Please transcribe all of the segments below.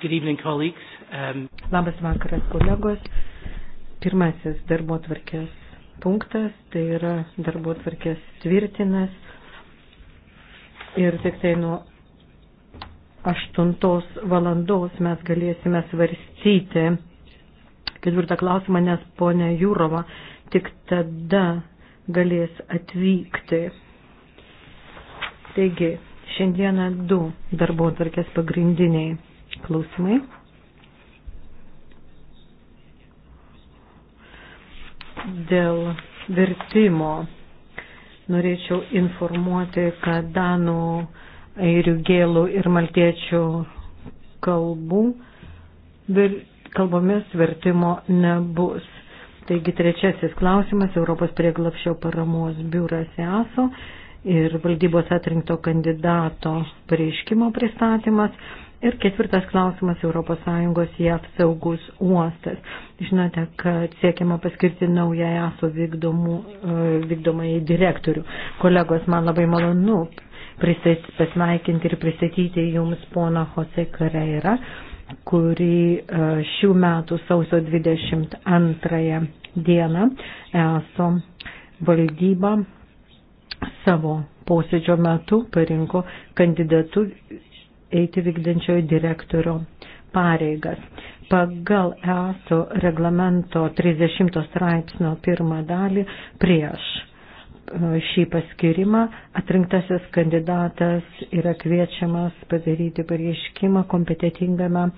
Good evening, colleagues. Um... Labas vakaras, kolegos. Pirmasis darbo tvarkės punktas, tai yra darbo tvarkės tvirtinas. Ir tik tai nuo 8 valandos mes galėsime svarstyti ketvirtą klausimą, nes ponia Jūrova tik tada galės atvykti. Taigi, šiandieną du darbo tvarkės pagrindiniai klausimai. Dėl vertimo norėčiau informuoti, kad danų, airių, gėlų ir maltiečių kalbų vir, kalbomis vertimo nebus. Taigi trečiasis klausimas - Europos prieglapšio paramos biuras EASO ir valdybos atrinkto kandidato pareiškimo pristatymas. Ir ketvirtas klausimas ES JAV saugus uostas. Žinote, kad siekiama paskirti naują ESO e, vykdomąjį direktorių. Kolegos, man labai malonu pasveikinti ir pristatyti jums pono Jose Kareira, kuri e, šių metų sausio 22 dieną ESO valdyba savo posėdžio metu parinko kandidatų eiti vykdančiojo direktorio pareigas. Pagal ESO reglamento 30 straipsnio pirmą dalį prieš e, šį paskirimą atrinktasis kandidatas yra kviečiamas padaryti pareiškimą kompetitingame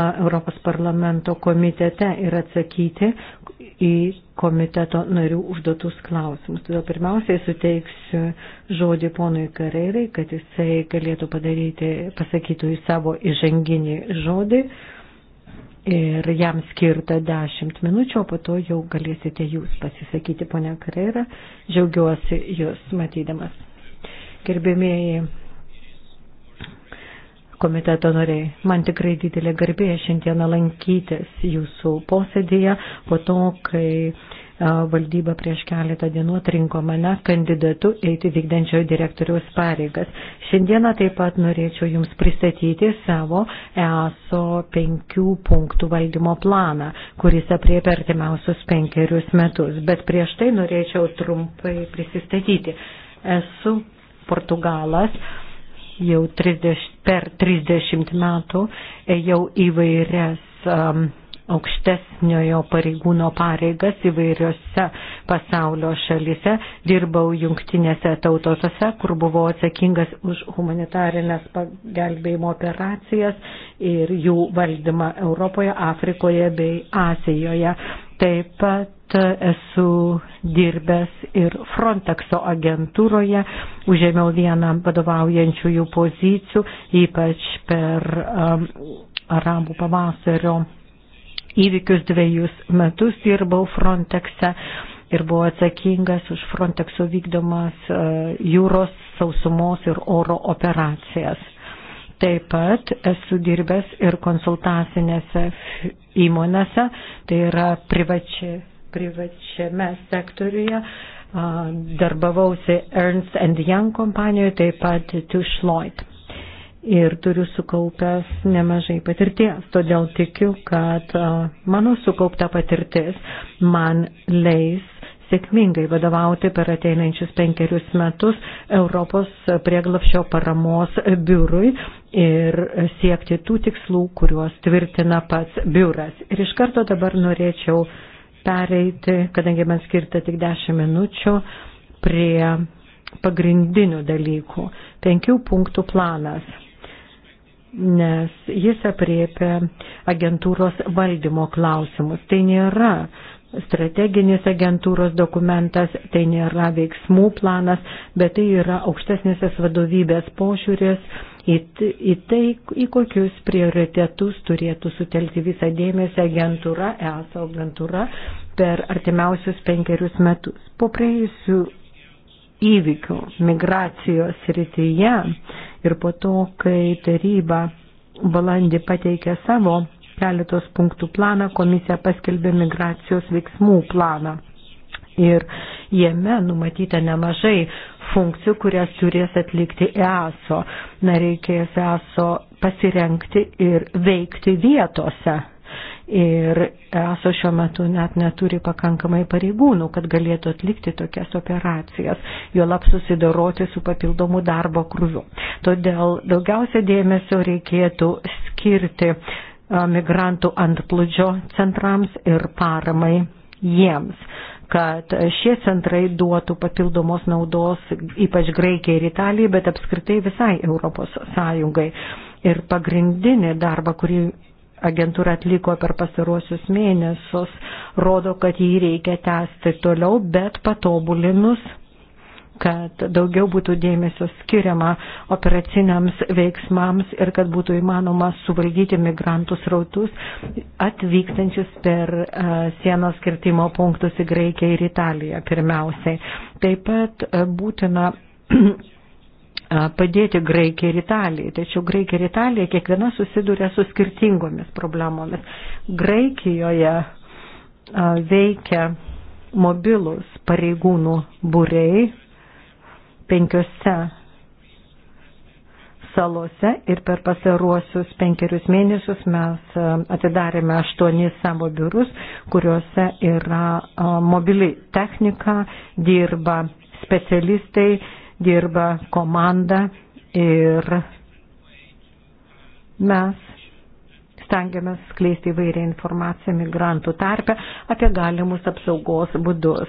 Europos parlamento komitete ir atsakyti į komiteto narių užduotus klausimus. Todėl pirmiausiai suteiksiu žodį ponui Kareirai, kad jisai galėtų padaryti, pasakytų į savo įžanginį žodį ir jam skirta 10 minučių, o po to jau galėsite jūs pasisakyti, ponia Kareira. Džiaugiuosi jūs matydamas. Gerbėmėjai komiteto nariai. Man tikrai didelė garbė šiandieną lankytis jūsų posėdėje po to, kai valdyba prieš keletą dienų atrinko mane kandidatu eiti vykdančiojo direktoriaus pareigas. Šiandieną taip pat norėčiau Jums pristatyti savo ESO penkių punktų valdymo planą, kuris apriepia artimiausius penkerius metus. Bet prieš tai norėčiau trumpai prisistatyti. Esu Portugalas, jau 30, per 30 metų ėjau e, įvairias um, aukštesniojo pareigūno pareigas įvairiose pasaulio šalise, dirbau jungtinėse tautose, kur buvau atsakingas už humanitarinės pagelbėjimo operacijas ir jų valdymą Europoje, Afrikoje bei Azijoje. Taip pat esu dirbęs ir Frontexo agentūroje, užėmiau vieną vadovaujančiųjų pozicijų, ypač per um, arabų pavasario įvykius dviejus metus dirbau Frontexe ir buvo atsakingas už Frontexo vykdomas uh, jūros, sausumos ir oro operacijas. Taip pat esu dirbęs ir konsultacinėse įmonėse, tai yra privači, privačiame sektoriuje. Darbavausi Ernst Young kompanijoje, taip pat Tush Lloyd ir turiu sukaupęs nemažai patirties. Todėl tikiu, kad mano sukaupta patirtis man leis sėkmingai vadovauti per ateinančius penkerius metus Europos prieglapšio paramos biurui ir siekti tų tikslų, kuriuos tvirtina pats biuras. Ir iš karto dabar norėčiau pereiti, kadangi man skirta tik 10 minučių, prie pagrindinių dalykų. Penkių punktų planas, nes jis apriepia agentūros valdymo klausimus. Tai nėra strateginis agentūros dokumentas, tai nėra veiksmų planas, bet tai yra aukštesnės vadovybės požiūrės į, į tai, į kokius prioritetus turėtų sutelkti visą dėmesį agentūra, ESO agentūra per artimiausius penkerius metus. Po praėjusių įvykių migracijos rytyje ir po to, kai taryba balandį pateikė savo keletos punktų planą, komisija paskelbė migracijos veiksmų planą ir jame numatyta nemažai funkcijų, kurias turės atlikti EASO. Na, reikės EASO pasirenkti ir veikti vietose. Ir ESO šiuo metu net neturi pakankamai pareigūnų, kad galėtų atlikti tokias operacijas, jo lab susidoroti su papildomu darbo krūviu. Todėl daugiausia dėmesio reikėtų skirti migrantų antplūdžio centrams ir paramai jiems kad šie centrai duotų papildomos naudos ypač Graikijai ir Italijai, bet apskritai visai Europos Sąjungai. Ir pagrindinį darbą, kurį agentūra atliko per pastaruosius mėnesius, rodo, kad jį reikia tęsti toliau, bet patobulinus kad daugiau būtų dėmesio skiriama operaciniams veiksmams ir kad būtų įmanoma suvaldyti migrantų srautus atvykstančius per e, sienos skirtimo punktus į Graikiją ir Italiją pirmiausiai. Taip pat e, būtina e, padėti Graikijai ir Italijai. Tačiau Graikija ir Italija kiekviena susiduria su skirtingomis problemomis. Graikijoje veikia mobilus pareigūnų būrei, penkiose salose ir per pasaruosius penkerius mėnesius mes e, atidarėme aštuonis savo biurus, kuriuose yra e, mobili technika, dirba specialistai, dirba komanda ir mes stengiamės skleisti įvairią informaciją migrantų tarpę apie galimus apsaugos būdus.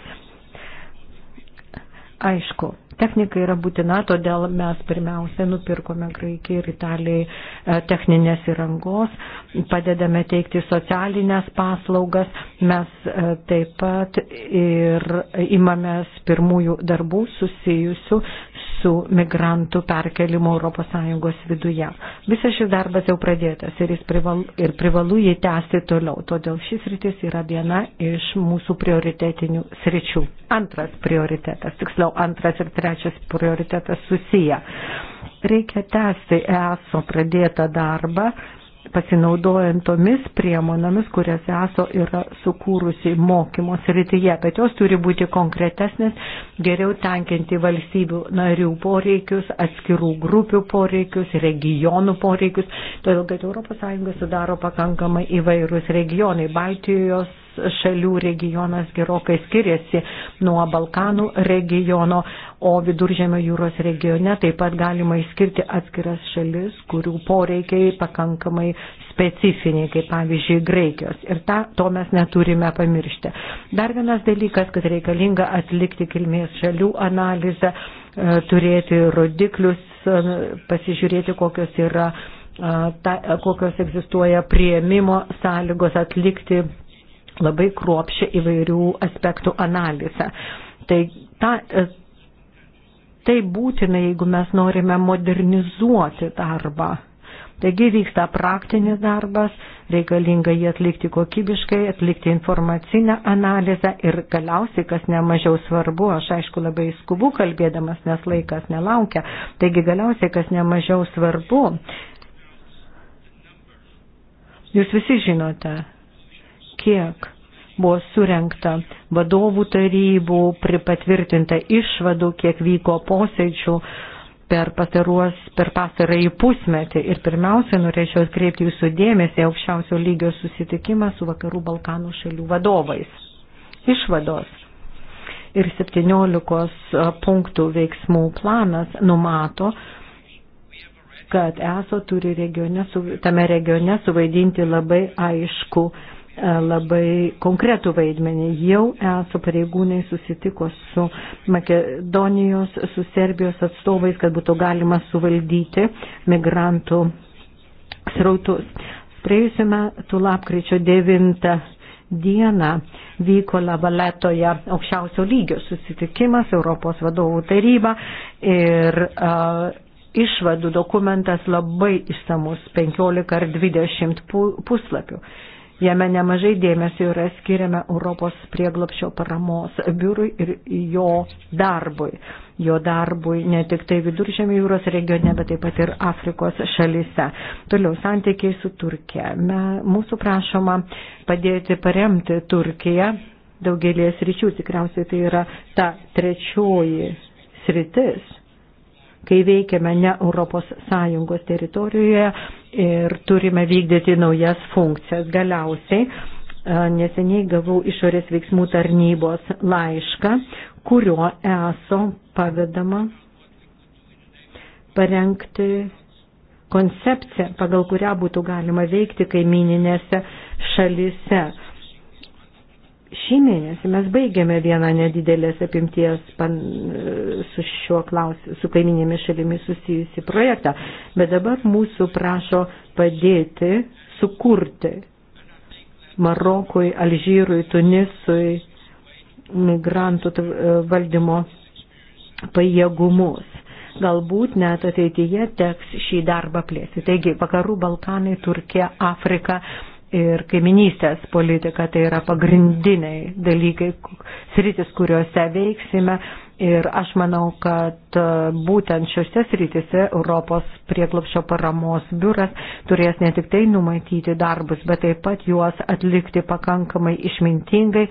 Aišku, Technika yra būtina, todėl mes pirmiausia nupirkome Graikijai ir Italijai e, techninės įrangos, padedame teikti socialinės paslaugas, mes e, taip pat ir imamės pirmųjų darbų susijusių su migrantų perkelimu ES viduje. Visas šis darbas jau pradėtas ir, privalu, ir privalu jį tęsti toliau, todėl šis rytis yra viena iš mūsų prioritetinių sričių. Antras prioritetas, tiksliau antras ir trečias prioritetas susiję. Reikia tęsti ESO pradėtą darbą pasinaudojant tomis priemonomis, kurias ESO yra sukūrusi mokymo srityje, bet jos turi būti konkretesnės, geriau tenkinti valstybių narių poreikius, atskirų grupių poreikius, regionų poreikius, todėl kad ES sudaro pakankamai įvairūs regionai - Baltijos šalių regionas gerokai skiriasi nuo Balkanų regiono, o viduržėmio jūros regione taip pat galima išskirti atskiras šalis, kurių poreikiai pakankamai specifiniai, kaip pavyzdžiui Graikijos. Ir ta, to mes neturime pamiršti. Dar vienas dalykas, kad reikalinga atlikti kilmės šalių analizę, e, turėti rodiklius, e, pasižiūrėti, kokios yra e, ta, kokios egzistuoja prieimimo sąlygos atlikti labai kruopščią įvairių aspektų analizę. Tai, ta, e, tai būtina, jeigu mes norime modernizuoti darbą. Taigi vyksta praktinis darbas, reikalinga jį atlikti kokybiškai, atlikti informacinę analizę ir galiausiai, kas nemažiau svarbu, aš aišku labai skubu kalbėdamas, nes laikas nelaukia, taigi galiausiai, kas nemažiau svarbu, jūs visi žinote, kiek buvo surenkta vadovų tarybų, pripatvirtinta išvadų, kiek vyko posėdžių per, pastaruos, per pastarąjį pusmetį. Ir pirmiausia, norėčiau atkreipti jūsų dėmesį aukščiausio lygio susitikimą su Vakarų Balkanų šalių vadovais. Išvados. Ir 17 punktų veiksmų planas numato, kad ESO turi regione, tame regione suvaidinti labai aišku uh, E, labai konkretų vaidmenį. Jau ESO pareigūnai susitiko su Makedonijos, su Serbijos atstovais, kad būtų galima suvaldyti migrantų srautus. Praėjusiu metu lapkričio 9 dieną vyko Lavaletoje aukščiausio lygio susitikimas Europos vadovų taryba ir uh, išvadų dokumentas labai išsamus 15 ar 20 puslapių. Uh, Jame nemažai dėmesio yra skiriama Europos prieglopščio paramos biurui ir jo darbui. Jo darbui ne tik tai viduržėmio jūros regione, bet taip pat ir Afrikos šalyse. Toliau santykiai su Turkija. Mūsų prašoma padėti paremti Turkiją daugelės ryčių. Tikriausiai tai yra ta trečioji sritis kai veikiame ne Europos Sąjungos teritorijoje, ir turime vykdyti naujas funkcijas. Galiausiai e, neseniai gavau išorės veiksmų tarnybos laišką, kurio ESO pavedama parengti koncepciją, pagal kurią būtų galima veikti kaimininėse šalise Šį mėnesį mes baigėme vieną nedidelės apimties pan, su šiuo klausimu, su kaiminėmis šalimis susijusi projektą, bet dabar mūsų prašo padėti sukurti Marokui, Alžyrui, Tunisui migrantų e, valdymo pajėgumus. Galbūt net ateityje teks šį darbą plėsti. Taigi, vakarų Balkanai, Turkija, Afrika ir kaiminystės politika. Tai yra pagrindiniai dalykai, sritis, kuriuose veiksime. Ir aš manau, kad e, būtent šiuose srityse Europos prieglopšio paramos biuras turės ne tik tai numatyti darbus, bet taip pat juos atlikti pakankamai išmintingai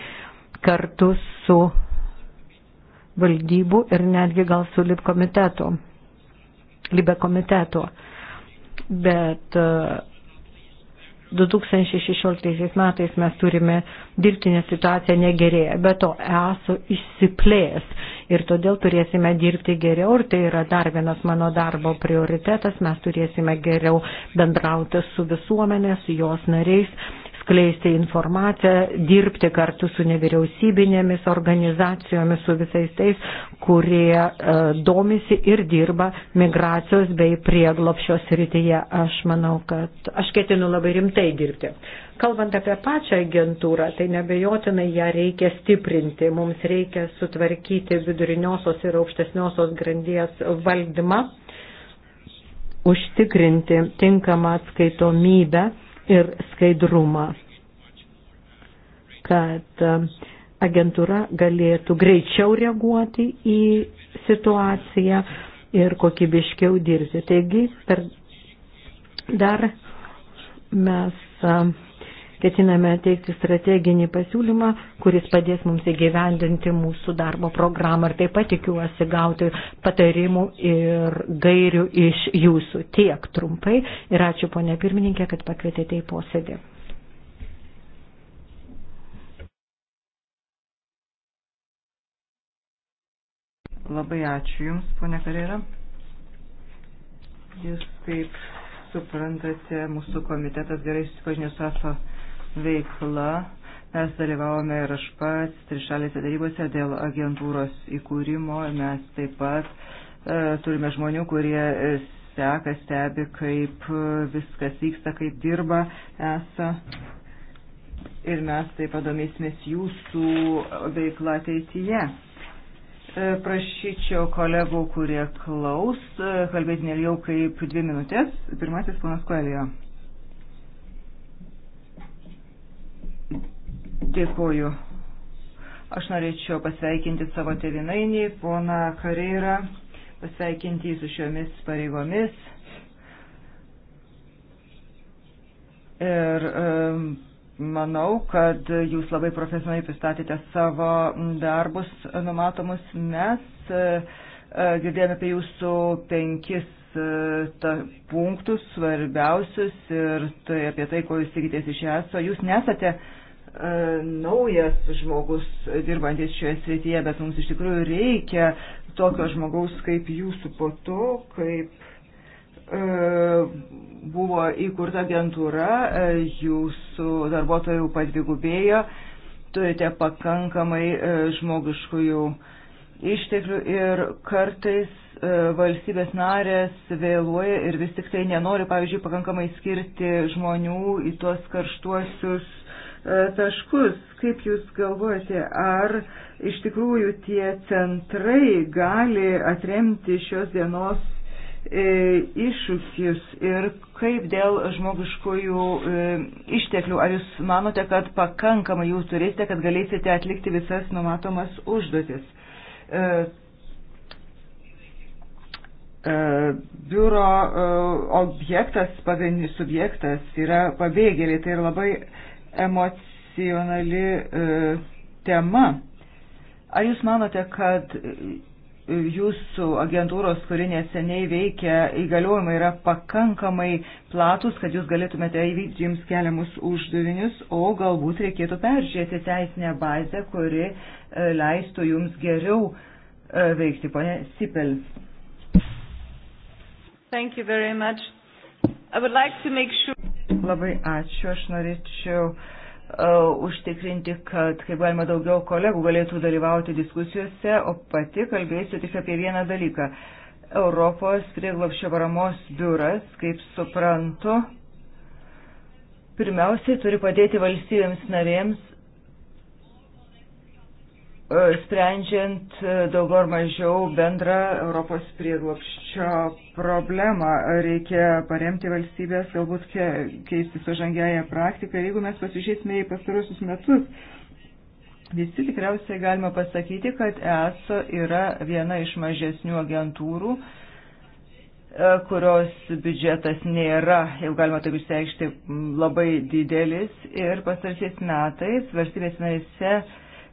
kartu su valdybų ir netgi gal su lib komitetu, libe komitetu. Bet uh, 2016 metais mes turime dirbtinę situaciją negerėję, bet to esu išsiplės ir todėl turėsime dirbti geriau ir tai yra dar vienas mano darbo prioritetas, mes turėsime geriau bendrauti su visuomenė, su jos nariais skleisti informaciją, dirbti kartu su nevyriausybinėmis organizacijomis, su visais tais, kurie e, domisi ir dirba migracijos bei prieglopšio srityje. Aš manau, kad aš ketinu labai rimtai dirbti. Kalbant apie pačią agentūrą, tai nebejotinai ją reikia stiprinti, mums reikia sutvarkyti viduriniosios ir aukštesniosios grandies valdymą, užtikrinti tinkamą atskaitomybę ir skaidrumą, kad e, agentūra galėtų greičiau reaguoti į situaciją ir kokybiškiau dirbti. Taigi, per dar mes e, ketiname teikti strateginį pasiūlymą, kuris padės mums įgyvendinti mūsų darbo programą ir taip pat tikiuosi gauti patarimų ir gairių iš jūsų tiek trumpai. Ir ačiū ponė pirmininkė, kad pakvietėte į posėdį. Labai ačiū Jums, ponė Karėra. Jūs kaip suprantate, mūsų komitetas gerai susipažinęs su EFA veikla. Mes dalyvavome ir aš pats trišalėse darybose dėl agentūros įkūrimo. Mes taip pat e, turime žmonių, kurie seka, stebi, kaip viskas vyksta, kaip dirba esą. Ir mes taip pat domėsimės jūsų veiklą ateityje. E, prašyčiau kolegų, kurie klaus, e, kalbėti neliau kaip dvi minutės. Pirmasis ponas Koelio. Dėkuoju. Aš norėčiau pasveikinti savo tevinainį, poną Kareirą, pasveikinti jį su šiomis pareigomis. Ir um, manau, kad jūs labai profesionaliai pristatėte savo darbus numatomus. Mes e, e, girdėjome apie jūsų penkis E, ta, punktus svarbiausius ir tai apie tai, ko jūs tikitės iš ESO. Jūs nesate e, naujas žmogus dirbantis šioje srityje, bet mums iš tikrųjų reikia tokio žmogaus kaip jūsų po to, kaip e, buvo įkurta agentūra, e, jūsų darbuotojų padvigubėjo, turite pakankamai e, žmogiškųjų išteklių ir kartais E, valstybės narės vėluoja ir vis tik tai nenori, pavyzdžiui, pakankamai skirti žmonių į tuos karštuosius e, taškus. Kaip Jūs galvojate, ar iš tikrųjų tie centrai gali atremti šios dienos e, iššūkius ir kaip dėl žmogiškųjų išteklių? Ar Jūs manote, kad pakankamai jų turėsite, kad galėsite atlikti visas numatomas užduotis? E, biuro e, objektas, pagrindinis subjektas yra pabėgėliai. Tai yra labai emocionali e, tema. Ar jūs manote, kad jūsų agentūros, kuri neseniai veikia, įgaliojimai yra pakankamai platus, kad jūs galėtumėte įvykdyti jums keliamus uždavinius, o galbūt reikėtų peržiūrėti teisinę bazę, kuri leistų jums geriau veikti, ponė Sipel. Thank you very much. I would like to make sure. Labai ačiū. Aš norėčiau uh, užtikrinti, kad kaip galima daugiau kolegų galėtų dalyvauti diskusijose, o pati kalbėsiu tik apie vieną dalyką. Europos prieglopščio paramos biuras, kaip suprantu, pirmiausiai turi padėti valstybėms narėms E, sprendžiant e, daugiau ar mažiau bendrą Europos prieglopščio problemą. Reikia paremti valstybės, galbūt keisti sužangiają praktiką. Jeigu mes pasižiūrėsime į pastarusius metus, visi tikriausiai galima pasakyti, kad ESO yra viena iš mažesnių agentūrų e, kurios biudžetas nėra, jau galima taip išsiaiškti, labai didelis ir pastarsiais metais valstybės narėse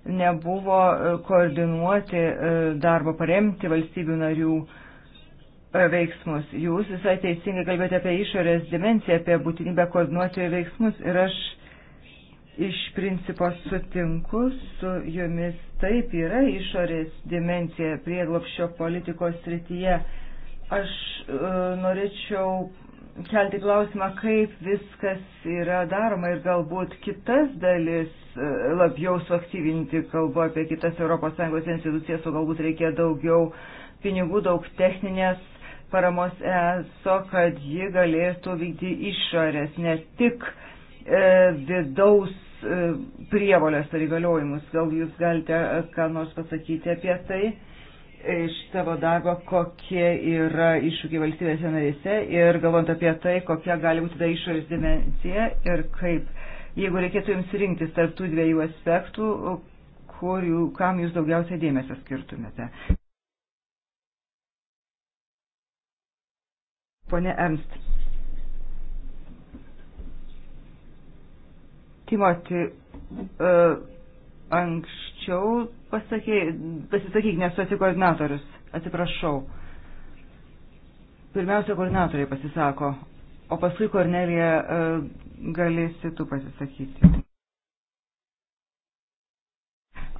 nebuvo e, koordinuoti e, darbo paremti valstybių narių e, veiksmus. Jūs visai teisingai kalbėjote apie išorės dimenciją, apie būtinybę koordinuoti veiksmus ir aš iš principo sutinku su jumis. Taip yra išorės dimencija prieglopščio politikos srityje. Aš e, norėčiau kelti klausimą, kaip viskas yra daroma ir galbūt kitas dalis e, labiau suaktyvinti, kalbu apie kitas ES institucijas, o galbūt reikia daugiau pinigų, daug techninės paramos ESO, kad ji galėtų vykti išorės, ne tik e, vidaus e, prievolės ar įgaliojimus. Gal jūs galite e, ką nors pasakyti apie tai? iš savo darbo, kokie yra iššūkiai valstybėse narėse ir galvant apie tai, kokia gali būti ta išorės dimencija ir kaip, jeigu reikėtų jums rinktis tarp tų dviejų aspektų, kurių, kam jūs daugiausiai dėmesio skirtumėte. Pone Ernst. Timoti, uh, anksčiau Pasakė, pasisakyk, nes tu esi koordinatorius. Atsiprašau. Pirmiausia, koordinatoriai pasisako, o paskui Kornelija e, galėsi tu pasisakyti.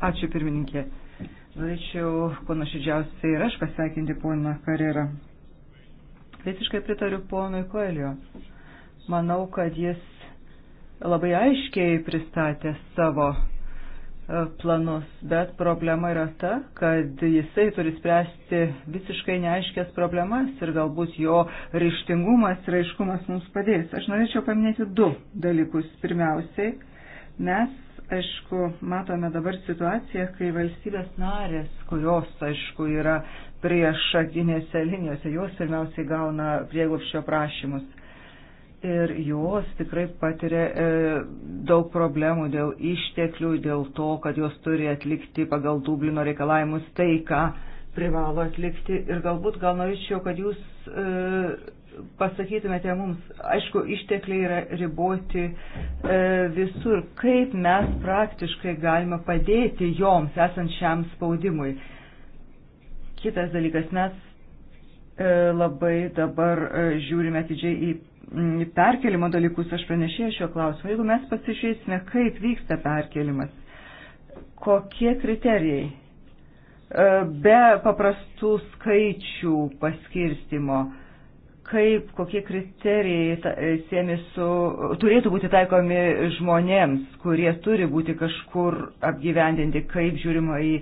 Ačiū pirmininkė. Norėčiau panašydžiausiai ir aš pasveikinti poną karjerą. Visiškai pritariu ponui Koelio. Manau, kad jis labai aiškiai pristatė savo planus, bet problema yra ta, kad jisai turi spręsti visiškai neaiškės problemas ir galbūt jo ryštingumas ir aiškumas mums padės. Aš norėčiau paminėti du dalykus. Pirmiausiai, mes, aišku, matome dabar situaciją, kai valstybės narės, kurios, aišku, yra prieš šakinėse linijose, jos pirmiausiai gauna prieglopščio prašymus ir jos tikrai patiria e, daug problemų dėl išteklių, dėl to, kad jos turi atlikti pagal Dublino reikalavimus tai, ką privalo atlikti. Ir galbūt gal norėčiau, kad jūs e, pasakytumėte mums, aišku, ištekliai yra riboti e, visur, kaip mes praktiškai galime padėti joms esant šiam spaudimui. Kitas dalykas, mes e, labai dabar e, žiūrime atidžiai į Mm, perkelimo dalykus, aš pranešėjau šio klausimo. Jeigu mes pasižiūrėsime, kaip vyksta perkelimas, kokie kriterijai e, be paprastų skaičių paskirstimo, kaip, kokie kriterijai e, siemi su, turėtų būti taikomi žmonėms, kurie turi būti kažkur apgyvendinti, kaip žiūrima į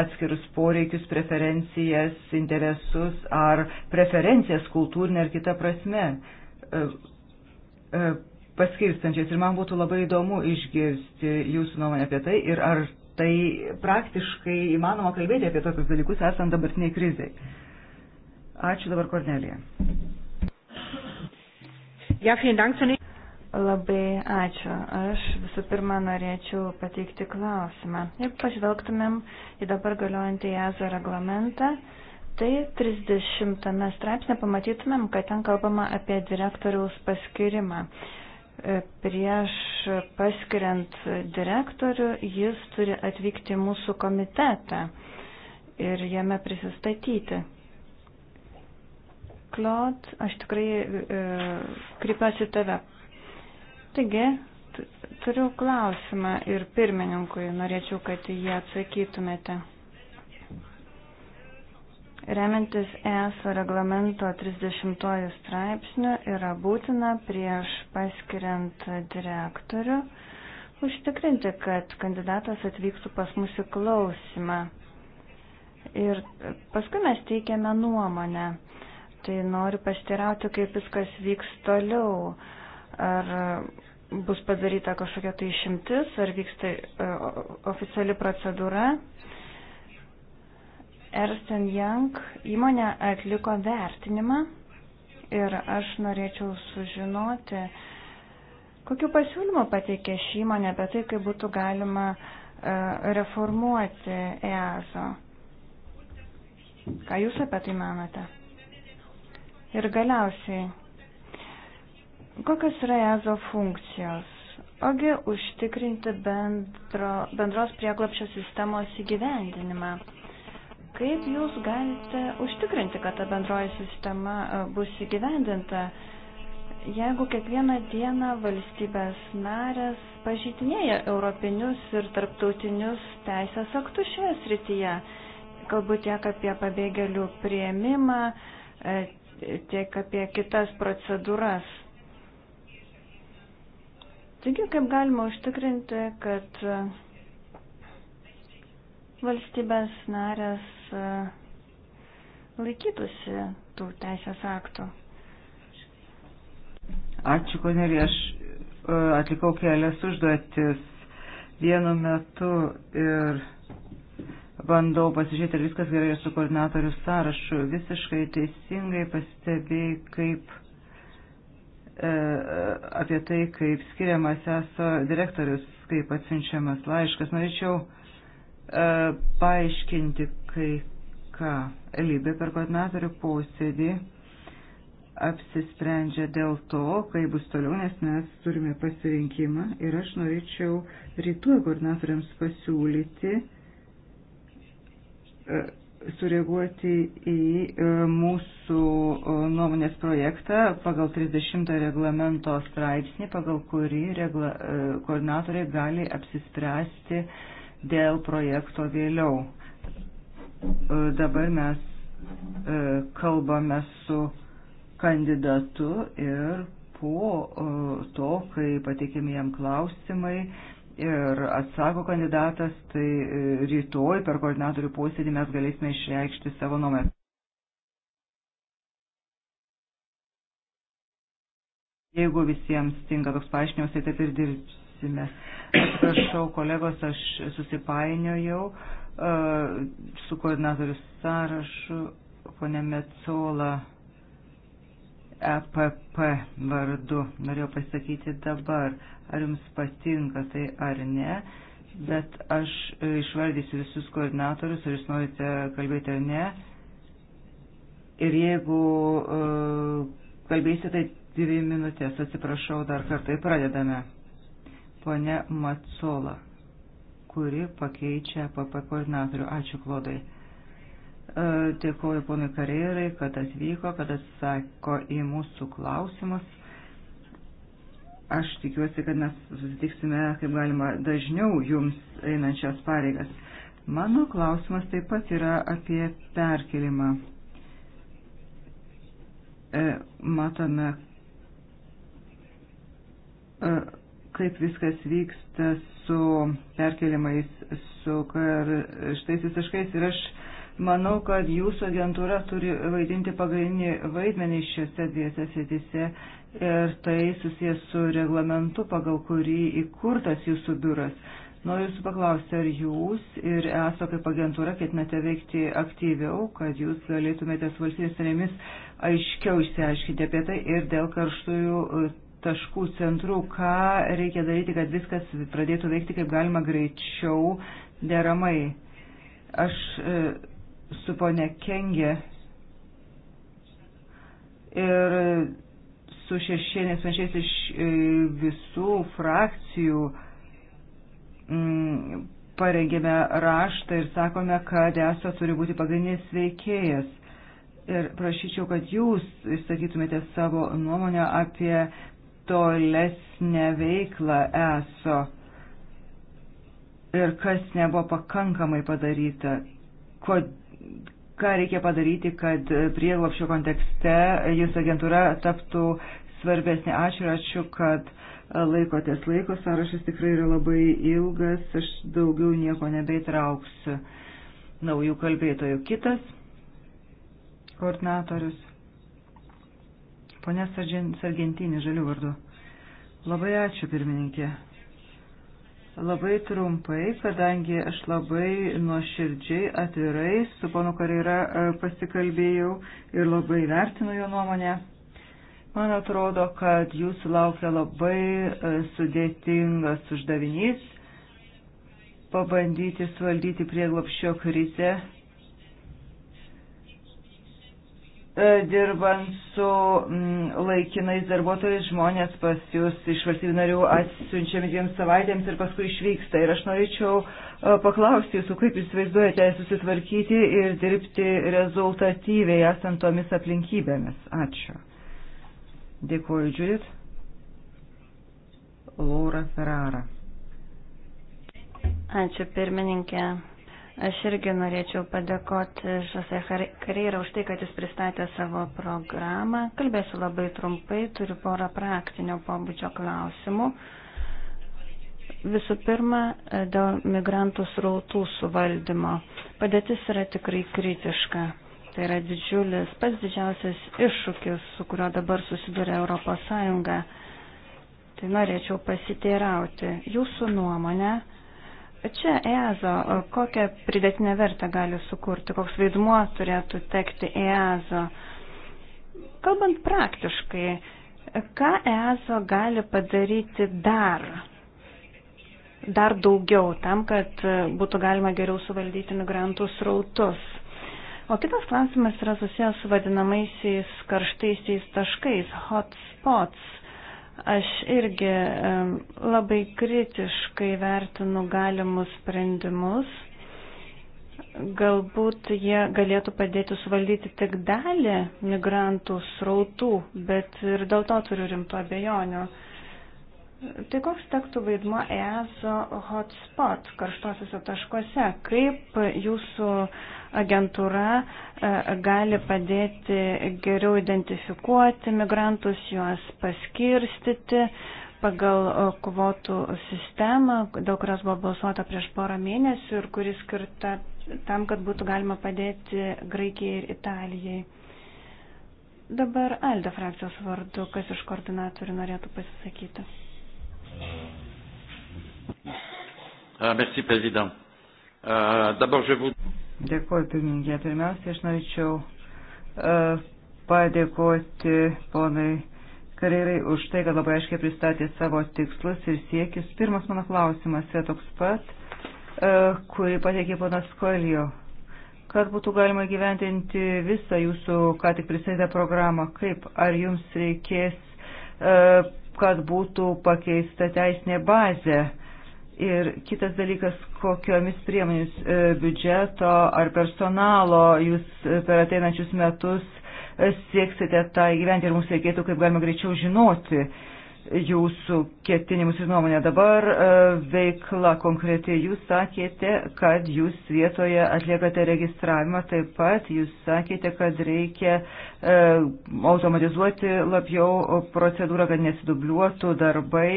atskirus poreikius, preferencijas, interesus ar preferencijas kultūrinę ar kitą prasme. Uh, E, e, paskirstančiais. Ir man būtų labai įdomu išgirsti jūsų nuomonę apie tai ir ar tai praktiškai įmanoma kalbėti apie tokius dalykus esant dabartiniai krizai. Ačiū dabar Kornelija. Ja, Labai ačiū. Aš visų pirma norėčiau pateikti klausimą. Jeigu pažvelgtumėm į dabar galiojantį JAZO e reglamentą, tai 30 straipsnė pamatytumėm, kad ten kalbama apie direktoriaus paskirimą. E, prieš paskiriant direktorių jis turi atvykti į mūsų komitetą ir jame prisistatyti. Klod, aš tikrai e, kreipiuosi tave. Taigi, turiu klausimą ir pirmininkui norėčiau, kad jį atsakytumėte. Remiantis ESO reglamento 30 straipsniu yra būtina prieš paskiriant direktorių užtikrinti, kad kandidatas atvyktų pas mūsų klausimą. Ir paskui mes teikiame nuomonę. Tai noriu pastirauti, kaip viskas vyks toliau. Ar bus padaryta kažkokia tai išimtis, ar vyksta e, oficiali procedūra. Ernst Young įmonė atliko vertinimą ir aš norėčiau sužinoti, kokiu pasiūlymu pateikė šį įmonę apie tai, kaip būtų galima e, reformuoti EASO. Ką Jūs apie tai manote? Ir galiausiai, kokios yra EASO funkcijos? Ogi užtikrinti bendro, bendros prieglapščio sistemos įgyvendinimą. Kaip jūs galite užtikrinti, kad ta bendroji sistema e, bus įgyvendinta, jeigu kiekvieną dieną valstybės narės pažydinėja europinius ir tarptautinius teisės aktus šioje srityje? Kalbu tiek apie pabėgėlių prieimimą, e, tiek apie kitas procedūras. Taigi, kaip galima užtikrinti, kad valstybės narės e, laikytųsi tų teisės aktų. Ačiū, Konerį, aš e, atlikau kelias užduotis vienu metu ir bandau pasižiūrėti, ar viskas gerai su koordinatorių sąrašu. Visiškai teisingai pastebėjai, kaip e, apie tai, kaip skiriamas ESO direktorius, kaip atsiunčiamas laiškas. Norėčiau E, paaiškinti kai ką. Lybė per koordinatorių posėdį apsisprendžia dėl to, kai bus toliau, nes mes turime pasirinkimą ir aš norėčiau rytų koordinatoriams pasiūlyti e, sureaguoti į e, mūsų nuomonės projektą pagal 30 reglamento straipsnį, pagal kurį regla, koordinatoriai gali apsispręsti uh, dėl projekto vėliau. E, dabar mes e, kalbame su kandidatu ir po e, to, kai pateikėme jam klausimai ir atsako kandidatas, tai rytoj per koordinatorių posėdį mes galėsime išreikšti savo nuomonę. Jeigu visiems tinka toks paaiškinimas, tai taip ir dirbs aptarsime. Atsiprašau, kolegos, aš susipainiojau e, su koordinatorių sąrašu, ponė Metsola EPP vardu. Norėjau pasakyti dabar, ar jums patinka tai ar ne, bet aš išvardysiu visus koordinatorius, ar jūs norite kalbėti ar ne. Ir jeigu uh, kalbėsite, tai dvi minutės, atsiprašau dar kartą, pradedame pone Matsola, kuri pakeičia PP koordinatorių. Ačiū, Klodai. E, Dėkuoju ponui karjerai, kad atvyko, kad atsako į mūsų klausimus. Aš tikiuosi, kad mes susitiksime, kaip galima, dažniau jums einančias pareigas. Mano klausimas taip pat yra apie perkelimą. E, matome, e, kaip viskas vyksta su perkelimais, su karštais taškais ir aš manau, kad jūsų agentūra turi vaidinti pagrindinį vaidmenį šiose dviese sėtise ir tai susijęs su reglamentu, pagal kurį įkurtas jūsų biuras. Noriu jūsų paklausti, ar jūs ir ESO kaip agentūra ketinate veikti aktyviau, kad jūs galėtumėte su valstybės narėmis aiškiau išsiaiškinti apie tai ir dėl karštųjų taškų centrų, ką reikia daryti, kad viskas pradėtų veikti kaip galima greičiau deramai. Aš e, su ponia Kengė ir e, su šešėnės mančiais iš e, visų frakcijų m, mm, parengėme raštą ir sakome, kad ESO turi būti pagrindinis veikėjas. Ir prašyčiau, kad jūs išsakytumėte savo nuomonę apie tolesnę veiklą ESO ir kas nebuvo pakankamai padaryta, ko, ką reikia padaryti, kad prieglopšio kontekste jūsų agentūra taptų svarbesnė. Ačiū ir ačiū, kad laikotės laiko. Sąrašas tikrai yra labai ilgas. Aš daugiau nieko nebeitrauksiu naujų kalbėtojų. Kitas koordinatorius. Pone Sargentinį, žalių vardu. Labai ačiū, pirmininkė. Labai trumpai, kadangi aš labai nuoširdžiai atvirai su ponu Karjera e, pasikalbėjau ir labai vertinu jo nuomonę. Man atrodo, kad jūsų laukia labai e, sudėtingas uždavinys pabandyti suvaldyti prieglopščio krizę E, dirbant su laikinais darbuotojais žmonės pas jūs iš valstybių narių atsiunčiami dviem savaitėms ir paskui išvyksta. Ir aš norėčiau e, paklausti jūsų, kaip jūs vaizduojate susitvarkyti ir dirbti rezultatyviai esant tomis aplinkybėmis. Ačiū. Dėkuoju, Džiudit. Laura Ferrara. Ačiū, pirmininkė. Aš irgi norėčiau padėkoti Žose Kareira už tai, kad jis pristatė savo programą. Kalbėsiu labai trumpai, turiu porą praktinio pobūdžio klausimų. Visų pirma, dėl migrantų srautų suvaldymo. Padėtis yra tikrai kritiška. Tai yra didžiulis, pats didžiausias iššūkis, su kurio dabar susiduria Europos Sąjunga. Tai norėčiau pasiteirauti. Jūsų nuomonė, čia EASO, kokią pridėtinę vertę gali sukurti, koks vaidmuo turėtų tekti EASO? Kalbant praktiškai, ką EASO gali padaryti dar, dar daugiau tam, kad būtų galima geriau suvaldyti migrantų srautus? O kitas klausimas yra susijęs su vadinamaisiais karštaisiais taškais, hotspots Aš irgi labai kritiškai vertinu galimus sprendimus. Galbūt jie galėtų padėti suvaldyti tik dalį migrantų srautų, bet ir dėl to turiu rimtų abejonių. Tai koks tektų vaidmo EASO hotspot karštuosiuose taškuose? Kaip jūsų uh, agentūra e, gali padėti geriau identifikuoti migrantus, juos paskirstyti pagal e, kvotų sistemą, dėl kurios buvo balsuota prieš porą mėnesių ir kuri skirta tam, kad būtų galima padėti Graikijai ir Italijai. Dabar Alde frakcijos vardu, kas iš koordinatorių norėtų pasisakyti. Euh, merci, président. Euh, D'abord, je vous. Dėkuoju, pirmininkė. Pirmiausia, aš norėčiau uh, padėkoti ponai Kareirai už tai, kad labai aiškiai pristatė savo tikslus ir siekius. Pirmas mano klausimas yra toks pat, uh, kurį pateikė ponas Kolio. Kad būtų galima gyventinti visą jūsų ką tik pristatytą programą, kaip ar jums reikės, uh, kad būtų pakeista teisinė bazė Ir kitas dalykas, kokiomis priemonės e, biudžeto ar personalo jūs e, per ateinančius metus e, sieksite tą įgyventi ir mums reikėtų kaip galima greičiau žinoti jūsų ketinimus ir nuomonę. Dabar veikla konkretiai jūs sakėte, kad jūs vietoje atliekate registravimą, taip pat jūs sakėte, kad reikia automatizuoti labiau procedūrą, kad nesidubliuotų darbai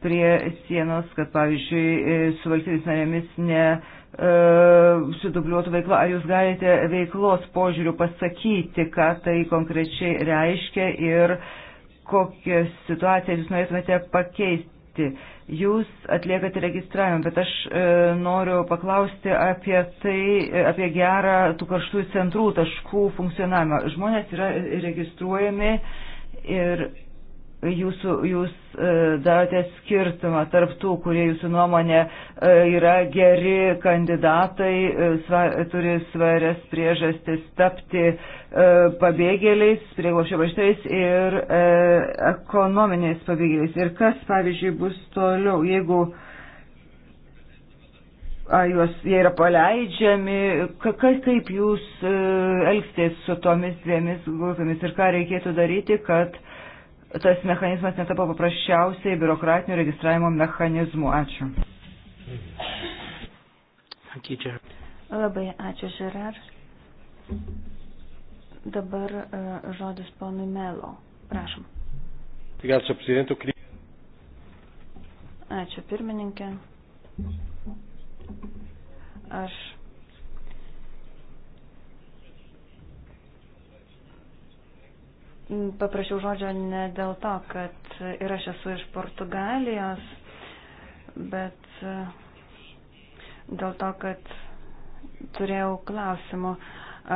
prie sienos, kad, pavyzdžiui, e, su valstybės narėmis ne e, sudubliuotų veikla. Ar jūs galite veiklos požiūrių pasakyti, ką tai konkrečiai reiškia ir kokią situaciją jūs norėtumėte pakeisti? Jūs atliekate registravimą, bet aš e, noriu paklausti apie tai, e, apie gerą tų karštųjų centrų taškų funkcionavimą. Žmonės yra registruojami ir jūsų, jūs e, darote skirtumą tarp tų, kurie jūsų nuomonė e, yra geri kandidatai, e, sva, turi svarias priežastis tapti pabėgėliais, prieglošio vaštais ir ekonominiais pabėgėliais. Ir kas, pavyzdžiui, bus toliau, jeigu a, juos, jie yra paleidžiami, ka, kaip jūs elgstės su tomis dviemis grupėmis ir ką reikėtų daryti, kad tas mechanizmas netapo paprasčiausiai biurokratinio registravimo mechanizmu. Ačiū. Ačiū. Labai ačiū, Žerar. Dabar uh, žodis ponui Melo. Prašom. Ačiū, pirmininkė. Aš Mm, paprašiau žodžio ne dėl to, kad ir aš esu iš Portugalijos, bet e, dėl to, kad turėjau klausimų.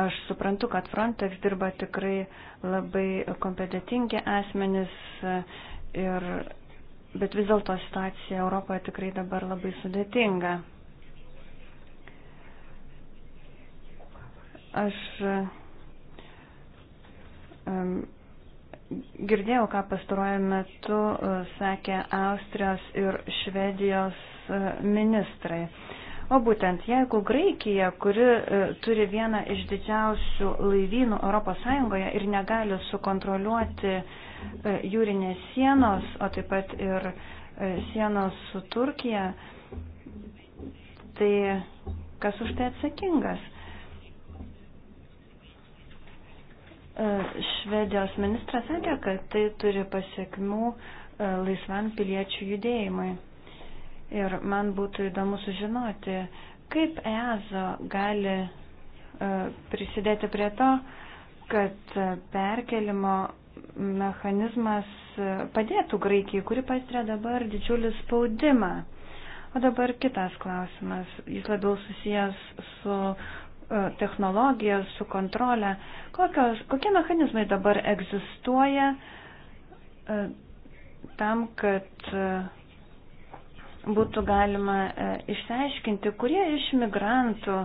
Aš suprantu, kad Frontex dirba tikrai labai kompetitingi asmenys, e, ir, bet vis dėlto situacija Europoje tikrai dabar labai sudėtinga. Aš um, Girdėjau, ką pastaruoju metu e, sakė Austrijos ir Švedijos e, ministrai. O būtent, jeigu Graikija, kuri e, turi vieną iš didžiausių laivynų ES ir negali sukontroliuoti jūrinės sienos, o taip pat ir sienos su Turkija, tai kas už tai atsakingas? E, Švedijos ministras sakė, kad tai turi pasiekmių e, laisvam piliečių judėjimui. Ir man būtų įdomu sužinoti, kaip EASO gali e, prisidėti prie to, kad perkelimo mechanizmas padėtų Graikijai, kuri patiria dabar didžiulį spaudimą. O dabar kitas klausimas. Jis labiau susijęs su E, technologija, su kontrolė. Kokios, kokie mechanizmai dabar egzistuoja e, tam, kad e, būtų galima išsiaiškinti, kurie iš migrantų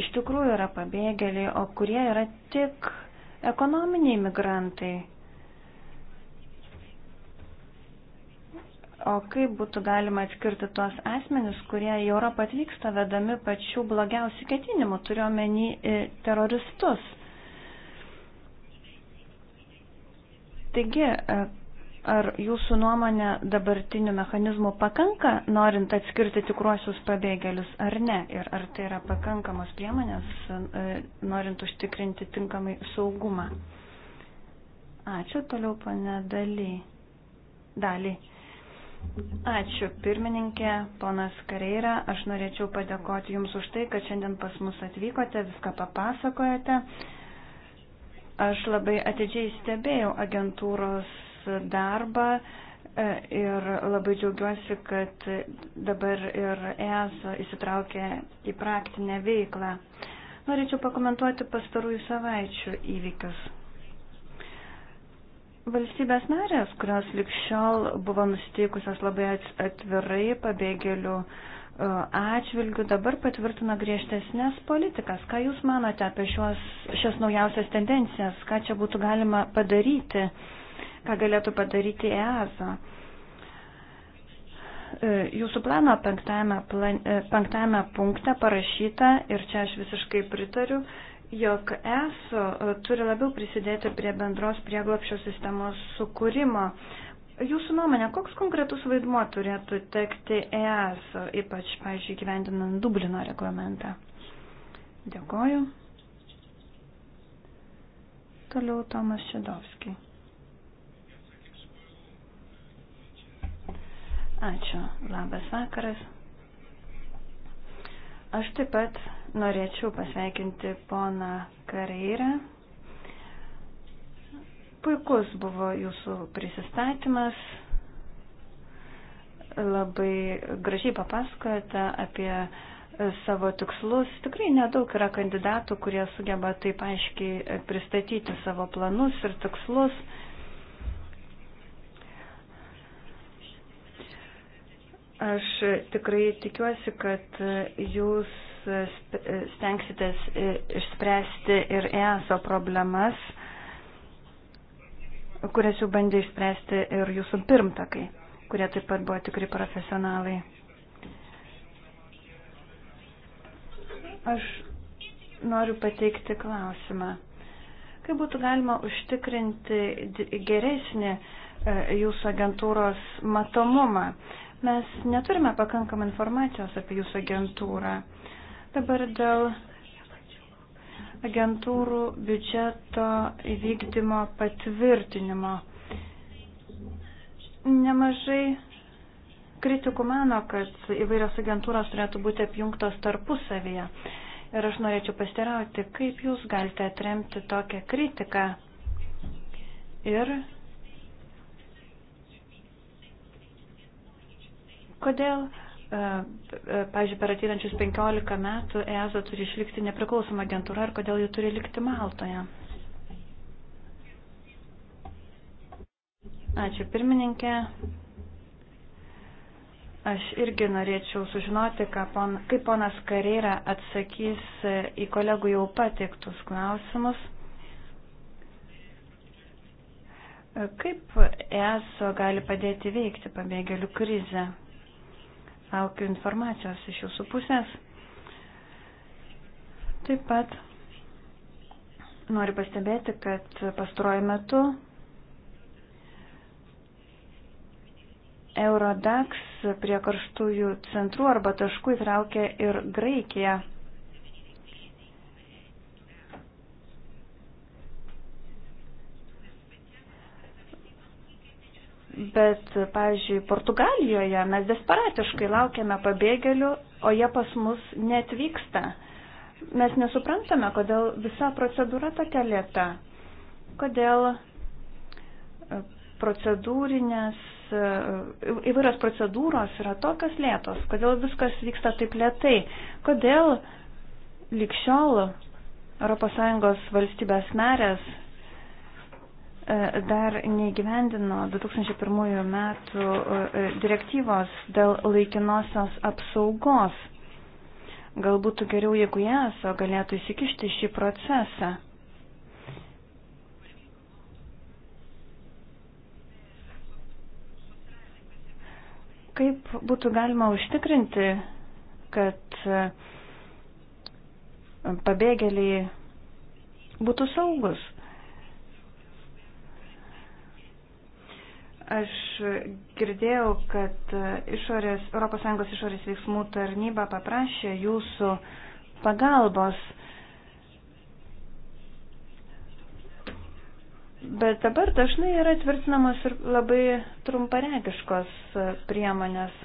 iš tikrųjų yra pabėgėliai, o kurie yra tik ekonominiai migrantai. O kaip būtų galima atskirti tuos asmenis, kurie į Europą atvyksta vedami pačių blogiausių ketinimų, turiuomenį e, teroristus? Taigi, e, ar jūsų nuomonė dabartinių mechanizmų pakanka, norint atskirti tikruosius pabėgėlius ar ne? Ir ar tai yra pakankamos priemonės, e, norint užtikrinti tinkamai saugumą? Ačiū toliau, pane Daly. Daly. Ačiū pirmininkė, ponas Kareira. Aš norėčiau padėkoti Jums už tai, kad šiandien pas mus atvykote, viską papasakojate. Aš labai atidžiai stebėjau agentūros darbą e, ir labai džiaugiuosi, kad dabar ir ESO įsitraukė į praktinę veiklą. Norėčiau pakomentuoti pastarųjų savaičių įvykius. Valstybės narės, kurios likščiol buvo nusteikusios labai atvirai pabėgėlių e, atžvilgių, dabar patvirtino griežtesnės politikas. Ką Jūs manote apie šios, šias naujausias tendencijas? Ką čia būtų galima padaryti? Ką galėtų padaryti EASA? E, jūsų plano penktame, plan, e, penktame punkte parašyta, ir čia aš visiškai pritariu, jog ESO turi labiau prisidėti prie bendros prieglopščio sistemos sukūrimo. Jūsų nuomonė, koks konkretus vaidmuo turėtų tekti ESO, ypač, pavyzdžiui, gyvendinant Dublino reglamentą? Dėkoju. Toliau Tomas Šedovskis. Ačiū. Labas vakaras. Aš taip pat Norėčiau pasveikinti poną Kareirą. Puikus buvo jūsų prisistatymas. Labai gražiai papasakojate apie savo tikslus. Tikrai nedaug yra kandidatų, kurie sugeba taip aiškiai pristatyti savo planus ir tikslus. Aš tikrai tikiuosi, kad jūs stengsitės e, išspręsti ir EASO problemas, kurias jau bandė išspręsti ir jūsų pirmtakai, kurie taip pat buvo tikri profesionalai. Aš noriu pateikti klausimą. Kaip būtų galima užtikrinti geresnį e, jūsų agentūros matomumą? Mes neturime pakankamą informacijos apie jūsų agentūrą. Dabar dėl agentūrų biudžeto įvykdymo patvirtinimo. Nemažai kritikų mano, kad įvairios agentūros turėtų būti apjungtos tarpusavyje. Ir aš norėčiau pasirauti, kaip jūs galite atremti tokią kritiką ir kodėl uh, E, e, pažiūrėjau, per ateinančius 15 metų EASO turi išlikti nepriklausoma agentūra ir kodėl ji turi likti Maltoje? Ačiū pirmininkė. Aš irgi norėčiau sužinoti, pon, kaip ponas Kareira atsakys į kolegų jau pateiktus klausimus. Kaip ESO gali padėti veikti pabėgėlių krizę? laukiu informacijos iš jūsų pusės. Taip pat noriu pastebėti, kad pastaruoju metu Eurodax prie karštųjų centrų arba taškų įtraukė ir Graikiją. Bet, pavyzdžiui, Portugalijoje mes desperatiškai laukiame pabėgėlių, o jie pas mus netvyksta. Mes nesuprantame, kodėl visa procedūra tokia lėta. Kodėl e, procedūrinės, e, įvairios procedūros yra tokios lėtos, kodėl viskas vyksta taip lėtai, kodėl likščiol ES valstybės narės E, dar neįgyvendino 2001 metų e, e, direktyvos dėl laikinosios apsaugos. Galbūt geriau, jeigu ESO galėtų įsikišti šį procesą. Kaip būtų galima užtikrinti, kad pabėgėliai būtų saugus? Aš girdėjau, kad išorės, ES išorės veiksmų tarnyba paprašė jūsų pagalbos. Bet dabar dažnai yra tvirtinamos ir labai trumparegiškos priemonės.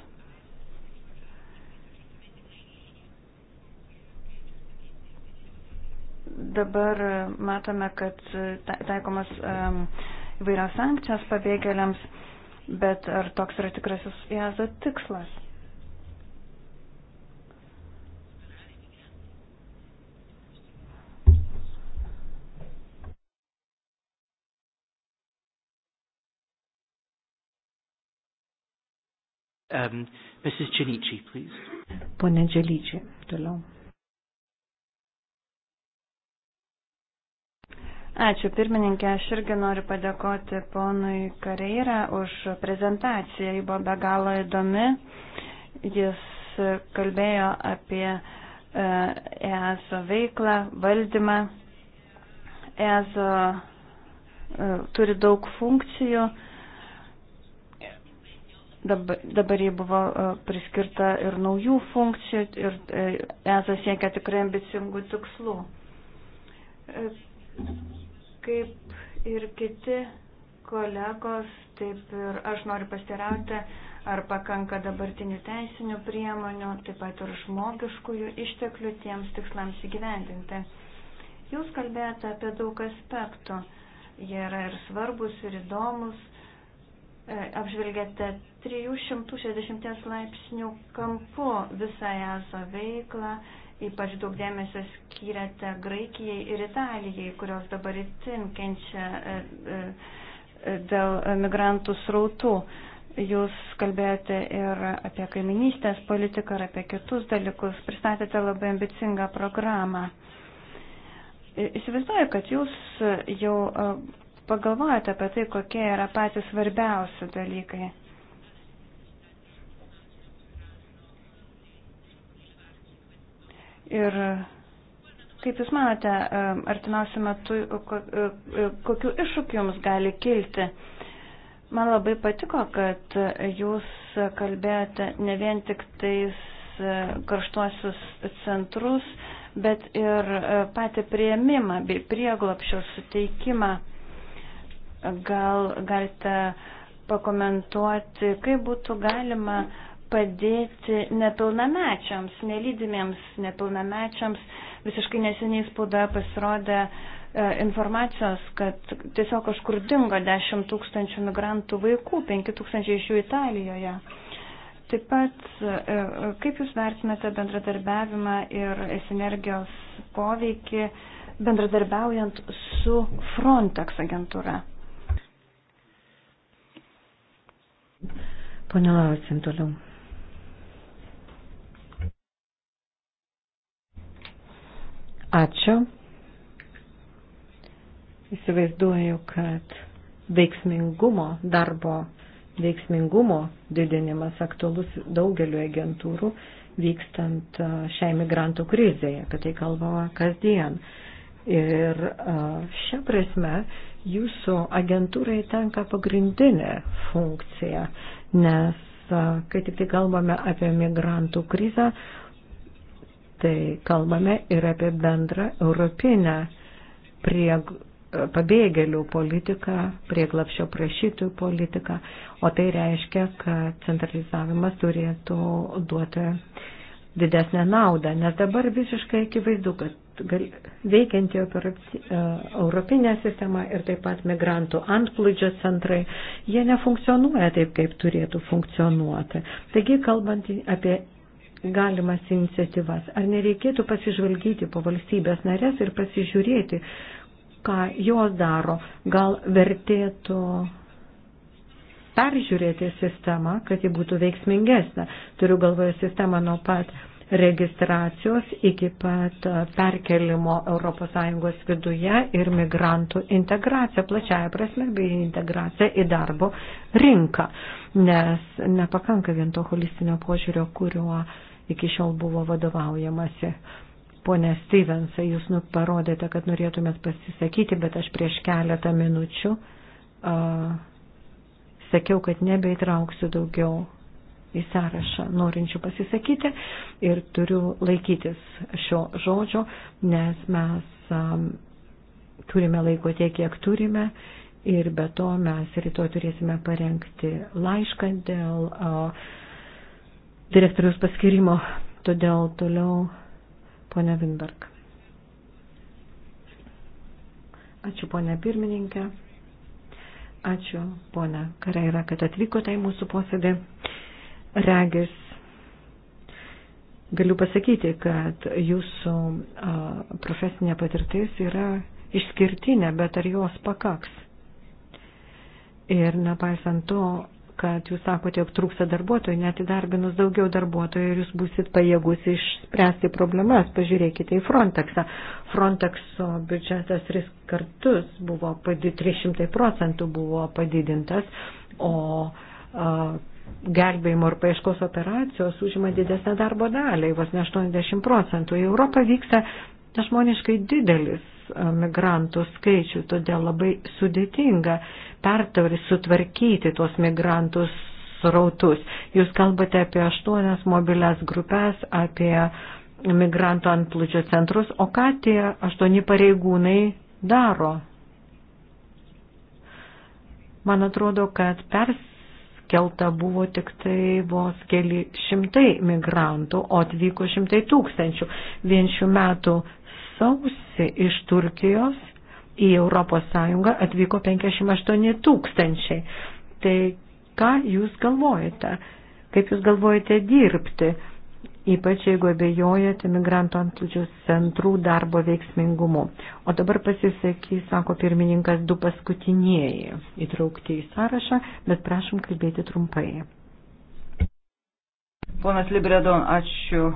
Dabar matome, kad taikomas um, įvairios sankcijos pabėgėliams, bet ar toks yra tikrasis JAZO tikslas? Um, Mrs. Genici, please. Pone Genici, toliau. Ačiū pirmininkė, aš irgi noriu padėkoti ponui Kareira už prezentaciją, ji buvo be galo įdomi. Jis kalbėjo apie e, EASO veiklą, valdymą. EASO e, turi daug funkcijų. Dabar, dabar jį buvo e, priskirta ir naujų funkcijų ir EASO siekia tikrai ambicingų tikslų Kaip ir kiti kolegos, taip ir aš noriu pasirauti, ar pakanka dabartinių teisinių priemonių, taip pat ir žmogiškųjų išteklių tiems tikslams įgyvendinti. Jūs kalbėjote apie daug aspektų. Jie yra ir svarbus, ir įdomus. E, apžvelgėte 360 laipsnių kampu visą ESO veiklą, ypač daug dėmesio skiriate Graikijai ir Italijai, kurios dabar itin kenčia e, e, e, dėl migrantų srautų. Jūs kalbėjote ir apie kaiminystės politiką, ir apie kitus dalykus, pristatėte labai ambicingą programą. Įsivaizduoju, kad jūs jau pagalvojate apie tai, kokie yra patys svarbiausi dalykai. Ir kaip Jūs manote, e, artimiausiu metu, e, e, kokiu iššūkiu Jums gali kilti? Man labai patiko, kad Jūs kalbėjote ne vien tik tais karštuosius centrus, bet ir patį prieimimą bei prieglopšio suteikimą. Gal galite uh, pakomentuoti, kaip būtų galima padėti nepilnamečiams, nelydimiems nepilnamečiams. Visiškai neseniai spauda pasirodė e, informacijos, kad tiesiog kažkur dingo 10 tūkstančių migrantų vaikų, 5 tūkstančiai iš jų Italijoje. Taip pat, e, e, kaip Jūs vertinate bendradarbiavimą ir sinergijos poveikį bendradarbiaujant su Frontex agentūra? Pone Lausim toliau. Ačiū. Įsivaizduoju, kad veiksmingumo, darbo veiksmingumo didinimas aktualus daugeliu agentūrų vykstant šiai migrantų krizėje, apie tai kalbama kasdien. Ir šią prasme jūsų agentūrai tenka pagrindinė funkcija nes kai tik tai kalbame apie migrantų krizę, tai kalbame ir apie bendrą europinę prie pabėgėlių politiką, prieglapšio prašytojų politiką, o tai reiškia, kad centralizavimas turėtų duoti didesnę naudą, nes dabar visiškai akivaizdu, kad gal, veikianti operaci, uh, europinė sistema ir taip pat migrantų antplūdžio centrai, jie nefunkcionuoja taip, kaip turėtų funkcionuoti. Taigi, kalbant apie galimas iniciatyvas, ar nereikėtų pasižvalgyti po valstybės narės ir pasižiūrėti, ką jos daro, gal vertėtų peržiūrėti sistemą, kad ji būtų veiksmingesnė. Turiu galvoje sistemą nuo pat registracijos iki pat perkelimo ES viduje ir migrantų integracija plačiaja prasme bei integracija į darbo rinką, nes nepakanka vien to holistinio požiūrio, kuriuo iki šiol buvo vadovaujamasi. Pone Stevensai, jūs nu parodėte, kad norėtumėt pasisakyti, bet aš prieš keletą minučių uh, sakiau, kad nebeįtrauksiu daugiau į sąrašą norinčių pasisakyti ir turiu laikytis šio žodžio, nes mes turime laiko tiek, kiek turime ir be to mes rytoj turėsime parengti laišką dėl direktorius paskirimo, todėl toliau ponia Vinberg. Ačiū ponia pirmininkė. Ačiū, ponia Kareira, kad atvykote į mūsų posėdį regis galiu pasakyti, kad jūsų profesinė patirtis yra išskirtinė, bet ar jos pakaks? Ir nepaisant to, kad jūs sakote, jog trūksta darbuotojų, net įdarbinus daugiau darbuotojų ir jūs busit pajėgus išspręsti problemas. Pažiūrėkite į Frontexą. Frontexo biudžetas tris kartus buvo padidintas, 300 procentų buvo padidintas, o a, gelbėjimo ir paieškos operacijos užima didesnę darbo dalį, vos ne 80 procentų. Į Europą vyksta nežmoniškai didelis e, migrantų skaičių, todėl labai sudėtinga pertvari sutvarkyti tuos migrantus srautus. Jūs kalbate apie aštuonias mobilias grupės, apie migrantų antplūdžio centrus, o ką tie aštuoni pareigūnai daro? Man atrodo, kad pers kelta buvo tik tai vos keli šimtai migrantų, o atvyko šimtai tūkstančių. Vien šių metų sausi iš Turkijos į Europos Sąjungą atvyko 58 tūkstančiai. Tai ką jūs galvojate? Kaip jūs galvojate dirbti? ypač jeigu abejojate migrantų antplūdžios centrų darbo veiksmingumu. O dabar pasisakys, sako pirmininkas, du paskutinieji įtraukti į sąrašą, bet prašom kalbėti trumpai. Ponas Libredon, ačiū.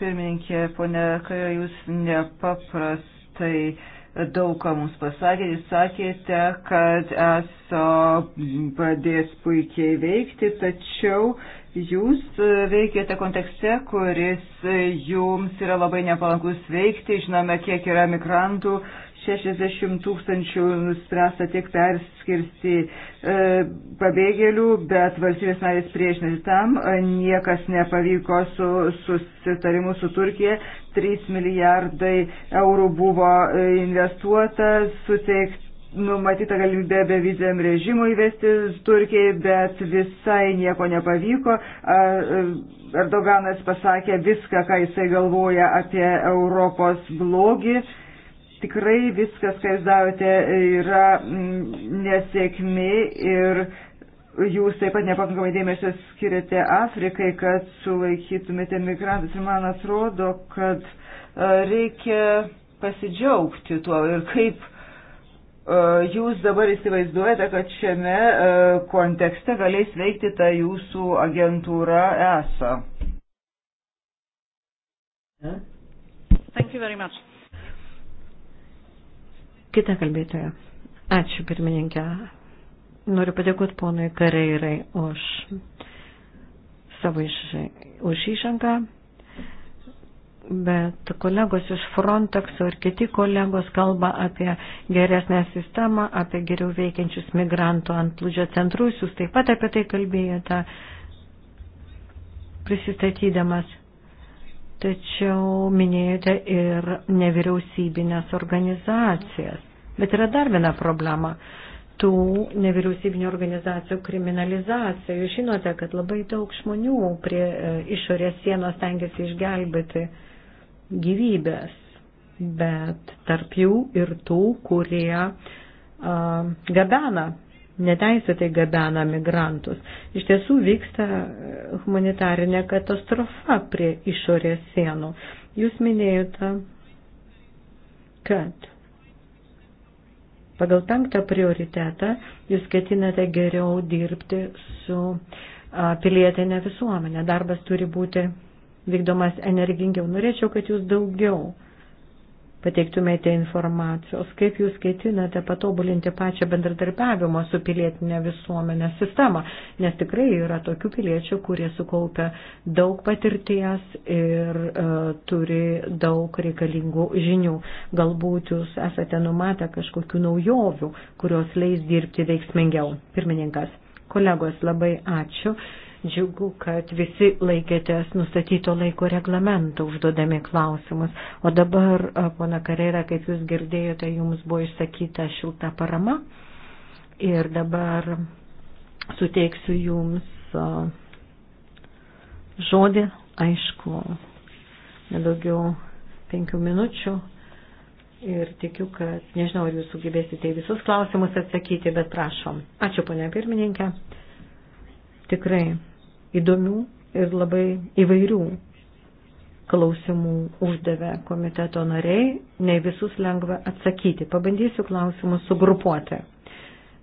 Pirmininkė, ponė Kajo, jūs nepaprastai daug ką mums pasakė. Jūs sakėte, kad ESO padės puikiai veikti, tačiau Jūs e, veikiate kontekste, kuris e, jums yra labai nepalankus veikti, žinome, kiek yra migrantų, 60 tūkstančių nuspręsta tiek perskirsti e, pabėgėlių, bet valstybės narės priešinasi tam, niekas nepavyko su susitarimu su Turkija, 3 milijardai eurų buvo e, investuota, suteikta numatyta galimybė beviziam režimui įvesti Turkijai, bet visai nieko nepavyko. E, Erdoganas pasakė viską, ką jisai galvoja apie Europos blogį. Tikrai viskas, ką jūs darote, yra mm, nesėkmė ir jūs taip pat nepakankamai dėmesio skiriate Afrikai, kad sulaikytumėte migrantus. Ir man atrodo, kad e, reikia pasidžiaugti tuo ir kaip E, jūs dabar įsivaizduojate, kad šiame e, kontekste galės veikti ta jūsų agentūra ESA. Kita kalbėtoja. Ačiū pirmininkė. Noriu padėkoti ponui Kareirai už savo iš, už įžangą bet kolegos iš Frontexo ir kiti kolegos kalba apie geresnę sistemą, apie geriau veikiančius migrantų antplūdžio centrus. Jūs taip pat apie tai kalbėjote prisistatydamas. Tačiau minėjote ir nevyriausybinės organizacijas. Bet yra dar viena problema tų nevyriausybinio organizacijų kriminalizacija. Jūs žinote, kad labai daug žmonių prie e, išorės sienos tengiasi išgelbėti uh, gyvybės, bet tarp jų ir tų, kurie uh, gabena, neteisėtai gabena migrantus. Iš tiesų vyksta e, humanitarinė katastrofa prie išorės sienų. Jūs minėjote, kad pagal penktą prioritetą jūs ketinate geriau dirbti su pilietinė visuomenė. Darbas turi būti vykdomas energingiau. Norėčiau, kad jūs daugiau pateiktumėte informacijos, kaip jūs ketinate patobulinti pačią bendradarbiavimo su pilietinė visuomenė sistemą, nes tikrai yra tokių piliečių, kurie sukaupia daug patirties ir e, turi daug reikalingų žinių. Galbūt jūs esate numatę kažkokių naujovių, kurios leis dirbti veiksmingiau. Pirmininkas, kolegos, labai ačiū. Džiugu, kad visi laikėtės nustatyto laiko reglamento užduodami klausimus. O dabar, pona Karera, kaip jūs girdėjote, jums buvo išsakyta šilta parama. Ir dabar suteiksiu jums žodį, aišku, nedaugiau penkių minučių. Ir tikiu, kad, nežinau, ar jūs sugebėsite į visus klausimus atsakyti, bet prašom. Ačiū, ponia pirmininkė. Tikrai įdomių ir labai įvairių klausimų uždavė komiteto nariai, ne visus lengva atsakyti. Pabandysiu klausimus sugrupuoti.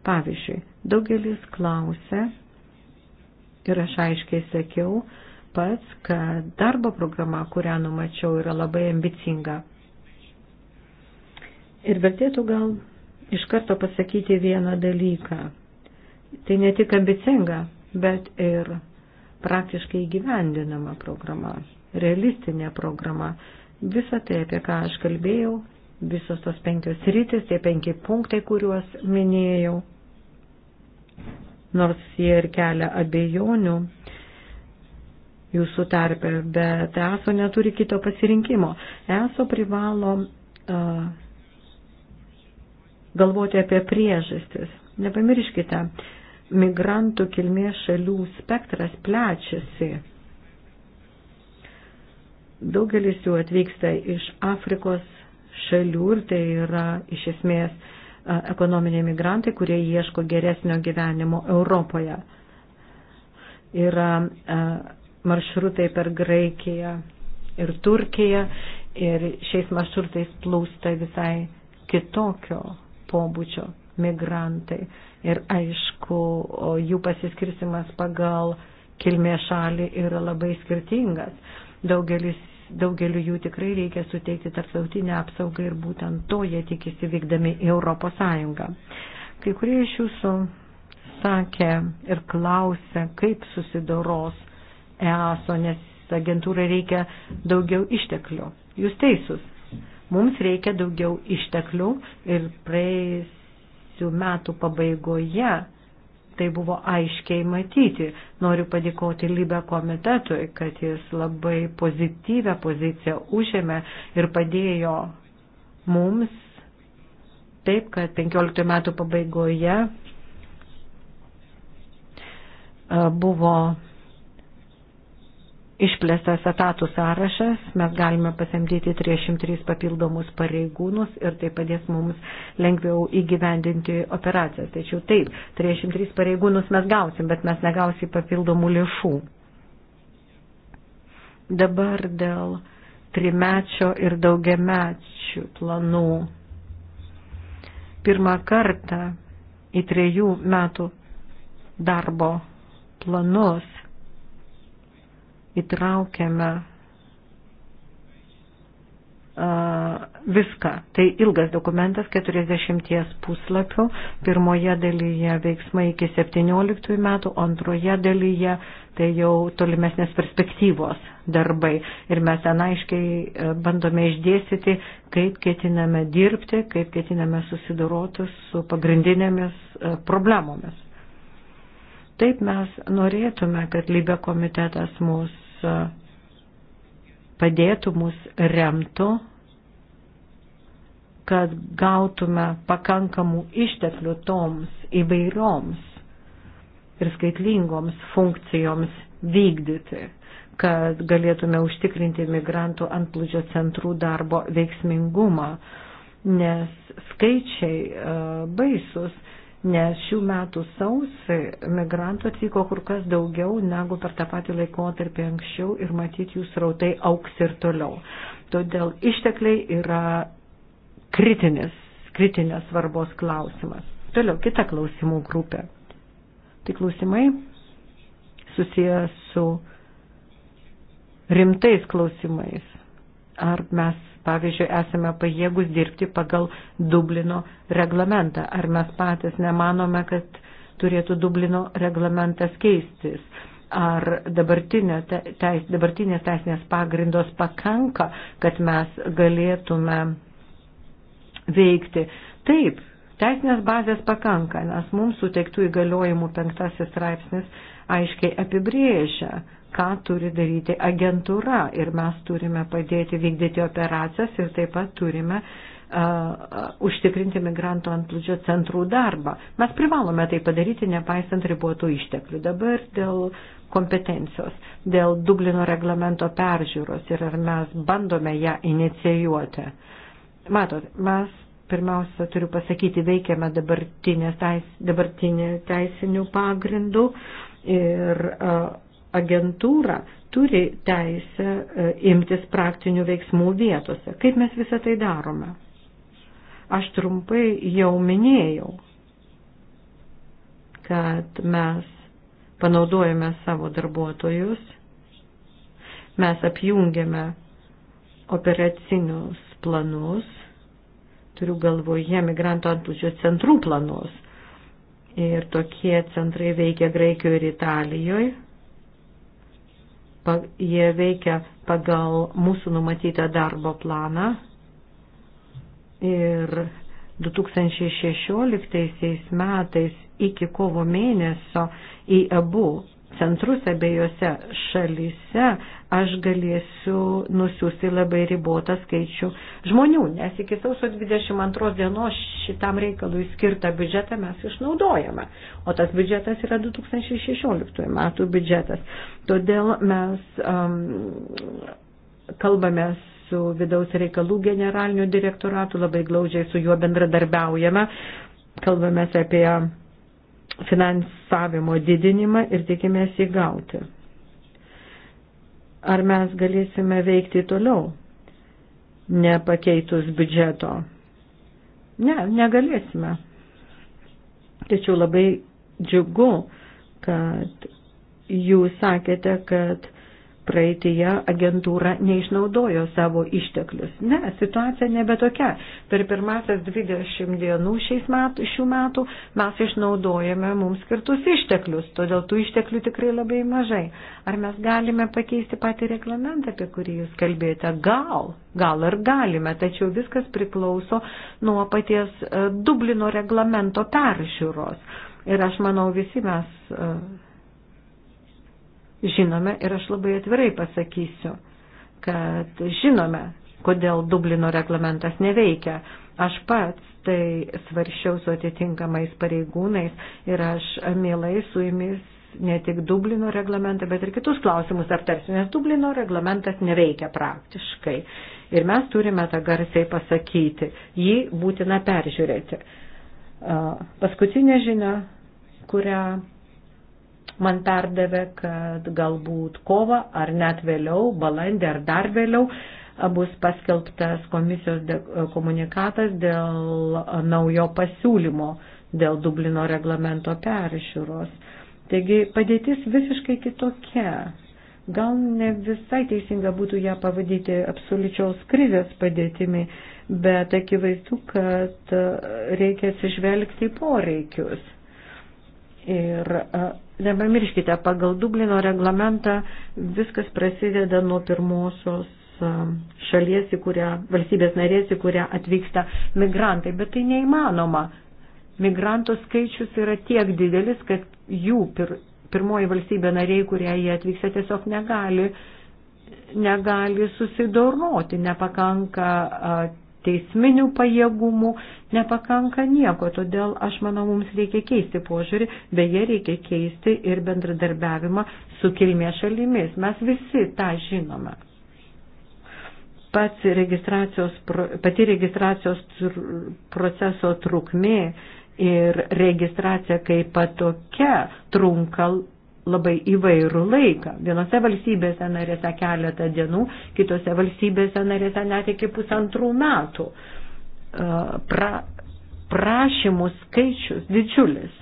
Pavyzdžiui, daugelis klausė ir aš aiškiai sakiau pats, kad darbo programa, kurią numačiau, yra labai ambicinga. Ir vertėtų gal iš karto pasakyti vieną dalyką. Tai ne tik ambicinga, bet ir praktiškai gyvendinama programa, realistinė programa. Visą tai, apie ką aš kalbėjau, visos tos penkios rytis, tie penki punktai, kuriuos minėjau, nors jie ir kelia abejonių jūsų tarpe, bet ESO neturi kito pasirinkimo. ESO privalo uh, galvoti apie priežastis. Nepamirškite, uh, migrantų kilmės šalių spektras plečiasi. Daugelis jų atvyksta iš Afrikos šalių ir tai yra iš esmės ekonominiai migrantai, kurie ieško geresnio gyvenimo Europoje. Yra maršrutai per Graikiją ir Turkiją ir šiais maršrutais plūsta visai kitokio pobūdžio migrantai ir aišku, jų pasiskirsimas pagal kilmės šalį yra labai skirtingas. Daugelis, daugeliu jų tikrai reikia suteikti tarptautinę apsaugą ir būtent to jie tikisi vykdami į Europos Sąjungą. Kai kurie iš jūsų sakė ir klausė, kaip susidoros EASO, nes agentūrai reikia daugiau išteklių. Jūs teisus. Mums reikia daugiau išteklių ir praeis 2014 metų pabaigoje tai buvo aiškiai matyti. Noriu padėkoti Libe komitetui, kad jis labai pozityvę poziciją užėmė ir padėjo mums taip, kad 15 metų pabaigoje e, buvo išplėstas etatų sąrašas, mes galime pasamdyti 303 papildomus pareigūnus ir tai padės mums lengviau įgyvendinti operacijas. Tačiau taip, 303 pareigūnus mes gausim, bet mes negausim papildomų lėšų. Dabar dėl trimečio ir daugiamečių planų. Pirmą kartą į trejų metų darbo planus įtraukiame viską. Tai ilgas dokumentas, 40 puslapių, pirmoje dalyje veiksmai iki 17 metų, antroje dalyje tai jau tolimesnės perspektyvos darbai. Ir mes ten aiškiai e, bandome išdėstyti, kaip ketiname dirbti, kaip ketiname susidoroti su pagrindinėmis e, problemomis. Taip mes norėtume, kad Libė komitetas mus e, padėtų, mus remtų, kad gautume pakankamų išteklių toms įvairioms ir skaitlingoms funkcijoms vykdyti, kad galėtume užtikrinti migrantų antplūdžio centrų darbo veiksmingumą, nes skaičiai e, baisus nes šių metų sausį migrantų atvyko kur kas daugiau negu per tą patį laikotarpį anksčiau ir matyti jų srautai auks ir toliau. Todėl ištekliai yra kritinis, kritinės svarbos klausimas. Toliau kita klausimų grupė. Tai klausimai susiję su rimtais klausimais. Ar mes pavyzdžiui, esame pajėgus dirbti pagal Dublino reglamentą. Ar mes patys nemanome, kad turėtų Dublino reglamentas keistis? Ar dabartinė teis, dabartinės teisinės pagrindos pakanka, kad mes galėtume veikti? Taip, teisinės bazės pakanka, nes mums suteiktų įgaliojimų penktasis straipsnis aiškiai apibrėžia, ką turi daryti agentūra ir mes turime padėti vykdyti operacijas ir taip pat turime uh, užtikrinti migrantų antplūdžio centrų darbą. Mes privalome tai padaryti, nepaisant ribotų išteklių. Dabar dėl kompetencijos, dėl Dublino reglamento peržiūros ir ar mes bandome ją inicijuoti. Matot, mes pirmiausia, turiu pasakyti, veikiame dabartinę teis, dabartinį teisinių pagrindų, ir agentūra turi teisę imtis praktinių veiksmų vietose. Kaip mes visą tai darome? Aš trumpai jau minėjau, kad mes panaudojame savo darbuotojus, mes apjungiame operacinius planus, turiu galvoje migrantų antplūdžio centrų planus, Ir tokie centrai veikia Graikijoje ir Italijoje. Jie veikia pagal mūsų numatytą darbo planą. Ir 2016 metais iki kovo mėnesio į abu e centrus abiejose šalyse, aš galėsiu nusiųsti labai ribotą skaičių žmonių, nes iki sausio 22 dienos šitam reikalui skirtą biudžetą mes išnaudojame, o tas biudžetas yra 2016 metų biudžetas. Todėl mes um, kalbame su vidaus reikalų generaliniu direktoratu, labai glaudžiai su juo bendradarbiaujame, kalbame apie finansavimo didinimą ir tikimės įgauti. Ar mes galėsime veikti toliau, nepakeitus biudžeto? Ne, negalėsime. Tačiau labai džiugu, kad jūs sakėte, kad praeitėje agentūra neišnaudojo savo išteklius. Ne, situacija nebe tokia. Per pirmasias 20 dienų šiais metų, šių metų mes išnaudojame mums skirtus išteklius, todėl tų išteklių tikrai labai mažai. Ar mes galime pakeisti patį reglamentą, apie kurį jūs kalbėjote? Gal, gal ir galime, tačiau viskas priklauso nuo paties e, Dublino reglamento peržiūros. Ir aš manau, visi mes e, žinome ir aš labai atvirai pasakysiu, kad žinome, kodėl Dublino reglamentas neveikia. Aš pats tai svaršiau su atitinkamais pareigūnais ir aš mielai su jumis ne tik Dublino reglamentą, bet ir kitus klausimus aptarsiu, nes Dublino reglamentas neveikia praktiškai. Ir mes turime tą garsiai pasakyti, jį būtina peržiūrėti. Paskutinė žinia, kurią man perdavė, kad galbūt kova ar net vėliau, balandį ar dar vėliau bus paskelbtas komisijos komunikatas dėl naujo pasiūlymo, dėl Dublino reglamento peržiūros. Taigi padėtis visiškai kitokia. Gal ne visai teisinga būtų ją pavadyti absoliučiaus krizės padėtimi, bet akivaizdu, kad reikia atsižvelgti į poreikius. Ir nepamirškite, pagal Dublino reglamentą viskas prasideda nuo pirmosios šalies, į kurią, valstybės narės, į kurią atvyksta migrantai, bet tai neįmanoma. Migrantų skaičius yra tiek didelis, kad jų pir, pirmoji valstybė nariai, kurie jie atvyksta, tiesiog negali, negali susidoroti, nepakanka a, teisminių pajėgumų, nepakanka nieko, todėl aš manau, mums reikia keisti požiūrį, beje, reikia keisti ir bendradarbiavimą su kilmės šalimis. Mes visi tą žinome. Pats registracijos, pati registracijos proceso trukmė ir registracija kaip patokia trunka labai įvairų laiką. Vienose valstybėse narėse keletą dienų, kitose valstybėse narėse net iki pusantrų metų. E, pra, prašymų skaičius didžiulis.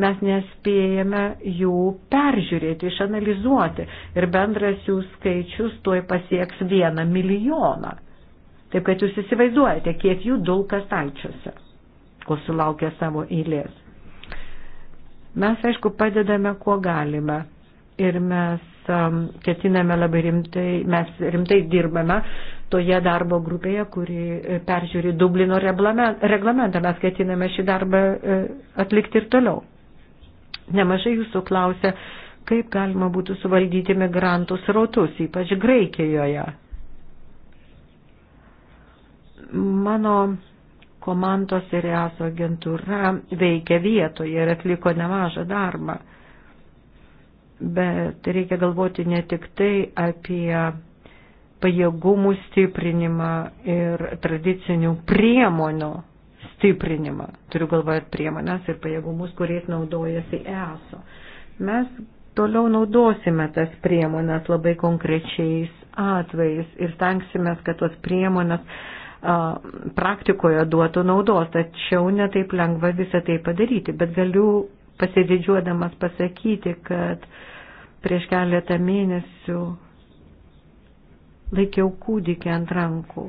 Mes nespėjame jų peržiūrėti, išanalizuoti ir bendras jų skaičius tuoj pasieks vieną milijoną. Taip kad jūs įsivaizduojate, kiek jų dulka stalčiuose, ko sulaukia savo eilės. Mes, aišku, padedame, kuo galime. Ir mes um, ketiname labai rimtai, mes rimtai dirbame toje darbo grupėje, kuri e, peržiūri Dublino reglamentą. Mes ketiname šį darbą e, atlikti ir toliau. Nemažai jūsų klausia, kaip galima būtų suvaldyti migrantų srautus, ypač Graikijoje. Mano komandos ir EASO agentūra veikia vietoje ir atliko nemažą darbą. Bet reikia galvoti ne tik tai apie pajėgumų stiprinimą ir tradicinių priemonių stiprinimą. Turiu galvoje priemonės ir pajėgumus, kuriais naudojasi EASO. Mes toliau naudosime tas priemonės labai konkrečiais atvejais ir stengsime, kad tos priemonės praktikoje duotų naudos, tačiau netaip lengva visą tai padaryti. Bet galiu pasididžiuodamas pasakyti, kad prieš keletą mėnesių laikiau kūdikį ant rankų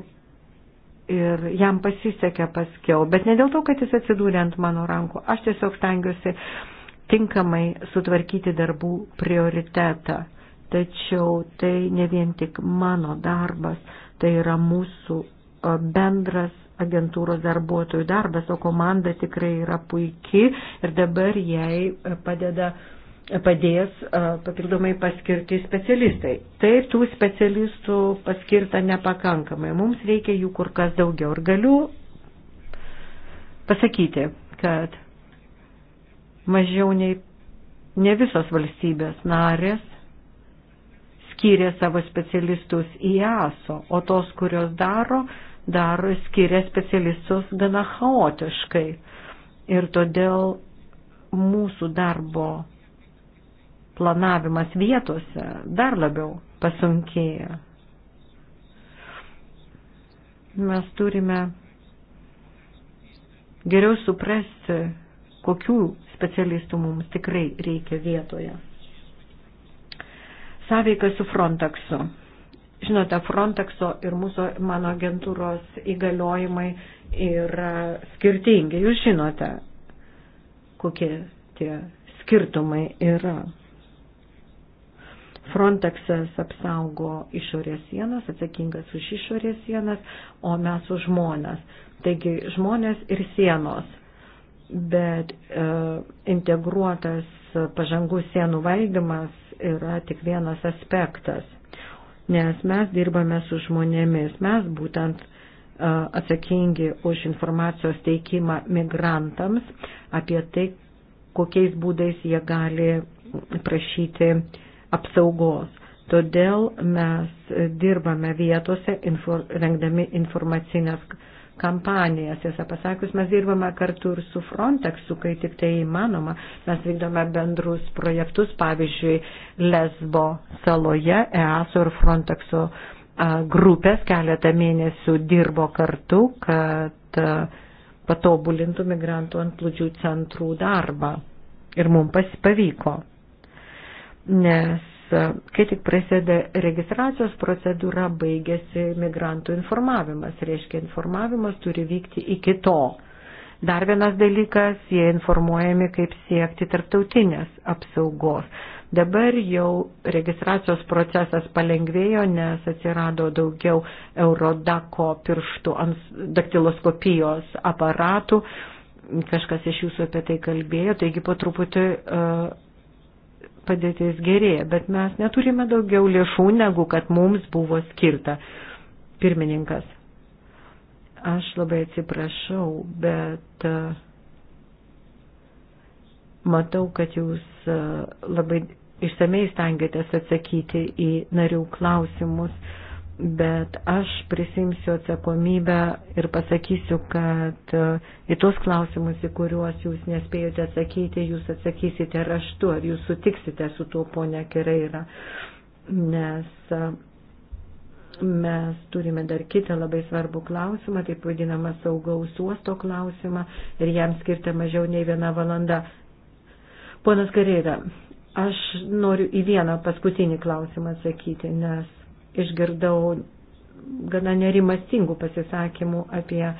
ir jam pasisekė paskiau, bet ne dėl to, kad jis atsidūrė ant mano rankų, aš tiesiog stengiuosi tinkamai sutvarkyti darbų prioritetą. Tačiau tai ne vien tik mano darbas, tai yra mūsų bendras agentūros darbuotojų darbas, o komanda tikrai yra puikiai ir dabar jai e, padeda e, padės e, papildomai paskirti specialistai. Taip, tų specialistų paskirta nepakankamai. Mums reikia jų kur kas daugiau. Ir galiu pasakyti, kad mažiau nei ne visos valstybės narės skyrė savo specialistus į ESO, o tos, kurios daro, dar skiria specialistus gana chaotiškai. Ir todėl mūsų darbo planavimas vietose dar labiau pasunkėja. Mes turime geriau suprasti, kokių specialistų mums tikrai reikia vietoje. Sąveika su Frontexu. Žinote, Frontexo ir mūsų mano agentūros įgaliojimai yra skirtingi. Jūs žinote, kokie tie skirtumai yra. Frontexas apsaugo išorės sienas, atsakingas už išorės sienas, o mes už žmonės. Taigi žmonės ir sienos, bet e, integruotas pažangų sienų valdymas yra tik vienas aspektas nes mes dirbame su žmonėmis, mes būtent atsakingi už informacijos teikimą migrantams apie tai, kokiais būdais jie gali prašyti apsaugos. Todėl mes dirbame vietose, rengdami informacinės kampanijas. Tiesą pasakius, mes dirbame kartu ir su Frontexu, kai tik tai įmanoma. Mes vykdome bendrus projektus, pavyzdžiui, Lesbo saloje, EASO ir Frontexo grupės keletą mėnesių dirbo kartu, kad patobulintų migrantų antplūdžių centrų darbą. Ir mums pavyko, nes E, kai tik prasideda registracijos procedūra, baigėsi migrantų informavimas. Reiškia, informavimas turi vykti iki to. Dar vienas dalykas, jie informuojami, kaip siekti tarptautinės apsaugos. Dabar jau registracijos procesas palengvėjo, nes atsirado daugiau eurodako pirštų ant daktiloskopijos aparatų, kažkas iš jūsų apie tai kalbėjo, taigi po truputį uh, padėtis gerėja, bet mes neturime daugiau lėšų, negu kad mums buvo skirta. Pirmininkas, aš labai atsiprašau, bet e, matau, kad jūs e, labai išsamei stengiatės atsakyti į narių klausimus bet aš prisimsiu atsakomybę ir pasakysiu, kad e, į tuos klausimus, į kuriuos jūs nespėjote atsakyti, jūs atsakysite raštu, ar jūs sutiksite su tuo ponia Kireira, nes e, mes turime dar kitą labai svarbų klausimą, taip vadinamą saugaus uosto klausimą ir jam skirta mažiau nei viena valanda. Ponas Kareira, aš noriu į vieną paskutinį klausimą atsakyti, nes išgirdau gana nerimastingų pasisakymų apie e,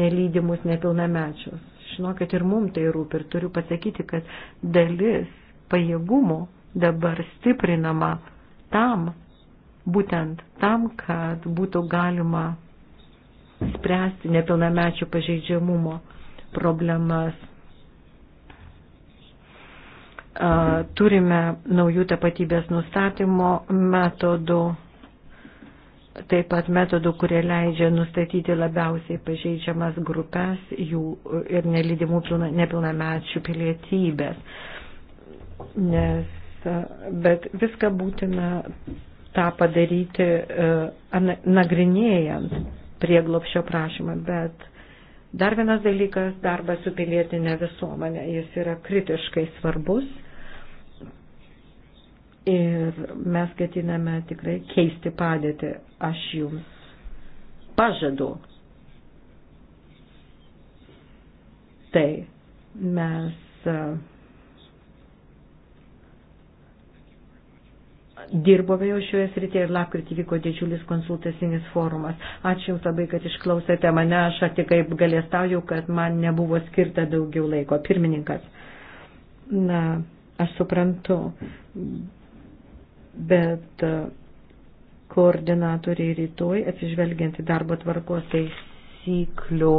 nelydimus nepilnamečius. Žinokit, ir mum tai rūpi ir turiu pasakyti, kad dalis pajėgumų dabar stiprinama tam, būtent tam, kad būtų galima spręsti nepilnamečių pažeidžiamumo problemas turime naujų tapatybės nustatymo metodų, taip pat metodų, kurie leidžia nustatyti labiausiai pažeidžiamas grupės jų ir nelydimų nepilnamečių pilietybės. Nes, bet viską būtina tą padaryti nagrinėjant prieglopšio prašymą, bet Dar vienas dalykas - darbas su pilietinė visuomenė. Jis yra kritiškai svarbus ir mes ketiname tikrai keisti padėtį. Aš jums pažadu. Tai mes. Uh, dirbome jau šioje srityje ir lapkritį vyko didžiulis konsultacinis forumas. Ačiū Jums labai, kad išklausėte mane, aš tikrai galėstauju, kad man nebuvo skirta daugiau laiko. Pirmininkas, na, aš suprantu, bet e, koordinatoriai rytoj, atsižvelgiant į darbo tvarkos taisyklių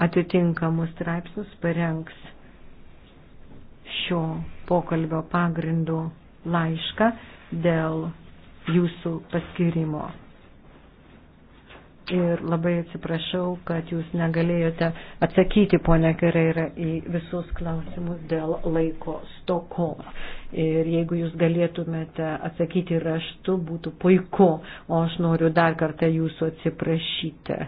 atitinkamus straipsnius, parengs šio pokalbio pagrindų laišką dėl jūsų paskirimo. Ir labai atsiprašau, kad jūs negalėjote atsakyti, ponia Gereira, į visus klausimus dėl laiko stokos. Ir jeigu jūs galėtumėte atsakyti raštu, būtų puiku, o aš noriu dar kartą jūsų atsiprašyti.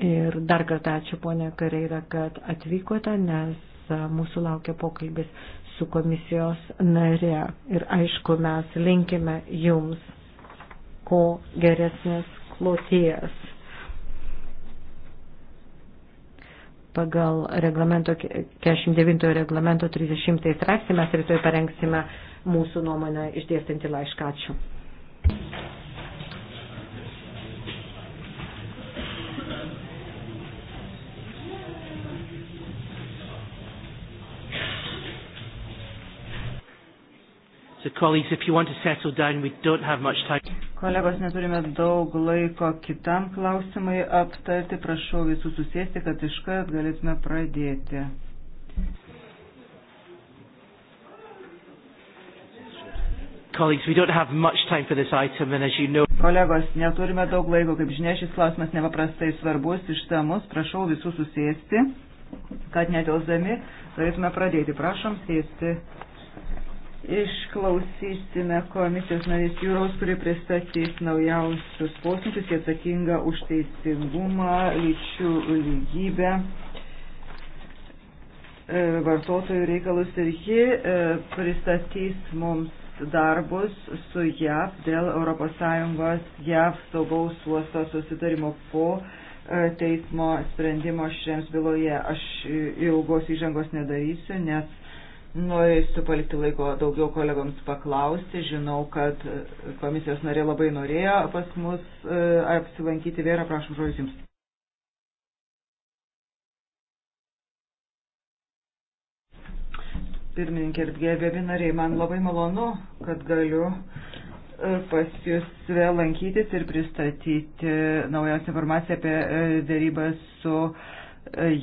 Ir dar kartą ačiū, ponia Gereira, kad atvykote, nes mūsų laukia pokalbis su komisijos nare. Ir aišku, mes linkime jums ko geresnės kloties. Pagal reglamento, 49 reglamento 30 straipsnį mes rytoj parengsime mūsų nuomonę išdėstinti laišką. Ačiū. Colleagues, if you want to settle down, we don't have much time. Kolegos, neturime daug laiko kitam klausimai aptarti. Prašau visų susėsti, kad iškart galėtume pradėti. Colleagues, we don't have much time for this item, and as you know... Kolegos, neturime daug laiko. Kaip žinia, šis klausimas nepaprastai svarbus, išsamus. Prašau visų susėsti, kad nedėlzami galėtume pradėti. Prašom sėsti. Išklausysime komisijos narės Jūros, kuri pristatys naujausius poslinkius, jie atsakinga už teisingumą, lyčių lygybę, e, vartotojų reikalus ir ji e, pristatys mums darbus su JAV dėl ES JAV saugaus uosto susitarimo po e, teismo sprendimo šiems byloje. Aš ilgos įžangos nedarysiu, nes Norėsiu palikti laiko daugiau kolegoms paklausti. Žinau, kad komisijos narė labai norėjo pas mus e, apsilankyti. Vėra, prašom žodžius jums. Pirmininkė ir gerbėmi nariai, man labai malonu, kad galiu e, pas jūs vėl lankytis ir pristatyti naujausią informaciją apie e, dėrybas su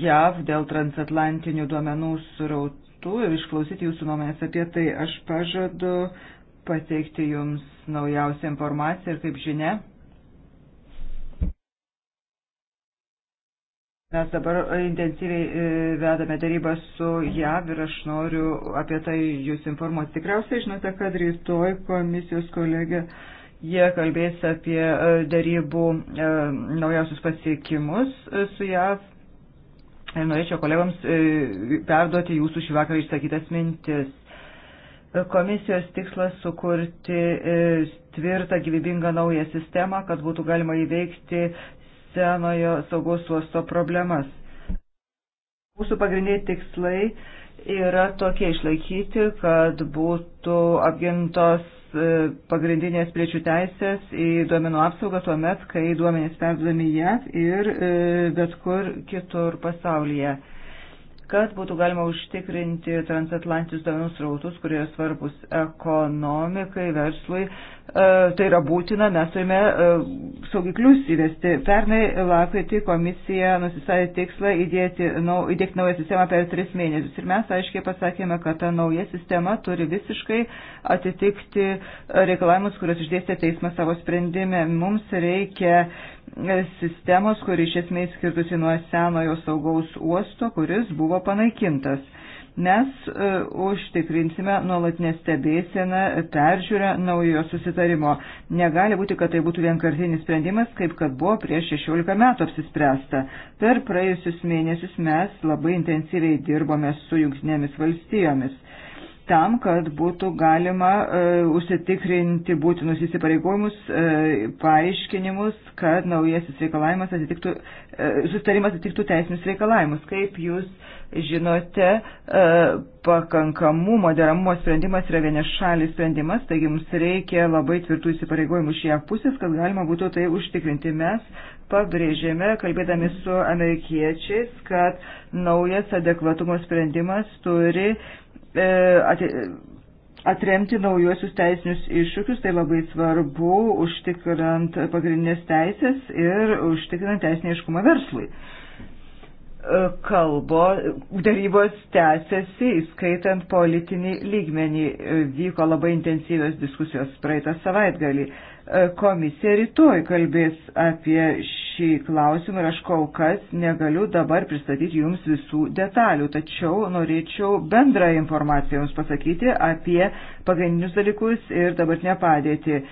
JAV dėl transatlantinių duomenų surautų kartu ir išklausyti jūsų nuomonės apie tai. Aš pažadu pateikti jums naujausią informaciją ir kaip žinia. Mes dabar intensyviai e, vedame darybą su JAV ir aš noriu apie tai jūs informuoti. Tikriausiai žinote, kad rytoj komisijos kolegė jie kalbės apie e, darybų e, naujausius pasiekimus su JAV ir norėčiau kolegoms e, perduoti jūsų šį vakarą išsakytas mintis. Komisijos tikslas sukurti e, tvirtą gyvybingą naują sistemą, kad būtų galima įveikti senojo saugos uosto problemas. Mūsų pagrindiniai tikslai yra tokie išlaikyti, kad būtų apgintos E, pagrindinės priečių teisės į duomenų apsaugą tuo met, kai duomenys perdodami JAV ir e, bet kur kitur pasaulyje kad būtų galima užtikrinti transatlantinius duomenų srautus, kurie svarbus ekonomikai, verslui. E, tai yra būtina, mes turime e, saugiklius įvesti. Pernai lapkritį komisija nusisavė tikslą įdėti, nau, įdėkti naują sistemą per tris mėnesius. Ir mes aiškiai pasakėme, kad ta nauja sistema turi visiškai atitikti reikalavimus, kuriuos išdėstė teismas savo sprendime. Mums reikia sistemos, kuri iš esmės skirtusi nuo senojo saugaus uosto, kuris buvo panaikintas. Mes e, užtikrinsime nuolatinę stebėsieną, peržiūrę naujo susitarimo. Negali būti, kad tai būtų vienkartinis sprendimas, kaip kad buvo prieš 16 metų apsispręsta. Per praėjusius mėnesius mes labai intensyviai dirbome su jungtinėmis valstijomis tam, kad būtų galima uh, užsitikrinti būtinus įsipareigojimus, uh, paaiškinimus, kad naujasis reikalavimas atitiktų, uh, sustarimas atitiktų teisinius reikalavimus. Kaip jūs žinote, uh, pakankamumo, deramumo sprendimas yra vienešalis sprendimas, taigi mums reikia labai tvirtų įsipareigojimų iš jav pusės, kad galima būtų tai užtikrinti. Mes pabrėžėme, kalbėdami su amerikiečiais, kad naujas adekvatumo sprendimas turi E, atremti naujuosius teisinius iššūkius, tai labai svarbu užtikrant pagrindinės teisės ir užtikrant teisinį iškumą verslui. E, kalbo, darybos tęsiasi, įskaitant politinį lygmenį. E, vyko labai intensyvios diskusijos praeitą savaitgalį. E, komisija rytoj kalbės apie šį klausimą ir aš kol kas negaliu dabar pristatyti jums visų detalių, tačiau norėčiau bendrą informaciją jums pasakyti apie pagrindinius dalykus ir dabartinę padėtį.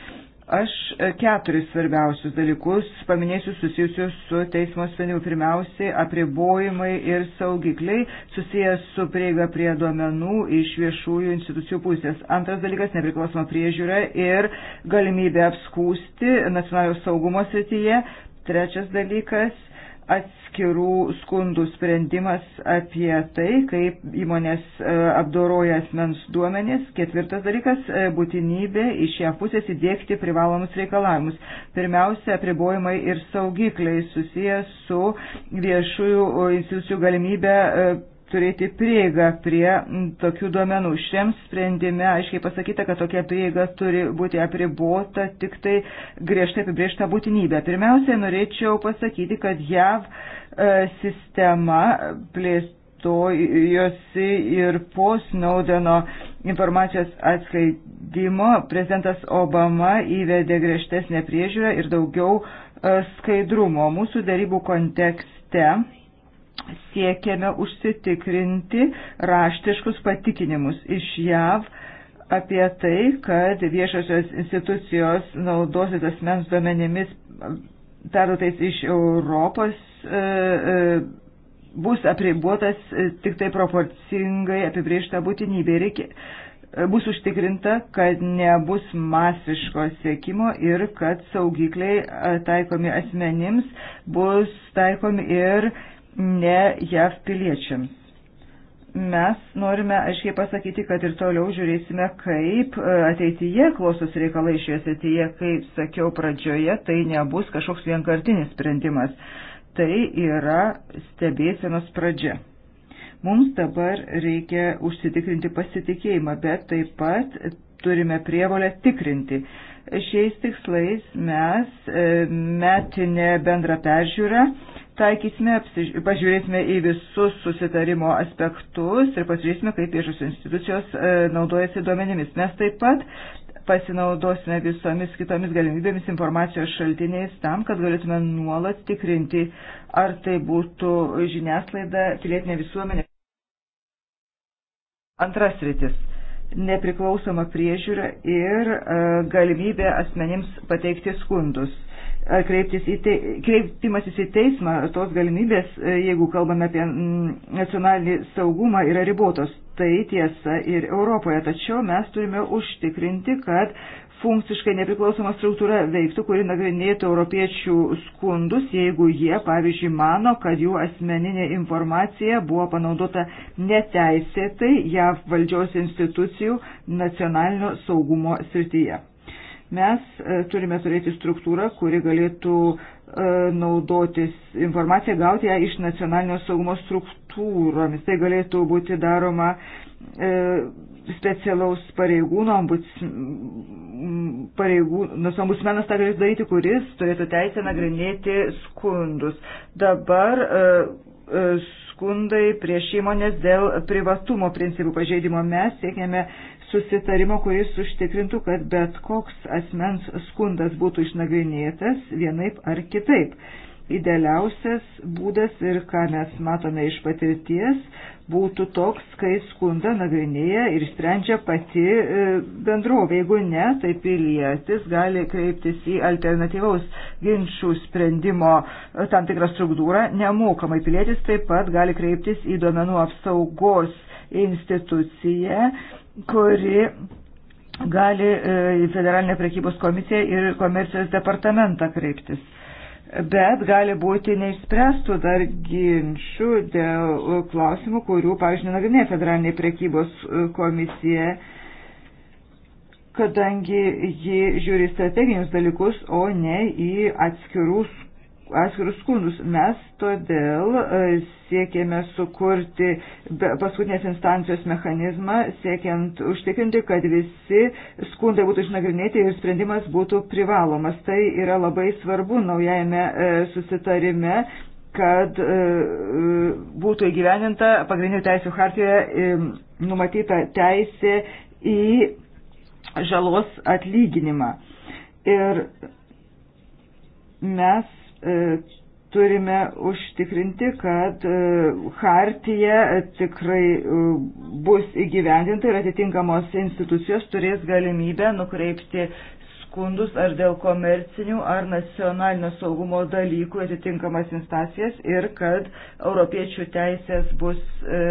Aš e, keturis svarbiausius dalykus paminėsiu susijusius su teismo sprendimu. Pirmiausiai, apribojimai ir saugikliai susijęs su prieiga prie duomenų iš viešųjų institucijų pusės. Antras dalykas - nepriklausoma priežiūra ir galimybė apskūsti nacionalinio saugumo srityje. Trečias dalykas atskirų skundų sprendimas apie tai, kaip įmonės e, apdoroja asmens duomenis. Ketvirtas dalykas - e, būtinybė iš šią pusės įdėkti privalomus reikalavimus. Pirmiausia, apribojimai ir saugikliai susijęs su viešųjų institucijų galimybė e, turėti prieigą prie tokių duomenų. Šiam sprendime aiškiai pasakyta, kad tokia prieiga turi būti apribota tik tai griežtai apibriešta būtinybė. Pirmiausia, norėčiau pasakyti, kad JAV e, sistema plėstojosi ir po Snaudeno informacijos atskleidimo prezidentas Obama įvedė griežtesnę priežiūrą ir daugiau e, skaidrumo mūsų darybų kontekste siekiame užsitikrinti raštiškus patikinimus iš JAV apie tai, kad viešosios institucijos naudosis asmens duomenimis perduotais iš Europos e, e, bus apribuotas e, tik tai proporcingai apibriešta būtinybė. Reikia, bus užtikrinta, kad nebus masiško sėkimo ir kad saugikliai taikomi asmenims bus taikomi ir uh, ne JAV piliečiams. Mes norime aiškiai pasakyti, kad ir toliau žiūrėsime, kaip e, ateityje klostosi reikalai šioje srityje, kaip sakiau pradžioje, tai nebus kažkoks vienkartinis sprendimas. Tai yra stebėsenos pradžia. Mums dabar reikia užsitikrinti pasitikėjimą, bet taip pat turime prievolę tikrinti. Šiais tikslais mes e, metinę bendrą peržiūrą taikysime, pažiūrėsime į visus susitarimo aspektus ir pasižiūrėsime, kaip viešos institucijos e, naudojasi duomenimis. Mes taip pat pasinaudosime visomis kitomis galimybėmis informacijos šaltiniais tam, kad galėtume nuolat tikrinti, ar tai būtų žiniasklaida, pilietinė visuomenė. Antras rytis - nepriklausoma priežiūra ir e, galimybė asmenims pateikti skundus. E, ar kreiptis į te, kreiptimasis į teismą, tos galimybės, jeigu kalbame apie nacionalinį saugumą, yra ribotos. Tai tiesa ir Europoje, tačiau mes turime užtikrinti, kad funkciškai nepriklausoma struktūra veiktų, kuri nagrinėtų europiečių skundus, jeigu jie, pavyzdžiui, mano, kad jų asmeninė informacija buvo panaudota neteisėtai JAV valdžios institucijų nacionalinio saugumo srityje. Mes e, turime turėti struktūrą, kuri galėtų e, naudotis informaciją, gauti ją iš nacionalinio saugumo struktūromis. Tai galėtų būti daroma e, specialaus pareigūno, pareigūnas nu, ombudsmenas tą galės daryti, kuris turėtų teisę nagrinėti skundus. Dabar skundai prieš įmonės dėl privatumo principų pažeidimo mes siekiame susitarimo, kuris užtikrintų, kad bet koks asmens skundas būtų išnagrinėtas vienaip ar kitaip. Idealiausias būdas ir ką mes matome iš patirties būtų toks, kai skundą nagrinėja ir sprendžia pati e, bendrovė. Jeigu ne, tai pilietis gali kreiptis į alternatyvaus ginčių sprendimo e, tam tikrą struktūrą nemokamai. Pilietis taip pat gali kreiptis į duomenų apsaugos instituciją kuri gali e, į Federalinę prekybos komisiją ir komercijos departamentą kreiptis. Bet gali būti neišspręstų dar ginčių dėl klausimų, kurių, pavyzdžiui, nagrinėja Federalinė prekybos e, komisija, kadangi ji žiūri strateginius dalykus, o ne į atskirų atskirus skundus. Mes todėl e, siekėme sukurti paskutinės instancijos mechanizmą, siekiant užtikrinti, kad visi skundai būtų išnagrinėti ir sprendimas būtų privalomas. Tai yra labai svarbu naujajame e, susitarime kad e, būtų įgyveninta pagrindinių teisų hartijoje numatyta teisė į žalos atlyginimą. Ir mes E, turime užtikrinti, kad e, hartija e, tikrai bus įgyvendinta ir atitinkamos institucijos turės galimybę nukreipti skundus ar dėl komercinių ar nacionalinio saugumo dalykų atitinkamas instancijas ir kad europiečių teisės bus e,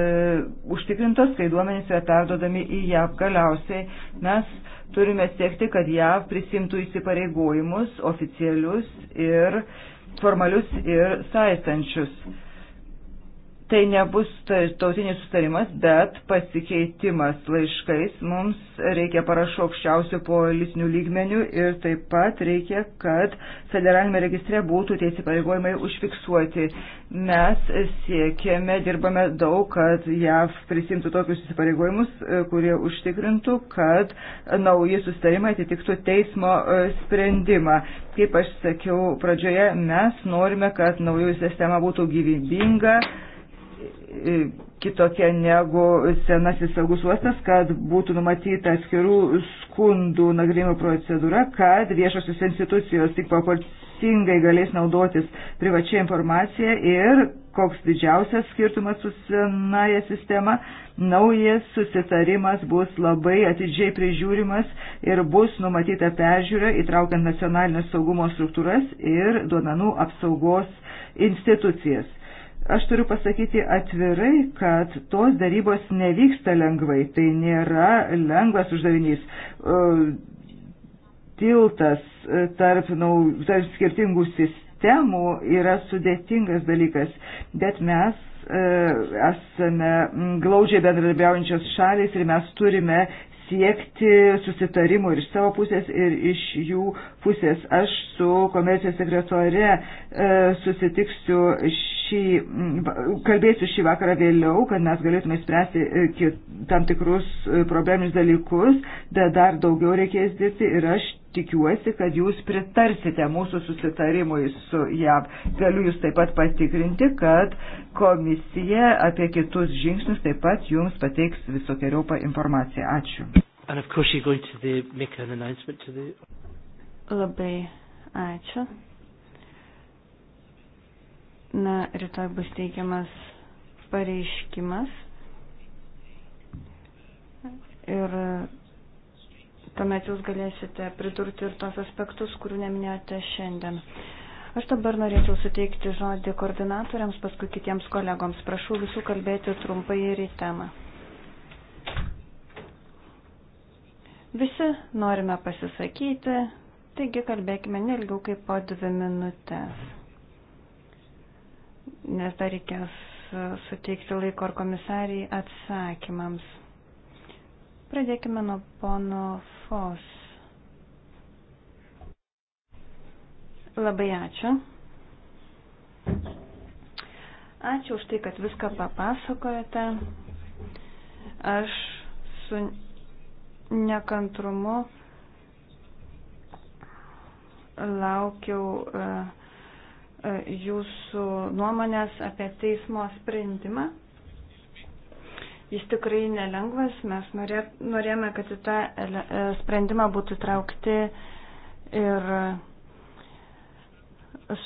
užtikrintos, kai duomenys yra perdodami į JAV. Galiausiai mes turime siekti, kad JAV prisimtų įsipareigojimus oficialius ir e, formalius ir saistančius. Tai nebus tautinis sustarimas, bet pasikeitimas laiškais. Mums reikia parašo aukščiausių politinių lygmenių ir taip pat reikia, kad federalinėme registre būtų tie įsipareigojimai užfiksuoti. Mes siekėme, dirbame daug, kad JAV prisimtų tokius įsipareigojimus, e, kurie užtikrintų, kad nauji sustarimai atitiktų teismo e, sprendimą. Kaip aš sakiau pradžioje, mes norime, kad naujų sistema būtų gyvybinga kitokia negu senasis saugus uostas, kad būtų numatyta atskirų skundų nagrinimo procedūra, kad viešosios institucijos tik proporcingai galės naudotis privačia informacija ir koks didžiausias skirtumas su senaja sistema, naujas susitarimas bus labai atidžiai prižiūrimas ir bus numatyta peržiūra įtraukiant nacionalinės saugumo struktūras ir duomenų apsaugos institucijas Aš turiu pasakyti atvirai, kad tos darybos nevyksta lengvai. Tai nėra lengvas uždavinys. Tiltas e, tarp, nau, tarp skirtingų sistemų yra sudėtingas dalykas, bet mes e, esame glaudžiai bendradarbiaujančios šalis ir mes turime siekti susitarimų ir iš savo pusės, ir iš jų pusės. Aš su komercijos sekretore e, susitiksiu šį, kalbėsiu šį vakarą vėliau, kad mes galėtume spręsti e, tam tikrus e, probleminius dalykus, bet dar daugiau reikės dirbti ir aš tikiuosi, kad jūs pritarsite mūsų susitarimui su JAV. Galiu jūs taip pat patikrinti, kad komisija apie kitus žingsnius taip pat jums pateiks visokiojopą informaciją. Ačiū. The... Labai ačiū. Na, rytoj bus teikiamas pareiškimas. Ir tuomet jūs galėsite pridurti ir tos aspektus, kurių neminėjote šiandien. Aš dabar norėčiau suteikti žodį koordinatoriams, paskui kitiems kolegoms. Prašau visų kalbėti trumpai ir į temą. Visi norime pasisakyti, taigi kalbėkime nelgiau kaip po dvi minutės. Nes dar reikės suteikti laiko ar komisarijai atsakymams. Pradėkime nuo pono Fos. Labai ačiū. Ačiū už tai, kad viską papasakojate. Aš su nekantrumu laukiau e, e, jūsų nuomonės apie teismo sprendimą. Jis tikrai nelengvas, mes norė, norėjome, kad į tą e, sprendimą būtų traukti ir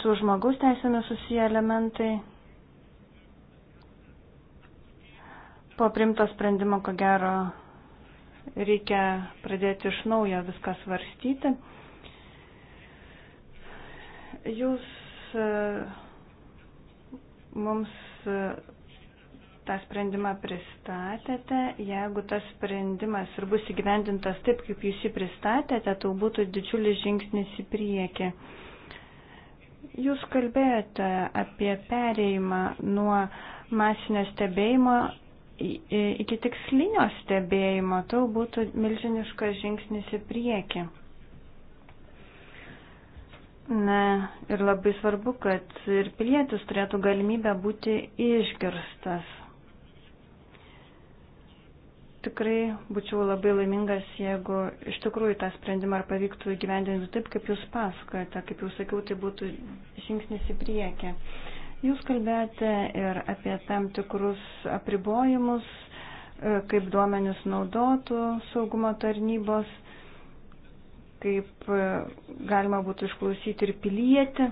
su žmogaus teisėmis susiję elementai. Po primto sprendimo, ko gero, reikia pradėti iš naujo viską svarstyti. Jūs e, mums e, tą sprendimą pristatėte. Jeigu tas sprendimas ir bus įgyvendintas taip, kaip jūs jį pristatėte, tai būtų didžiulis žingsnis į priekį. Jūs kalbėjote apie pereimą nuo masinio stebėjimo iki tikslinio stebėjimo. Tai būtų milžiniškas žingsnis į priekį. Na ir labai svarbu, kad ir pilietis turėtų galimybę būti išgirstas tikrai būčiau labai laimingas, jeigu iš tikrųjų tą sprendimą ar pavyktų įgyvendinti taip, kaip jūs pasakojate, kaip jau sakiau, tai būtų žingsnis į priekį. Jūs kalbėjote ir apie tam tikrus apribojimus, e, kaip duomenis naudotų saugumo tarnybos, kaip e, galima būtų išklausyti ir pilietį.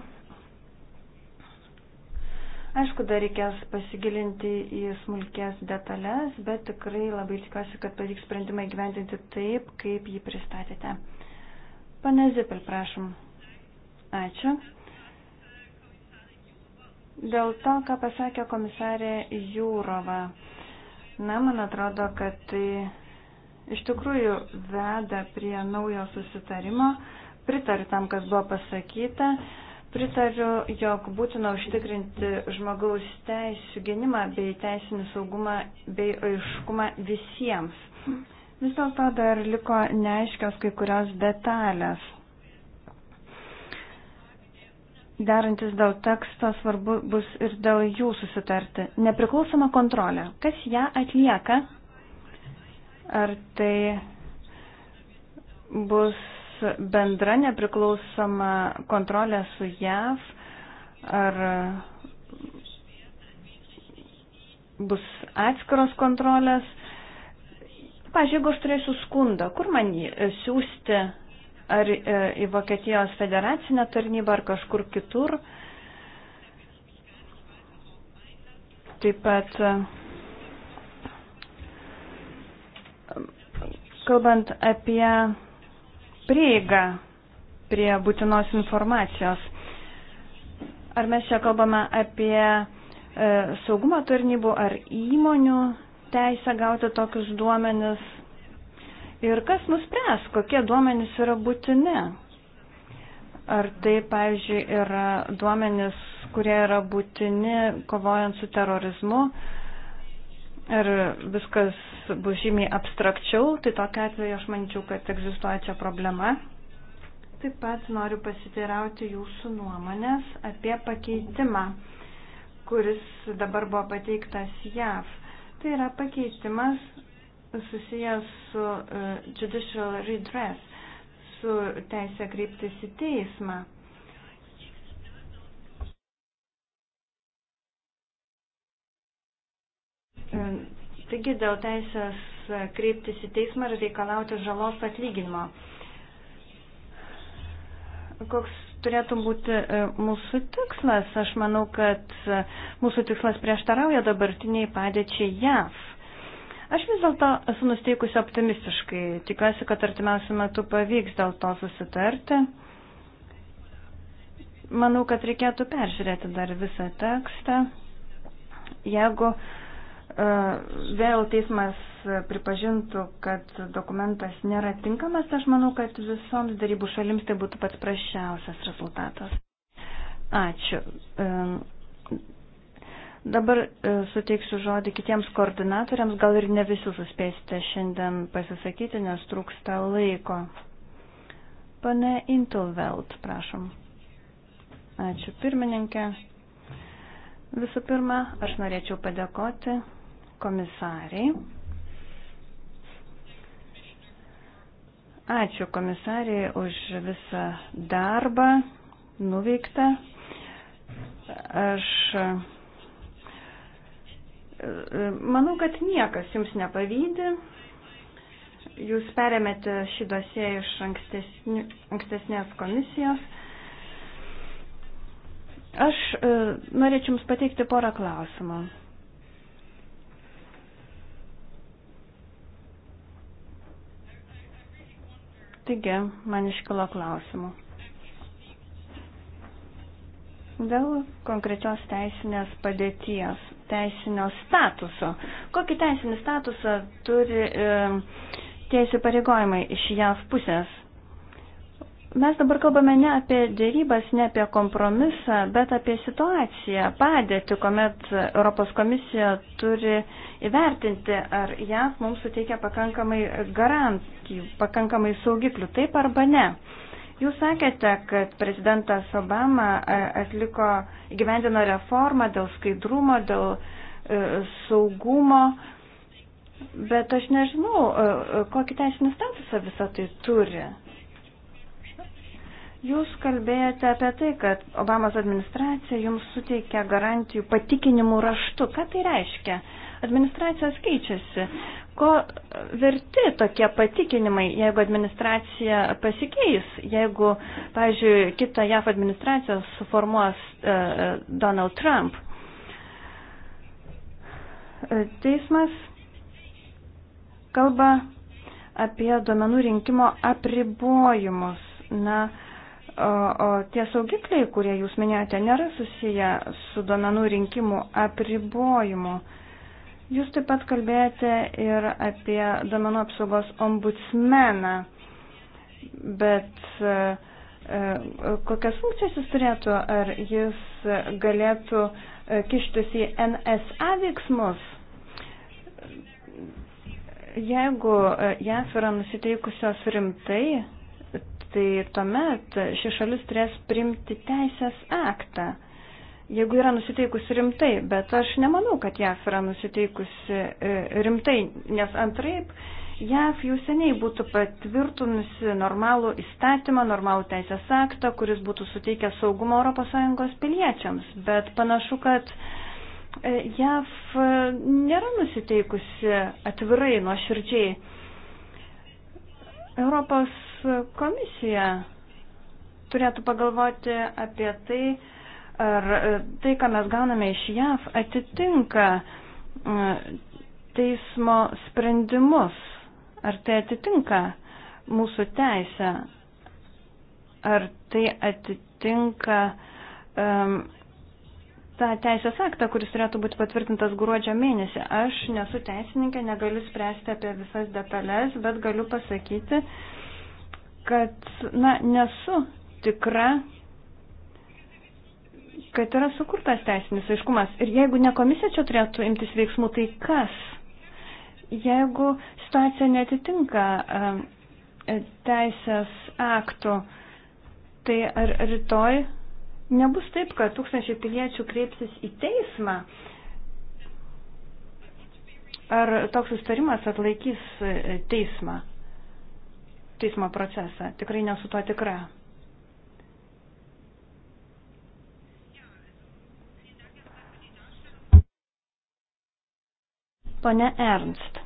Aišku, dar reikės pasigilinti į smulkės detalės, bet tikrai labai tikiuosi, kad pavyks sprendimą įgyvendinti taip, kaip jį pristatėte. Pane Zipel, prašom. Ačiū. Dėl to, ką pasakė komisarė Jūrova, na, man atrodo, kad tai iš tikrųjų veda prie naujo susitarimo. Pritariu tam, kas buvo pasakyta. Pritariu, jog būtina užtikrinti žmogaus teisų gynimą bei teisinį saugumą bei aiškumą visiems. Vis dėlto dar liko neaiškios kai kurios detalės. Derantis dėl teksto svarbu bus ir dėl jų susitarti. Nepriklausoma kontrolė. Kas ją atlieka? Ar tai bus bendra nepriklausoma kontrolė su JAV ar bus atskiros kontrolės. Pavyzdžiui, jeigu aš turėsiu skundą, kur man jį e, siūsti, ar e, į Vokietijos federacinę tarnybą, ar kažkur kitur. Taip pat, e, kalbant apie prieigą prie būtinos informacijos. Ar mes čia kalbame apie e, saugumo tarnybų ar įmonių teisę gauti tokius duomenis? Ir kas nuspręs, kokie duomenys yra būtini? Ar tai, pavyzdžiui, yra duomenys, kurie yra būtini kovojant su terorizmu? E, ir viskas bus žymiai abstrakčiau, tai tokia atveju aš manyčiau, kad egzistuoja čia problema. Taip pat noriu pasiteirauti jūsų nuomonės apie pakeitimą, kuris dabar buvo pateiktas JAV. Tai yra pakeitimas susijęs su uh, judicial redress, su teisė kreiptis į teismą. Taigi dėl teisės kreiptis į teismą ir reikalauti žalos atlyginimo. Koks turėtų būti e, mūsų tikslas? Aš manau, kad e, mūsų tikslas prieštarauja dabartiniai padėčiai JAV. Aš vis dėlto esu nusteikusi optimistiškai. Tikiuosi, kad artimiausių metų pavyks dėl to susitarti. Manau, kad reikėtų peržiūrėti dar visą tekstą. Jeigu uh, E, vėl teismas pripažintų, kad dokumentas nėra tinkamas, aš manau, kad visoms darybų šalims tai būtų pats prašiausias rezultatas. Ačiū. E, dabar e, suteiksiu žodį kitiems koordinatoriams, gal ir ne visi suspėsite šiandien pasisakyti, nes trūksta laiko. Pane Intelveld, prašom. Ačiū pirmininkė. Visų pirma, aš norėčiau padėkoti komisariai. Ačiū komisariai už visą darbą nuveiktą. Aš manau, kad niekas jums nepavydi. Jūs perėmėte šį dosiją iš ankstesnės komisijos. Aš e, norėčiau jums pateikti porą klausimų. Taigi, man iškilo klausimų. Dėl konkrečios teisinės padėties, teisinio statuso. Kokį teisinį statusą turi e, tie įsipareigojimai iš JAV pusės? Mes dabar kalbame ne apie dėrybas, ne apie kompromisą, bet apie situaciją, padėtį, kuomet Europos komisija turi įvertinti, ar JAV mums suteikia pakankamai garantijų, pakankamai saugiklių, taip arba ne. Jūs sakėte, kad prezidentas Obama e, atliko, gyvendino reformą dėl skaidrumo, dėl e, saugumo, bet aš nežinau, e, e kokį teisinį statusą visą tai turi. Jūs kalbėjote apie tai, kad Obamos administracija jums suteikia garantijų patikinimų raštu. Ką tai reiškia? Administracijos keičiasi. Ko verti tokie patikinimai, jeigu administracija pasikeis, jeigu, pavyzdžiui, kitą JAF administraciją suformuos uh, Donald Trump? E, teismas kalba apie duomenų rinkimo apribojimus. Na, uh, O, o tie saugikliai, kurie jūs minėjote, nėra susiję su duomenų rinkimu apribojimu. Jūs taip pat kalbėjote ir apie duomenų apsaugos ombudsmeną, bet e, e kokias funkcijas jis turėtų, ar jis galėtų e, kištis į NSA veiksmus? Jeigu e, JAF yra nusiteikusios rimtai, tai tuomet ši šalis turės primti teisės aktą, jeigu yra nusiteikusi rimtai, bet aš nemanau, kad JAF yra nusiteikusi e, rimtai, nes antraip JAF jau seniai būtų patvirtinusi normalų įstatymą, normalų teisės aktą, kuris būtų suteikęs saugumą ES piliečiams, bet panašu, kad e, JAF e, nėra nusiteikusi atvirai, nuoširdžiai Europos komisija turėtų pagalvoti apie tai, ar e, tai, ką mes gauname iš JAV, atitinka e, teismo sprendimus, ar tai atitinka mūsų teisę, ar tai atitinka um, tą teisės aktą, kuris turėtų būti patvirtintas gruodžio mėnesį. Aš nesu teisininkė, negaliu spręsti apie visas detalės, bet galiu pasakyti, kad na, nesu tikra, kad yra sukurtas teisinis aiškumas. Ir jeigu ne komisija čia turėtų imtis veiksmų, tai kas? Jeigu situacija netitinka e, teisės aktų, tai ar rytoj Nebus taip, kad tūkstančiai piliečių kreipsis į teismą. Ar toks sustarimas atlaikys teismą, teismo procesą? Tikrai nesu to tikra. Pone Ernst,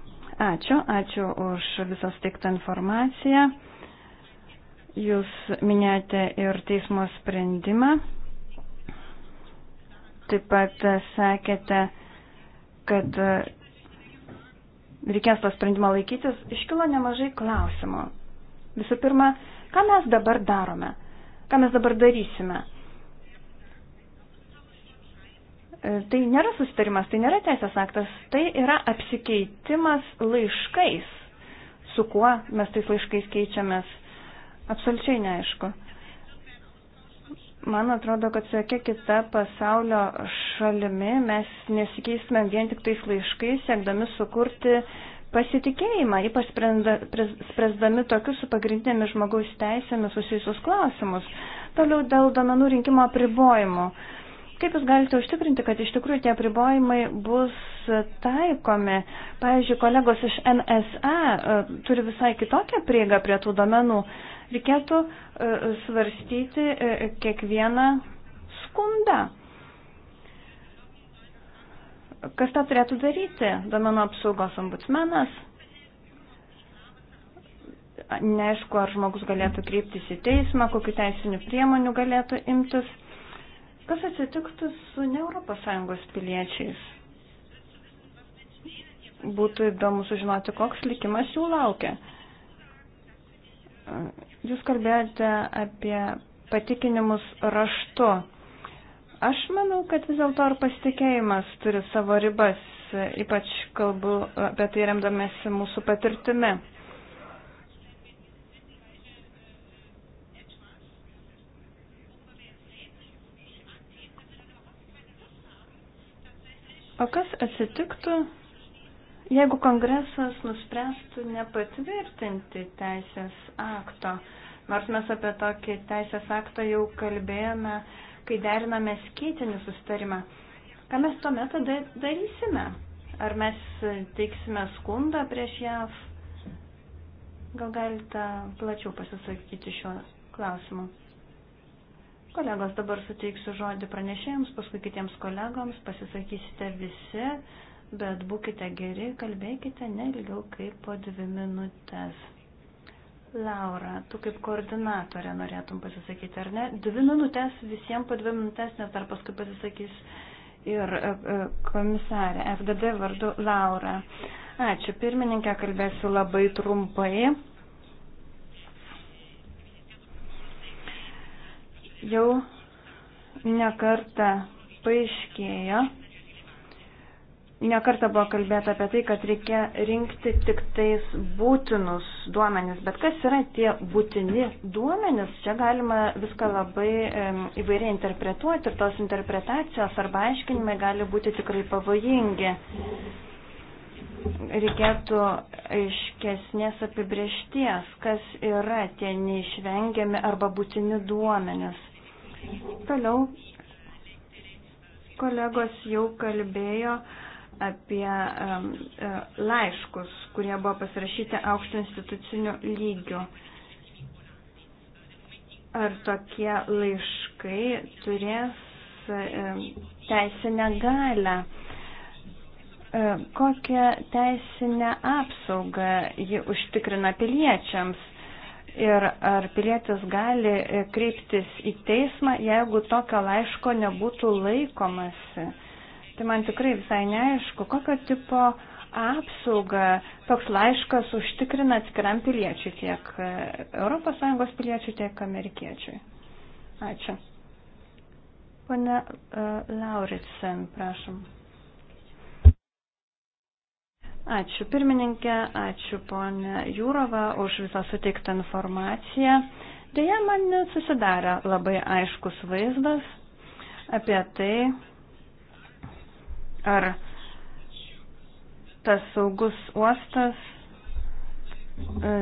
ačiū, ačiū už visą steiktą informaciją. Jūs minėjote ir teismo sprendimą. Taip pat sakėte, kad e, reikės to sprendimo laikytis. Iškilo nemažai klausimų. Visų pirma, ką mes dabar darome? Ką mes dabar darysime? E, tai nėra susitarimas, tai nėra teisės aktas, tai yra apsikeitimas laiškais, su kuo mes tais laiškais keičiamės Absoliučiai neaišku. Man atrodo, kad su jokia kita pasaulio šalimi mes nesikeisime vien tik tais laiškais, siekdami sukurti pasitikėjimą, ypač spręsdami tokius su pagrindinėmis žmogaus teisėmis susijusius klausimus. Toliau dėl domenų rinkimo apribojimo. Kaip Jūs galite užtikrinti, kad iš tikrųjų tie pribojimai bus taikomi? Pavyzdžiui, kolegos iš NSA e, turi visai kitokią prieigą prie tų domenų. Reikėtų e, svarstyti e, kiekvieną skundą. Kas tą turėtų daryti? Domenų apsaugos ombudsmenas? Neaišku, ar žmogus galėtų kreiptis į teismą, kokiu teisiniu priemoniu galėtų imtis Kas atsitiktų su ne ES piliečiais? Būtų įdomu sužinoti, koks likimas jų laukia. Jūs kalbėjote apie patikinimus raštu. Aš manau, kad vis dėlto ir pasitikėjimas turi savo ribas, ypač kalbu apie tai remdamėsi mūsų patirtimi. O kas atsitiktų, jeigu kongresas nuspręstų nepatvirtinti teisės akto? Nors mes apie tokį teisės aktą jau kalbėjome, kai deriname skėtinį sustarimą. Ką mes tuomet tada darysime? Ar mes teiksime skundą prieš JAV? Gal galite plačiau pasisakyti šiuo klausimu? Kolegos, dabar suteiksiu žodį pranešėjams, paskui kitiems kolegoms, pasisakysite visi, bet būkite geri, kalbėkite ne ilgiau kaip po dvi minutės. Laura, tu kaip koordinatorė norėtum pasisakyti, ar ne? Dvi minutės, visiems po dvi minutės, nes dar paskui pasisakys ir e, e, komisarė FDD vardu Laura. Ačiū, pirmininkė, kalbėsiu labai trumpai. jau nekarta paaiškėjo, nekarta buvo kalbėta apie tai, kad reikia rinkti tik tais būtinus duomenis, bet kas yra tie būtini duomenis, čia galima viską labai įvairiai interpretuoti ir tos interpretacijos arba aiškinimai gali būti tikrai pavojingi. Reikėtų aiškesnės apibriešties, kas yra tie neišvengiami arba būtini duomenis. Toliau kolegos jau kalbėjo apie um, laiškus, kurie buvo pasirašyti aukšto institucinių lygių. Ar tokie laiškai turės um, teisinę galę? E, kokią teisinę apsaugą ji užtikrina piliečiams? ir ar pilietis gali e, kreiptis į teismą, jeigu tokio laiško nebūtų laikomasi. Tai man tikrai visai neaišku, kokio tipo apsaugą toks laiškas užtikrina atskiram piliečiui, tiek ES piliečiui, tiek amerikiečiui. Ačiū. Pane uh, e, Lauritsen, prašom. Ačiū pirmininkė, ačiū ponė Jūrova už visą suteiktą informaciją. Deja, man susidarė labai aiškus vaizdas apie tai, ar tas saugus uostas e,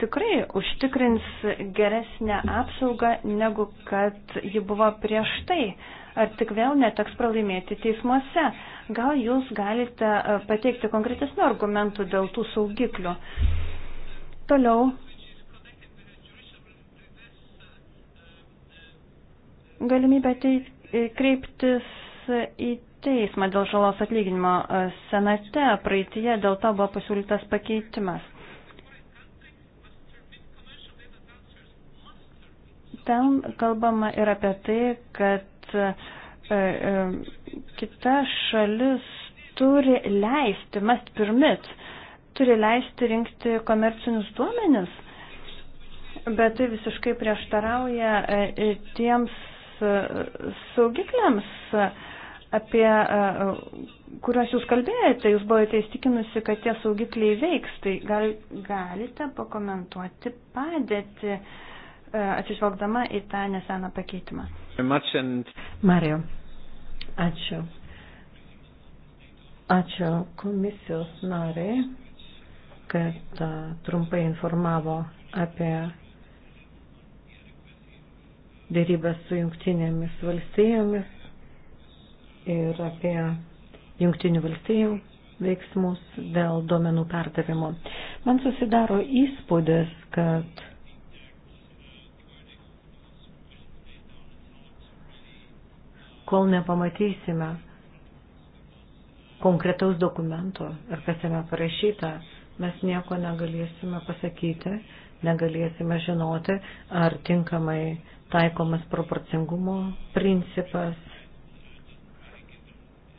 tikrai užtikrins geresnę apsaugą, negu kad ji buvo prieš tai. Ar tik vėl neteks pralaimėti teismuose? Gal jūs galite e, pateikti konkretesnių argumentų dėl tų saugiklių? Toliau. Galimybė teik, e, kreiptis į teismą dėl žalos atlyginimo e, senate praeitie dėl to buvo pasiūlytas pakeitimas. Ten kalbama ir apie tai, kad E, e, kita šalis turi leisti, must permit, turi leisti rinkti komercinius duomenis, bet tai visiškai prieštarauja e, tiems saugikliams, apie kuriuos jūs kalbėjote, jūs buvote įstikinusi, kad tie saugikliai veiks, tai gal, galite pakomentuoti padėti atsižvelgdama į tą neseną pakeitimą. Mario, Ačiū. Ačiū komisijos nariai, kad trumpai informavo apie dėrybas su jungtinėmis valstijomis ir apie jungtinių valstijų veiksmus dėl duomenų perdavimo. Man susidaro įspūdis, kad kol nepamatysime konkretaus dokumento ir kas jame parašyta, mes nieko negalėsime pasakyti, negalėsime žinoti, ar tinkamai taikomas proporcingumo principas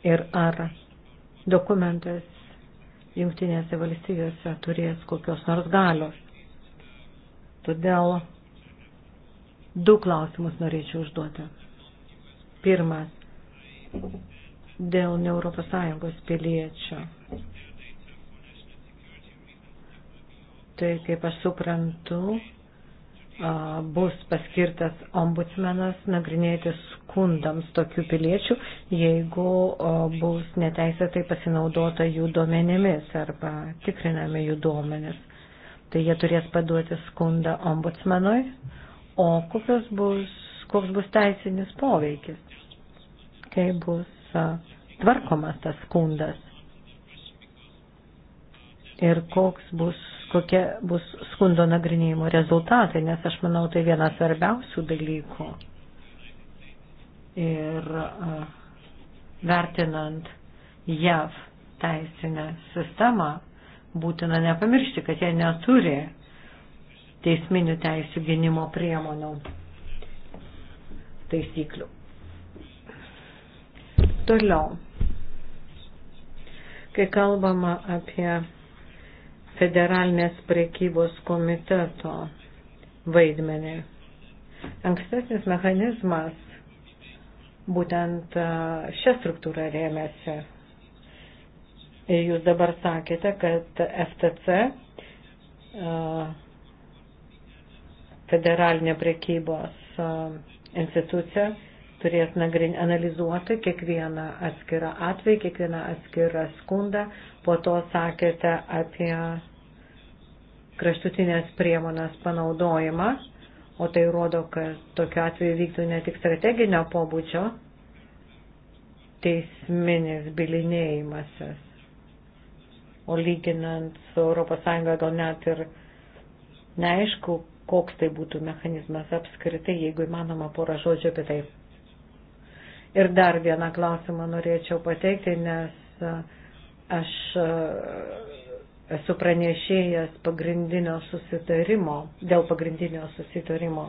ir ar dokumentas jungtinėse valstijose turės kokios nors galios. Todėl du klausimus norėčiau užduoti. Pirmas, dėl ne Europos Sąjungos piliečio. Tai, kaip aš suprantu, bus paskirtas ombudsmenas nagrinėti skundams tokių piliečių, jeigu bus neteisėtai pasinaudota jų duomenimis arba tikrinami jų duomenis. Tai jie turės paduoti skundą ombudsmenui, o kokios bus, koks bus teisinis poveikis kai bus tvarkomas tas skundas ir koks bus, kokie bus skundo nagrinėjimo rezultatai, nes aš manau, tai vienas svarbiausių dalykų. Ir vertinant JAV teisinę sistemą, būtina nepamiršti, kad jie neturi teisminių teisų gynimo priemonių taisyklių. Toliau, kai kalbama apie federalinės prekybos komiteto vaidmenį, ankstesnis mechanizmas būtent šią struktūrą rėmėsi. Ir jūs dabar sakėte, kad FTC federalinė prekybos institucija turės nagrin, analizuoti kiekvieną atskirą atvejį, kiekvieną atskirą skundą. Po to sakėte apie kraštutinės priemonės panaudojimą, o tai rodo, kad tokiu atveju vyktų ne tik strateginio pobūdžio teisminis bilinėjimasis, o lyginant su ES gal net ir neaišku, koks tai būtų mechanizmas apskritai, jeigu įmanoma porą žodžių apie tai. Ir dar vieną klausimą norėčiau pateikti, nes e, aš e, esu pranešėjas pagrindinio susitarimo, dėl pagrindinio susitarimo.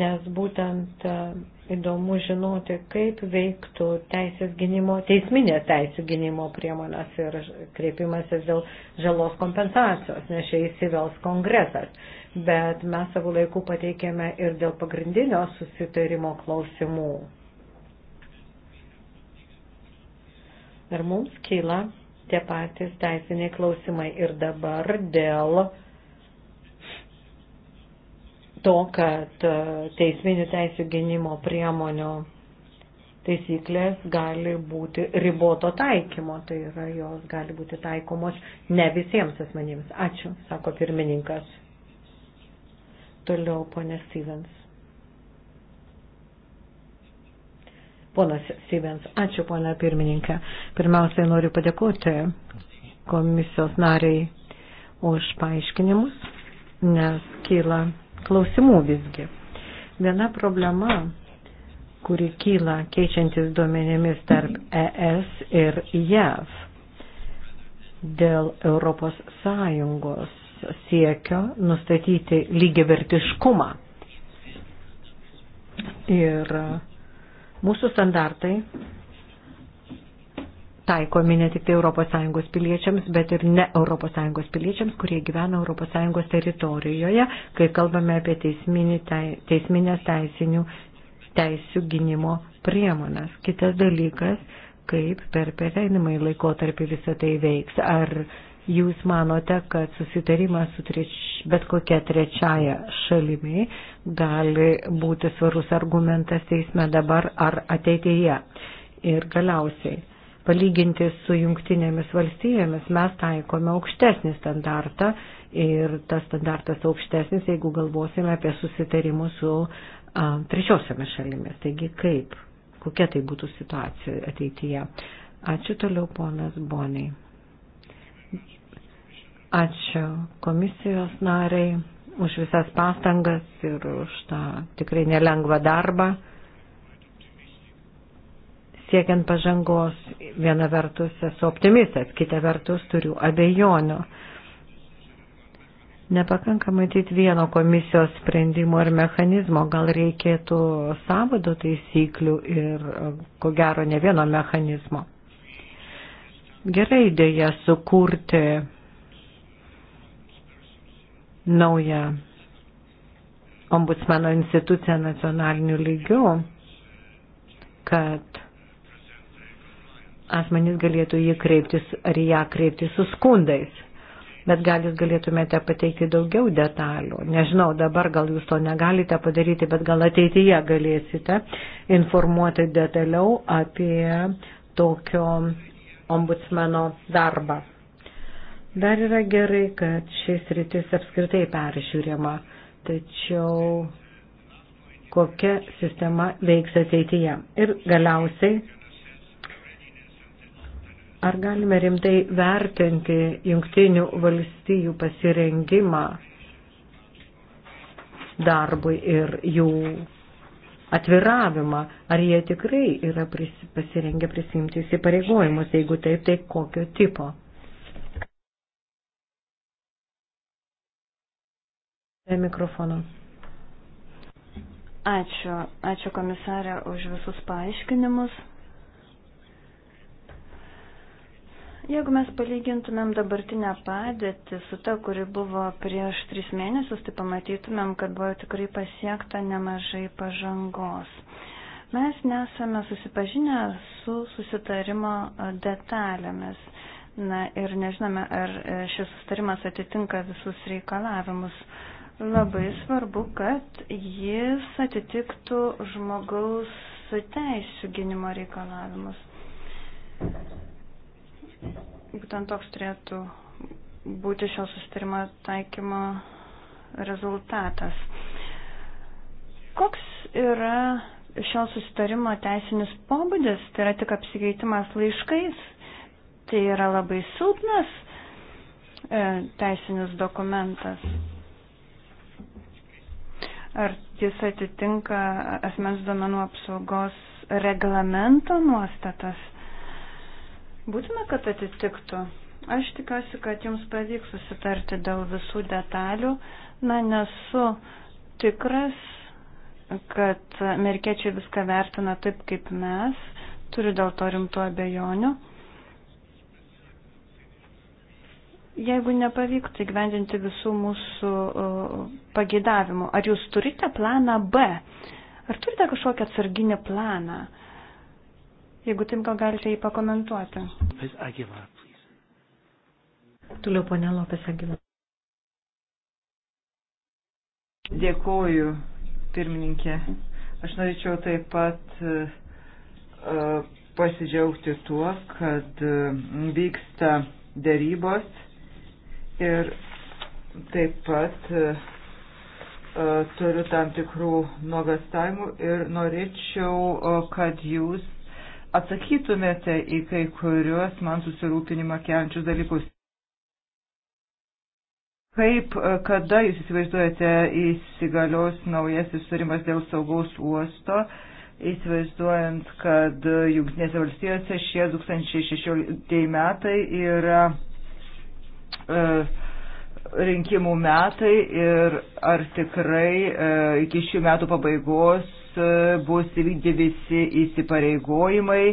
Nes būtent e, įdomu žinoti, kaip veiktų teisės gynimo, teisminės teisų gynimo priemonės ir kreipimasis dėl žalos kompensacijos, nes čia įsivels kongresas. Bet mes savo laiku pateikėme ir dėl pagrindinio susitarimo klausimų Ir mums kyla tie patys teisiniai klausimai. Ir dabar dėl to, kad e, teisminių teisų gynimo priemonių taisyklės gali būti riboto taikymo, tai yra jos gali būti taikomos ne visiems asmenims. Ačiū, sako pirmininkas. Toliau ponė Stevens. Ponas Sivens, ačiū ponia pirmininkė. Pirmiausiai noriu padėkoti komisijos nariai už paaiškinimus, nes kyla klausimų visgi. Viena problema, kuri kyla keičiantis duomenėmis tarp ES ir JAV dėl Europos Sąjungos siekio nustatyti lygiavertiškumą. Ir Mūsų standartai taikomi ne tik tai ES piliečiams, bet ir ne ES piliečiams, kurie gyvena ES teritorijoje, kai kalbame apie teisminį, teisminės teisinių teisių gynimo priemonės. Kitas dalykas, kaip per pereinamąjį laikotarpį visą tai veiks, ar jūs manote, kad susitarimas su treč, bet kokia trečiaja šalimi gali būti svarus argumentas teisme dabar ar ateityje. Ir galiausiai, palyginti su jungtinėmis valstybėmis, mes taikome aukštesnį standartą ir tas standartas aukštesnis, jeigu galvosime apie susitarimus su a, trečiosiomis šalimis. Taigi kaip, kokia tai būtų situacija ateityje. Ačiū toliau, ponas Boniai. Ačiū komisijos nariai už visas pastangas ir už tą tikrai nelengvą darbą. Siekiant pažangos, viena vertus esu optimistas, kita vertus turiu abejonių. Nepakanka matyti vieno komisijos sprendimo ir mechanizmo, gal reikėtų savado taisyklių ir ko gero ne vieno mechanizmo. Gerai idėja sukurti naują ombudsmeno instituciją nacionaliniu lygiu, kad asmenys galėtų jį kreiptis ar ją kreiptis su skundais. Bet gal jūs galėtumėte pateikti daugiau detalių. Nežinau, dabar gal jūs to negalite padaryti, bet gal ateityje galėsite informuoti detaliau apie tokio ombudsmeno darbą. Dar yra gerai, kad šis rytis apskritai peržiūrima, tačiau kokia sistema veiks ateityje. Ir galiausiai, ar galime rimtai vertinti jungtinių valstijų pasirengimą darbui ir jų atviravimą, ar jie tikrai yra pasirengę prisimti įsipareigojimus, jeigu taip, tai kokio tipo. mikrofono. Ačiū. Ačiū komisarė už visus paaiškinimus. Jeigu mes palygintumėm dabartinę padėtį su ta, kuri buvo prieš tris mėnesius, tai pamatytumėm, kad buvo tikrai pasiekta nemažai pažangos. Mes nesame susipažinę su susitarimo detalėmis. Na ir nežinome, ar šis sustarimas atitinka visus reikalavimus labai svarbu, kad jis atitiktų žmogaus teisų gynimo reikalavimus. Būtent toks turėtų būti šio sustarimo taikymo rezultatas. Koks yra šio sustarimo teisinis pobūdis? Tai yra tik apsikeitimas laiškais? Tai yra labai silpnas e, teisinis dokumentas ar jis atitinka asmens duomenų apsaugos reglamento nuostatas. Būtina, kad atitiktų. Aš tikiuosi, kad jums pavyks susitarti dėl visų detalių. Na, nesu tikras, kad amerikiečiai viską vertina taip, kaip mes. Turiu dėl to rimtų abejonių. Jeigu nepavyktų įgyvendinti visų mūsų e, pagėdavimų, ar jūs turite planą B? Ar turite kažkokią atsarginį planą? Jeigu tim, gal galite jį pakomentuoti. Toliau ponė Lopes Agila. Dėkoju, pirmininkė. Aš norėčiau taip pat uh, pasidžiaugti tuo, kad uh, vyksta darybos Ir taip pat e, e, turiu tam tikrų nuogastavimų ir norėčiau, e, kad jūs atsakytumėte į kai kuriuos man susirūpinimą keliančius dalykus. Kaip, kada jūs įsivaizduojate įsigalios naujasis surimas dėl saugaus uosto, įsivaizduojant, kad Junktinėse valstijose šie 2016 metai yra E, rinkimų metai ir ar tikrai e, iki šių metų pabaigos e, bus įvykdyti visi įsipareigojimai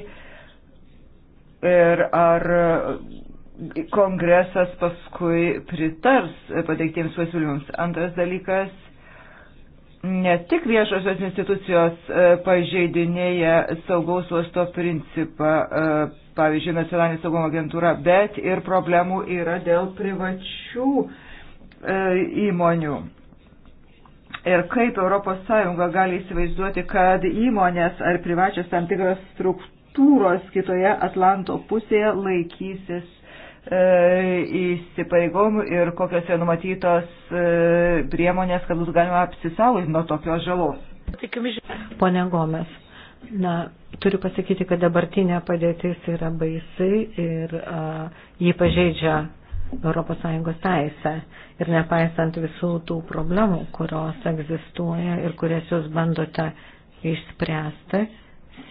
ir ar kongresas paskui pritars pateiktiems pasiūlymams. Antras dalykas ne tik viešosios institucijos pažeidinėja saugaus uosto principą, pavyzdžiui, nacionalinė saugumo agentūra, bet ir problemų yra dėl privačių e, įmonių. Ir kaip ES gali įsivaizduoti, kad įmonės ar privačios tam tikros struktūros kitoje Atlanto pusėje laikysis e, įsipareigojimų ir kokios yra numatytos e, priemonės, kad bus galima apsisaugoti nuo tokios žalos. Pone Gomes, Na, turiu pasakyti, kad dabartinė padėtis yra baisi ir a, jį pažeidžia ES teisę. Ir nepaisant visų tų problemų, kurios egzistuoja ir kurias jūs bandote išspręsti,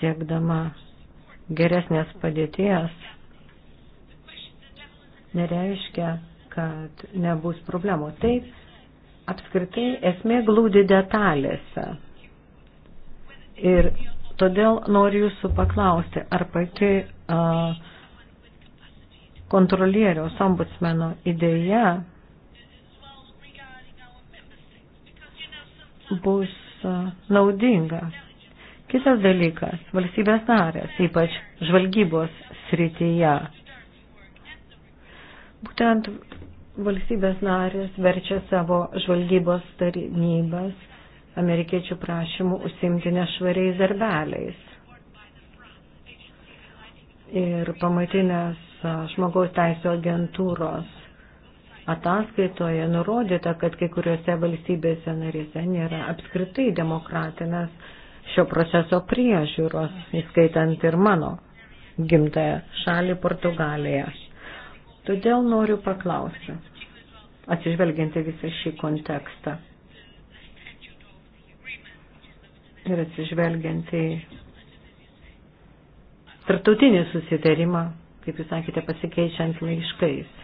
siekdama geresnės padėties, nereiškia, kad nebus problemų. Taip, apskritai esmė glūdi detalėse. Ir Todėl noriu jūsų paklausti, ar pati uh, kontrolieriaus ombudsmeno idėja bus uh, naudinga. Kitas dalykas – valstybės narės, ypač žvalgybos srityje. Būtent valstybės narės verčia savo žvalgybos tarnybas amerikiečių prašymų užsimti nešvariais darbeliais. Ir pamatinės žmogaus teisų agentūros ataskaitoje nurodyta, kad kai kuriuose valstybėse narėse nėra apskritai demokratinės šio proceso priežiūros, įskaitant ir mano gimtąją šalį Portugaliją. Todėl noriu paklausti, atsižvelgiant į visą šį kontekstą, ir atsižvelgiant į tarptautinį susitarimą, kaip jūs sakėte, pasikeičiant laiškais.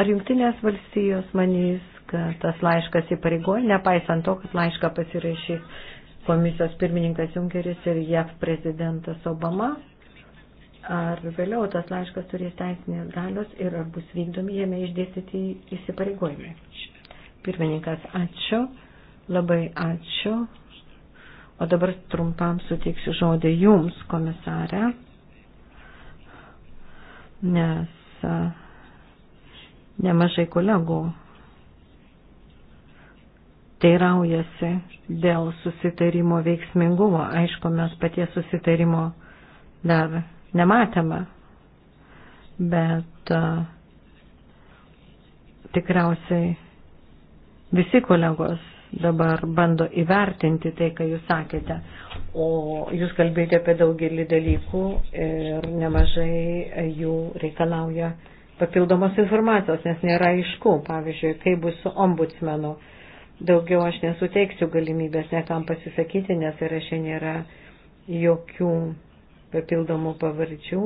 Ar jungtinės valstijos manys, kad tas laiškas įpareigoja, nepaisant to, kad laišką pasirašys komisijos pirmininkas Junkeris ir JAV prezidentas Obama? Ar vėliau tas laiškas turės teisinės galios ir ar bus vykdomi jame išdėstyti įsipareigojimai? Pirmininkas, ačiū. Labai ačiū. O dabar trumpam suteiksiu žodį jums, komisarė, nes nemažai kolegų teiraujasi dėl susitarimo veiksmingumo. Aišku, mes paties susitarimo dar nematėme, bet tikriausiai visi kolegos dabar bando įvertinti tai, ką jūs sakėte. O jūs kalbėjote apie daugelį dalykų ir nemažai jų reikalauja papildomos informacijos, nes nėra aišku, pavyzdžiui, kaip bus su ombudsmenu. Daugiau aš nesuteiksiu galimybės nekam pasisakyti, nes yra šiandien yra jokių papildomų pavardžių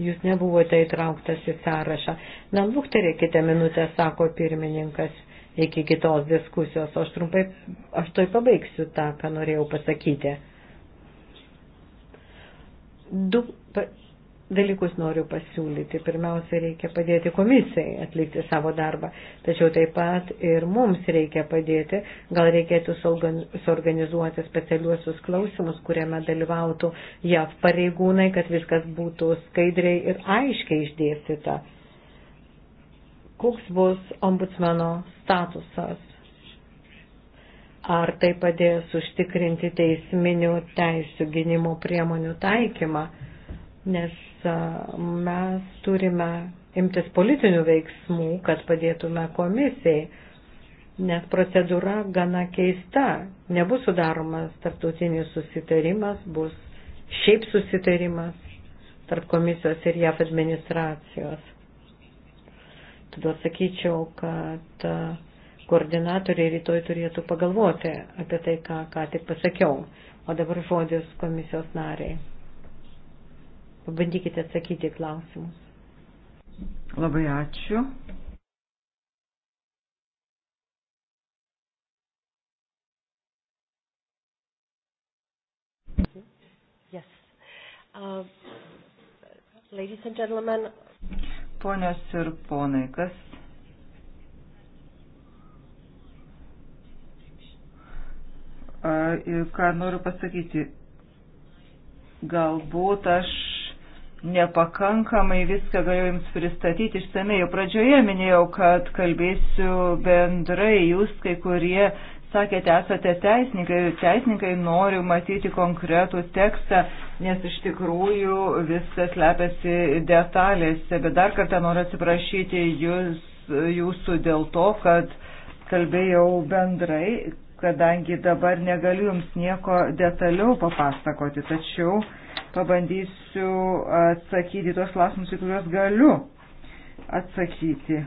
jūs nebuvote įtrauktas į sąrašą. Na, lukterėkite minutę, sako pirmininkas, iki kitos diskusijos. Aš trumpai, aš toj pabaigsiu tą, ką norėjau pasakyti. Du dalykus noriu pasiūlyti. Pirmiausia, reikia padėti komisijai atlikti savo darbą, tačiau taip pat ir mums reikia padėti. Gal reikėtų suorganizuoti specialiuosius klausimus, kuriame dalyvautų JAV pareigūnai, kad viskas būtų skaidriai ir aiškiai išdėstyta. Koks bus ombudsmeno statusas? Ar tai padės užtikrinti teisminių teisų gynimo priemonių taikymą? nes mes turime imtis politinių veiksmų, kad padėtume komisijai, nes procedūra gana keista. Nebus sudaromas tarptautinis susitarimas, bus šiaip susitarimas tarp komisijos ir JAF administracijos. Todėl sakyčiau, kad e, koordinatoriai rytoj turėtų pagalvoti apie tai, ką, ką tik pasakiau. O dabar žodis komisijos nariai. Pabandykite atsakyti klausimus. Labai ačiū. Yes. Uh, ladies and gentlemen. Ponios ir ponai, kas Ir ką noriu pasakyti, galbūt aš nepakankamai viską galiu Jums pristatyti išsamei. Jau pradžioje minėjau, kad kalbėsiu bendrai, Jūs kai kurie sakėte, esate teisininkai ir teisininkai nori matyti konkretų tekstą, nes iš tikrųjų viskas lepiasi detalėse, bet dar kartą noriu atsiprašyti Jūs, Jūsų dėl to, kad kalbėjau bendrai, kadangi dabar negaliu Jums nieko detaliau papasakoti, tačiau Pabandysiu atsakyti tuos klausimus, į kuriuos galiu atsakyti.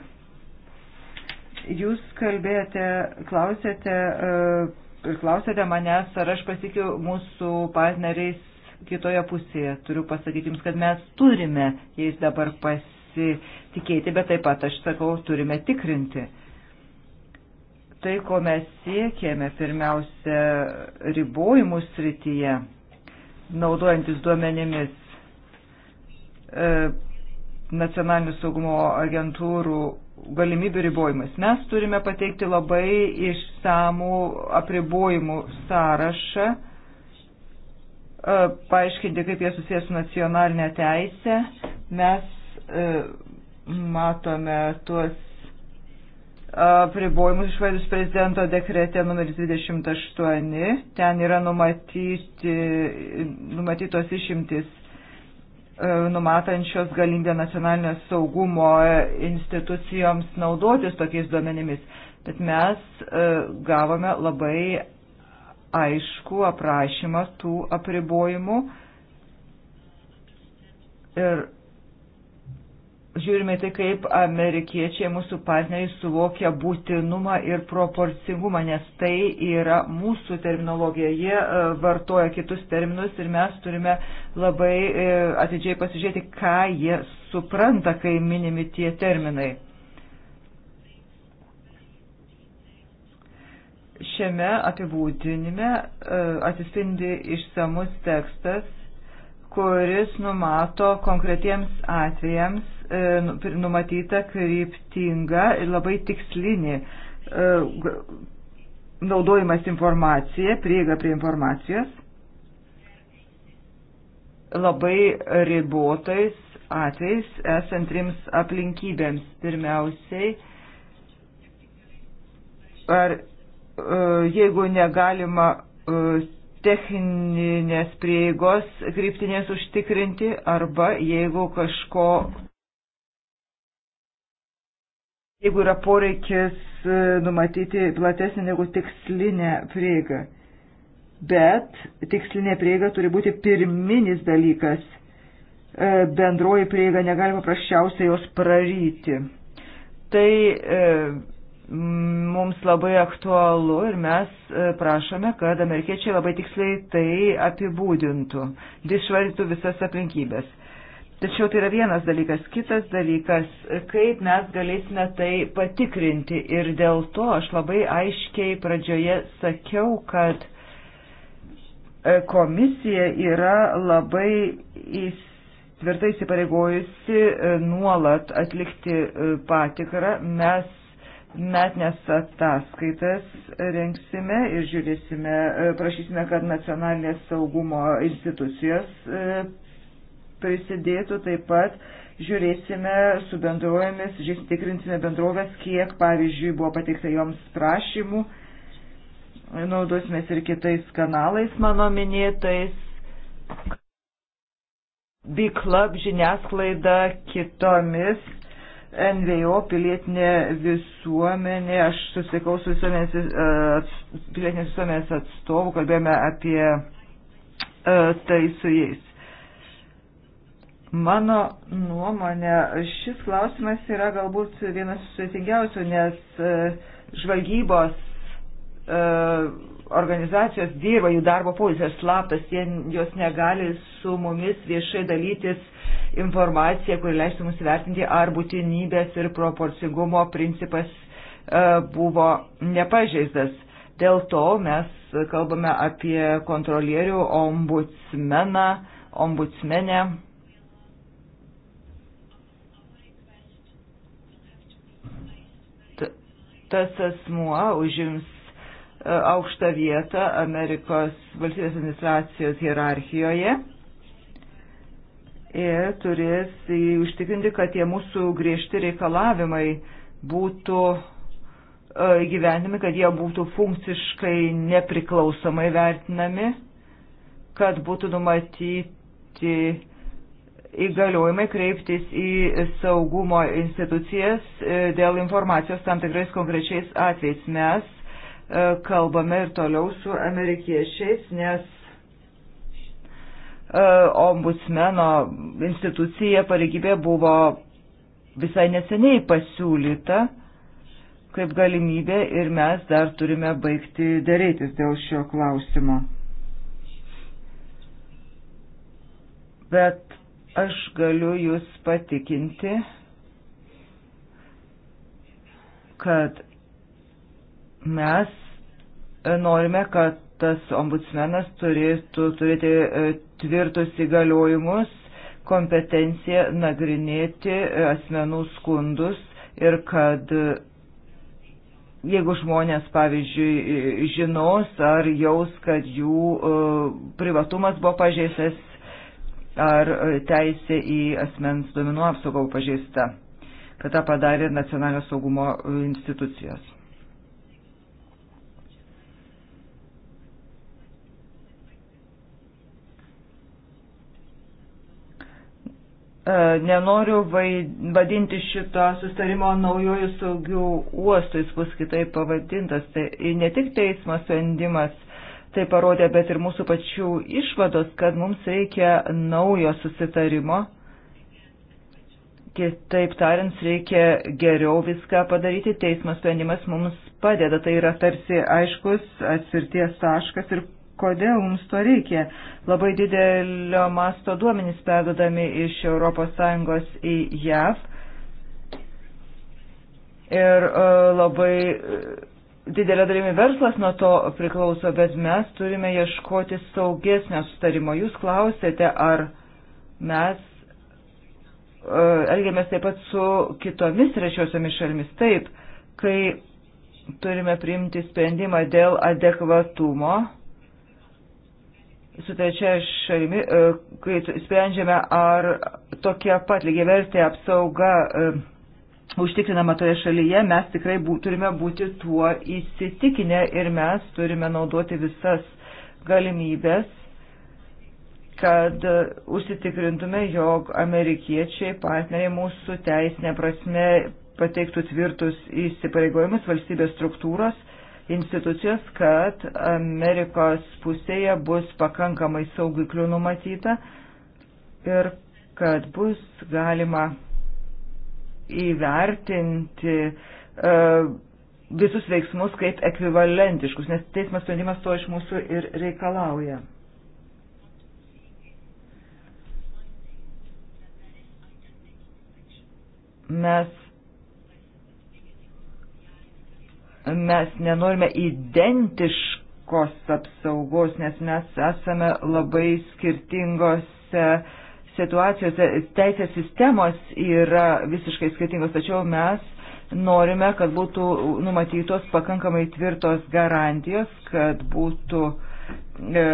Jūs kalbėjote, klausėte e, ir klausėte manęs, ar aš pasikiu mūsų partneriais kitoje pusėje. Turiu pasakyti jums, kad mes turime jais dabar pasitikėti, bet taip pat aš sakau, turime tikrinti tai, ko mes siekėme pirmiausia ribojimų srityje, naudojantis duomenimis e, nacionalinių saugumo agentūrų galimybių ribojimas. Mes turime pateikti labai išsamų apribojimų sąrašą, e, paaiškinti, kaip jie susijęs su nacionalinė teisė. Mes e, matome tuos pribojimus išvardus prezidento dekrete numeris 28. Ten yra numatyti, numatytos išimtis e, numatančios galimybę nacionalinio saugumo institucijoms naudotis tokiais duomenimis. Bet mes e, gavome labai aišku aprašymą tų apribojimų ir žiūrime tai, kaip amerikiečiai mūsų partneriai suvokia būtinumą ir proporcingumą, nes tai yra mūsų terminologija. Jie e, vartoja kitus terminus ir mes turime labai e, atidžiai pasižiūrėti, ką jie supranta, kai minimi tie terminai. Šiame apibūdinime e, atsispindi išsamus tekstas, kuris numato konkretiems atvejams E, nu, numatyta kryptinga ir labai tikslinė e, naudojimas informacija, prieiga prie informacijos labai ribotais atvejais esant trims aplinkybėms. Pirmiausiai, ar e, jeigu negalima techninės prieigos kryptinės užtikrinti arba jeigu kažko jeigu yra poreikis e, numatyti platesnį negu tikslinę prieigą. Bet tikslinė prieiga turi būti pirminis dalykas. E, bendroji prieiga negalima paprasčiausiai jos praryti. Tai e, mums labai aktualu ir mes e, prašome, kad amerikiečiai labai tiksliai tai apibūdintų, išvarytų visas aplinkybės. Tačiau tai yra vienas dalykas. Kitas dalykas, kaip mes galėsime tai patikrinti. Ir dėl to aš labai aiškiai pradžioje sakiau, kad e, komisija yra labai įsitikėjusi tvirtai įsipareigojusi e, nuolat atlikti e, patikrą. Mes metnes ataskaitas renksime ir žiūrėsime, prašysime, kad nacionalinės saugumo institucijos prisidėtų taip pat žiūrėsime su bendrovėmis, žiūrėsime, tikrinsime bendrovės, kiek, pavyzdžiui, buvo pateikta joms prašymų, naudosimės ir kitais kanalais mano minėtais, Big Club žiniasklaida, kitomis, NVO pilietinė visuomenė, aš susikau su visuomenės, uh, pilietinės visuomenės atstovų, kalbėjome apie uh, tai su jais. Mano nuomonė, šis klausimas yra galbūt vienas sudėtingiausių, nes e, žvalgybos e, organizacijos dirba, jų darbo pozicijos slaptas, jie, jos negali su mumis viešai dalytis informacija, kuri leistų mums vertinti, ar būtinybės ir proporcingumo principas e, buvo nepažeistas. Dėl to mes kalbame apie kontrolierių ombudsmeną, ombudsmenę tas asmuo užims e, aukštą vietą Amerikos valstybės administracijos hierarchijoje ir turės užtikrinti, kad tie mūsų griežti reikalavimai būtų e, įgyvenimi, kad jie būtų funkciškai nepriklausomai vertinami, kad būtų numatyti įgaliojimai kreiptis į saugumo institucijas e, dėl informacijos tam tikrais konkrečiais atvejais. Mes e, kalbame ir toliau su amerikiečiais, nes e, ombudsmeno institucija pareigybė buvo visai neseniai pasiūlyta kaip galimybė ir mes dar turime baigti dėrėtis dėl šio klausimo. Bet Aš galiu jūs patikinti, kad mes e, norime, kad tas ombudsmenas turėtų turėti e, tvirtus įgaliojimus, kompetenciją nagrinėti e, asmenų skundus ir kad jeigu žmonės, pavyzdžiui, žinos ar jaus, kad jų privatumas buvo pažeistas, ar e, teisė į asmens duomenų apsaugą pažeista, kad tą padarė nacionalinio saugumo e, institucijos. E, nenoriu vadinti šito sustarimo naujojų saugių uostų, jis bus kitaip pavadintas. Tai ne tik teismo sprendimas tai parodė, bet ir mūsų pačių išvados, kad mums reikia naujo susitarimo. Kitaip tariant, reikia geriau viską padaryti, teismo sprendimas mums padeda, tai yra tarsi aiškus atsirties taškas ir kodėl mums to reikia. Labai didelio masto duomenys perdodami iš ES į JAV ir uh, labai. Uh, didelė dalimi verslas nuo to priklauso, bet mes turime ieškoti saugesnio sustarimo. Jūs klausėte, ar mes e, elgiamės taip pat su kitomis trečiosiomis šalimis. Taip, kai turime priimti sprendimą dėl adekvatumo su trečia šalimi, e, kai sprendžiame, ar tokia pat lygiai vertė apsauga e, užtikrinama toje šalyje, mes tikrai bū, turime būti tuo įsitikinę ir mes turime naudoti visas galimybės, kad užsitikrintume, jog amerikiečiai partneriai mūsų teisinė prasme pateiktų tvirtus įsipareigojimus valstybės struktūros institucijos, kad Amerikos pusėje bus pakankamai saugiklių numatyta ir kad bus galima įvertinti e, visus veiksmus kaip ekvivalentiškus, nes teismas sprendimas to iš mūsų ir reikalauja. Mes, mes nenorime identiškos apsaugos, nes mes esame labai skirtingose uh, situacijos, teisės sistemos yra visiškai skirtingos, tačiau mes norime, kad būtų numatytos pakankamai tvirtos garantijos, kad būtų e,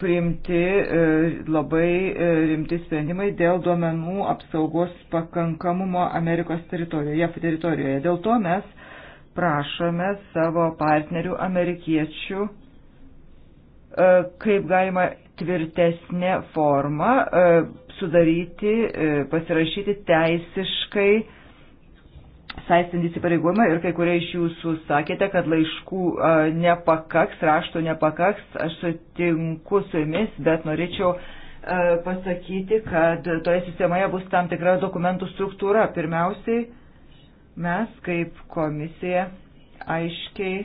priimti e, labai e, rimti sprendimai dėl duomenų apsaugos pakankamumo Amerikos teritorijoje, JAF teritorijoje. Dėl to mes prašome savo partnerių amerikiečių, e, kaip galima tvirtesnė forma e, sudaryti, e, pasirašyti teisiškai saistantį įsipareigojimą ir kai kurie iš jūsų sakėte, kad laiškų e, nepakaks, raštų nepakaks, aš sutinku su jumis, bet norėčiau pasakyti, kad toje sistemoje bus tam tikra dokumentų struktūra. Pirmiausiai, mes kaip komisija aiškiai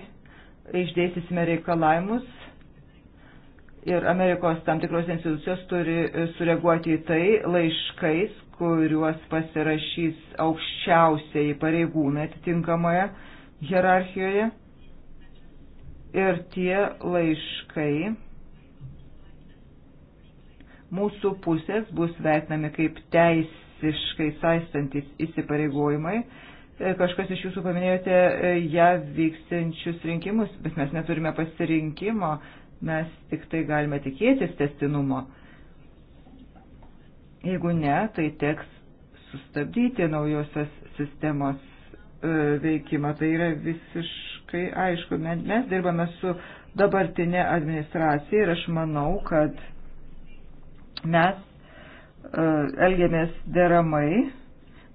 išdėstysime reikalavimus ir Amerikos tam tikros institucijos turi e, sureaguoti į tai laiškais, kuriuos pasirašys aukščiausiai pareigūnai atitinkamoje hierarchijoje. Ir tie laiškai mūsų pusės bus vertinami kaip teisiškai saistantis įsipareigojimai e, kažkas iš jūsų paminėjote ją e, ja, vykstančius rinkimus, bet mes neturime pasirinkimo mes tik tai galime tikėtis testinumo. Jeigu ne, tai teks sustabdyti naujosios sistemos e, veikimą. Tai yra visiškai aišku. Mes dirbame su dabartinė administracija ir aš manau, kad mes e, elgiamės deramai,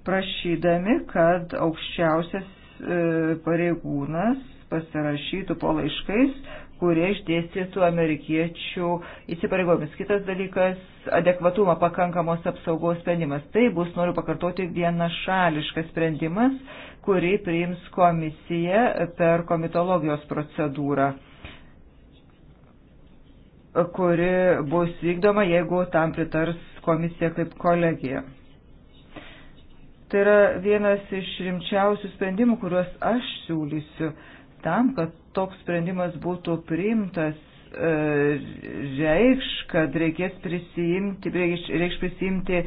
prašydami, kad aukščiausias e, pareigūnas pasirašytų po laiškais, kurie išdėstytų amerikiečių įsipareigojimus. Kitas dalykas - adekvatumo pakankamos apsaugos sprendimas. Tai bus, noriu pakartoti, vienašališkas sprendimas, kurį priims komisija per komitologijos procedūrą kuri bus vykdoma, jeigu tam pritars komisija kaip kolegija. Tai yra vienas iš rimčiausių sprendimų, kuriuos aš siūlysiu. Tam, kad toks sprendimas būtų priimtas, e, reikš, kad reikės prisijimti, reikš, reikš prisijimti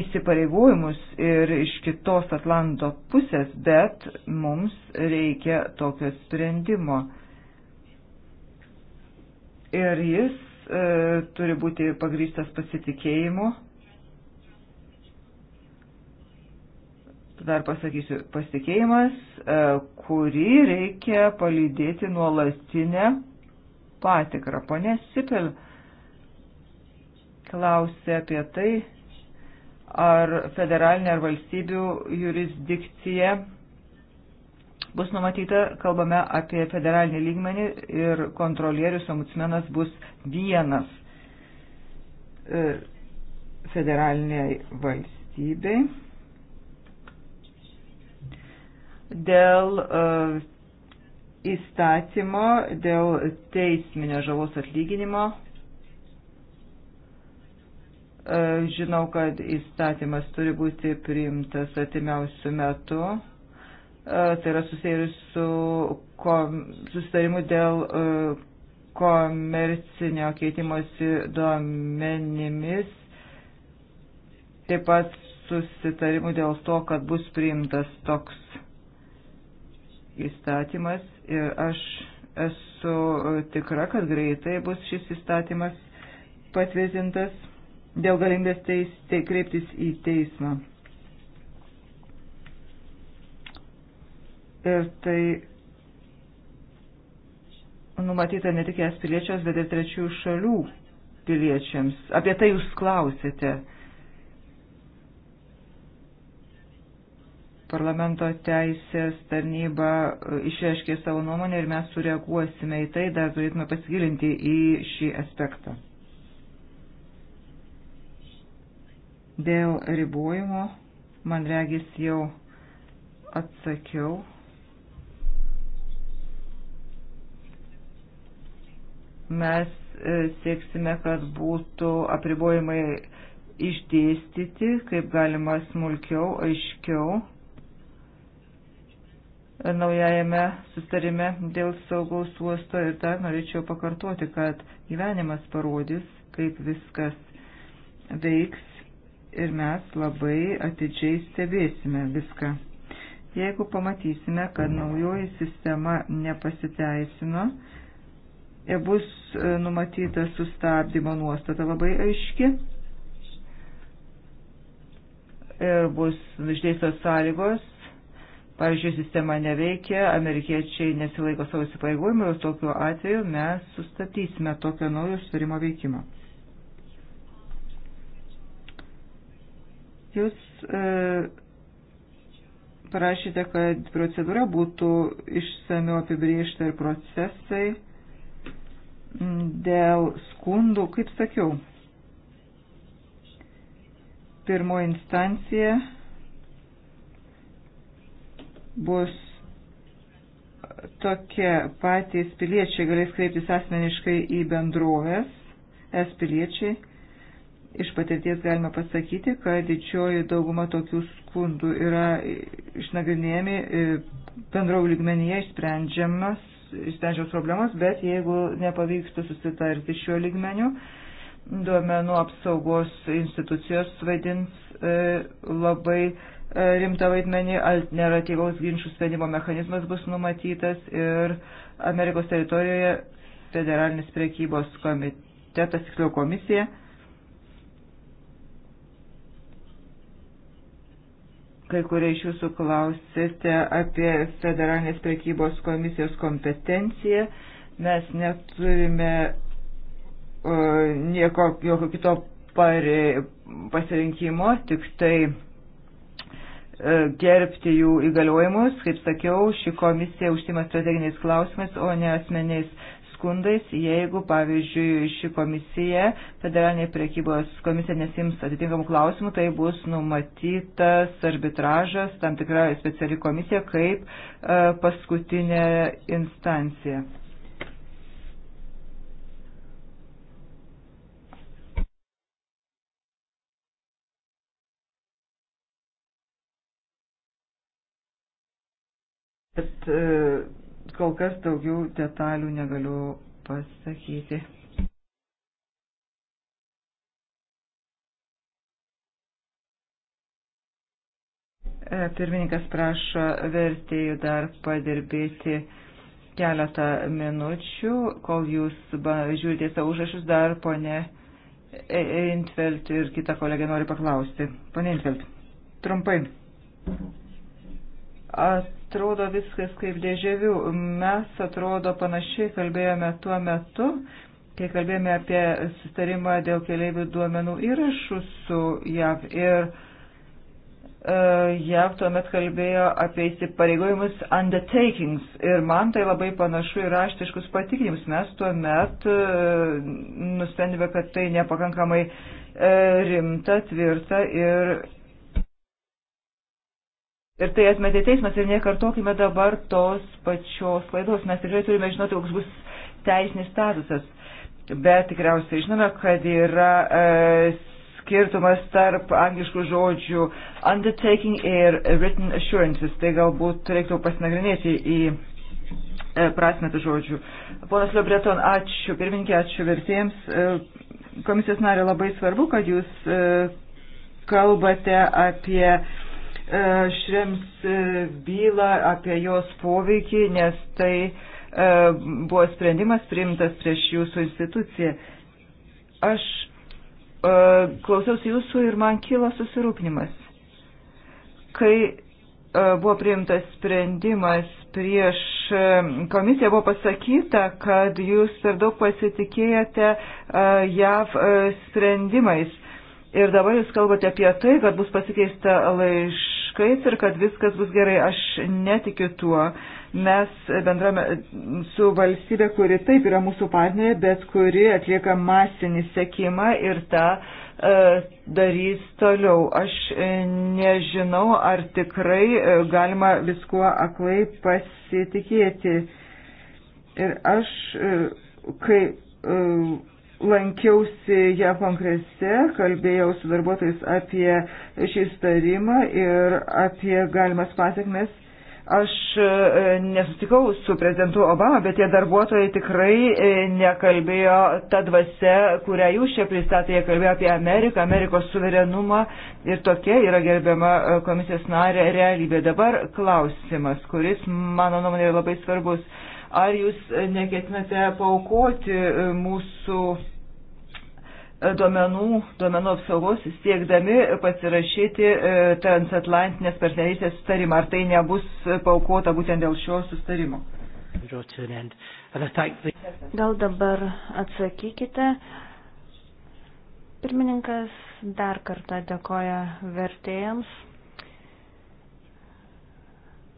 įsipareigojimus ir iš kitos Atlanto pusės, bet mums reikia tokio sprendimo. Ir jis e, turi būti pagrįstas pasitikėjimu dar pasakysiu, pasitikėjimas, e, kurį reikia palydėti nuolatinę patikrą. Pone Sipil klausė apie tai, ar federalinė ar valstybių jurisdikcija bus numatyta, kalbame apie federalinį lygmenį ir kontrolierius omutsmenas bus vienas e, federaliniai valstybei dėl e, įstatymo, dėl teisminio žalos atlyginimo. E, žinau, kad įstatymas turi būti priimtas atimiausių metų. E, tai yra susijęs su kom, susitarimu dėl komercinio keitimosi duomenimis. Taip pat susitarimu dėl to, kad bus priimtas toks įstatymas ir aš esu tikra, kad greitai bus šis įstatymas patvirtintas dėl galimybės teis, te, kreiptis į teismą. Ir tai numatyta ne tik es piliečiams, bet ir trečių šalių piliečiams. Apie tai jūs klausėte. parlamento teisės tarnyba e, išreiškė savo nuomonę ir mes sureaguosime į tai, dar turėtume pasigilinti į šį aspektą. Dėl ribojimo, man regis, jau atsakiau. Mes e, sieksime, kad būtų apribojimai išdėstyti, kaip galima smulkiau, aiškiau naujajame sustarime dėl saugaus uosto ir dar norėčiau pakartoti, kad gyvenimas parodys, kaip viskas veiks ir mes labai atidžiai stebėsime viską. Jeigu pamatysime, kad naujoji sistema nepasiteisino, bus e, numatyta sustabdymo nuostata labai aiški ir bus išdėstos sąlygos Pavyzdžiui, sistema neveikia, amerikiečiai nesilaiko savo įsipareigojimų ir tokiu atveju mes sustatysime tokio naujo sutarimo veikimą. Jūs e, parašėte, kad procedūra būtų išsamiau apibriežta ir procesai dėl skundų, kaip sakiau, pirmoji instancija bus tokie patys piliečiai galės kreiptis asmeniškai į bendrovės, es piliečiai. Iš patirties galime pasakyti, kad didžioji dauguma tokių skundų yra išnagrinėjami e, bendrovų lygmenyje išsprendžiamas, išsprendžiamas problemas, bet jeigu nepavyksta susitarti šiuo lygmeniu, duomenų apsaugos institucijos vaidins e, labai E, rimtą vaidmenį, alternatyvaus ginčių sprendimo mechanizmas bus numatytas ir Amerikos teritorijoje federalinis prekybos komitetas, tiksliau komisija, kai kurie iš jūsų klausėte apie federalinės prekybos komisijos kompetenciją, mes neturime uh, nieko, jokio kito pari, pasirinkimo, tik tai E, gerbti jų įgaliojimus. Kaip sakiau, ši komisija užsima strateginiais klausimais, o ne asmeniais skundais, jeigu, pavyzdžiui, ši komisija, federalinė priekybos komisija nesims atitinkamų klausimų, tai bus numatytas arbitražas, tam tikra speciali komisija kaip e, paskutinė instancija. E, kol kas daugiau detalių negaliu pasakyti. E, pirmininkas prašo vertėjų dar padirbėti keletą minučių, kol jūs žiūrite savo užrašus dar, ponė Intvelt ir kita kolegė nori paklausti. Pone Intvelt, trumpai. At atrodo viskas kaip dėžėvių. Mes atrodo panašiai kalbėjome tuo metu, kai kalbėjome apie sustarimą dėl keliaivių duomenų įrašų su JAV. Ir uh, JAV tuomet kalbėjo apie įsipareigojimus undertakings. Ir man tai labai panašu į raštiškus patikinimus. Mes tuomet uh, nusprendėme, kad tai nepakankamai uh, rimta, tvirta ir Ir tai atmetė teismas ir nekartokime dabar tos pačios klaidos. Mes tikrai turime žinoti, koks bus teisinis statusas. Bet tikriausiai žinome, kad yra e, skirtumas tarp angliškų žodžių undertaking ir written assurances. Tai galbūt reiktų pasinagrinėti į e, prasme tų žodžių. Ponas Liobreton, ačiū pirmininkė, ačiū vertėjams. E, komisijos narė labai svarbu, kad jūs e, kalbate apie E, šrems e, bylą apie jos poveikį, nes tai e, buvo sprendimas priimtas prieš jūsų instituciją. Aš klausiausi jūsų ir man kyla susirūpinimas. Kai buvo priimtas sprendimas prieš komisiją, buvo pasakyta, kad jūs per daug pasitikėjate JAV sprendimais. Ir dabar jūs kalbate apie tai, kad bus pasikeista laiš, taškais ir kad viskas bus gerai. Aš netikiu tuo. Mes bendrame su valstybė, kuri taip yra mūsų partnerė, bet kuri atlieka masinį sekimą ir tą e, darys toliau. Aš nežinau, ar tikrai e, galima viskuo aklai pasitikėti. Ir aš, e, kai e, lankiausi ją kongrese, kalbėjau su darbuotojais apie šį starimą ir apie galimas pasiekmes. Aš e, nesutikau su prezidentu Obama, bet tie darbuotojai tikrai e, nekalbėjo tą dvasę, kurią jūs čia pristatė, jie kalbėjo apie Ameriką, Amerikos suverenumą ir tokia yra gerbiama e, komisijos narė realybė. Dabar klausimas, kuris mano nuomonė yra labai svarbus Ar jūs e, neketinate paukoti e, mūsų e, duomenų, duomenų apsaugos siekdami pasirašyti transatlantinės partnerystės sustarimą? Ar tai nebus paukota būtent dėl šio sustarimo? Gal dabar atsakykite. Pirmininkas dar kartą dėkoja vertėjams.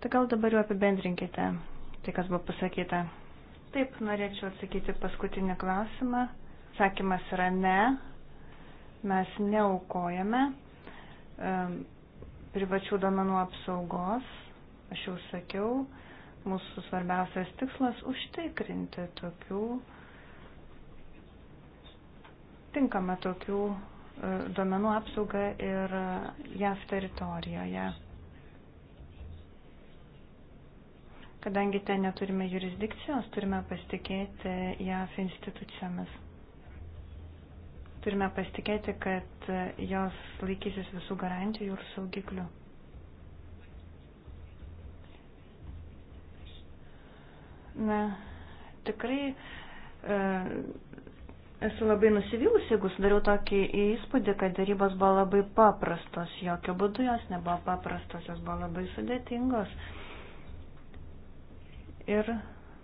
Tai gal dabar jau apibendrinkite tai, kas buvo pasakyta. Taip, norėčiau atsakyti paskutinį klausimą. Sakymas yra ne, mes neaukojame privačių domenų apsaugos, aš jau sakiau, mūsų svarbiausias tikslas užtikrinti tokių, tinkamą tokių e, domenų apsaugą ir e, JAV teritorijoje. Kadangi ten neturime jurisdikcijos, turime pasitikėti JAF institucijomis. Turime pasitikėti, kad jos laikysis visų garantijų ir saugiklių. Na, tikrai e, esu labai nusivylusi, jeigu sudariau tokį įspūdį, kad darybos buvo labai paprastos, jokio būdu jos nebuvo paprastos, jos buvo labai sudėtingos. E, Ir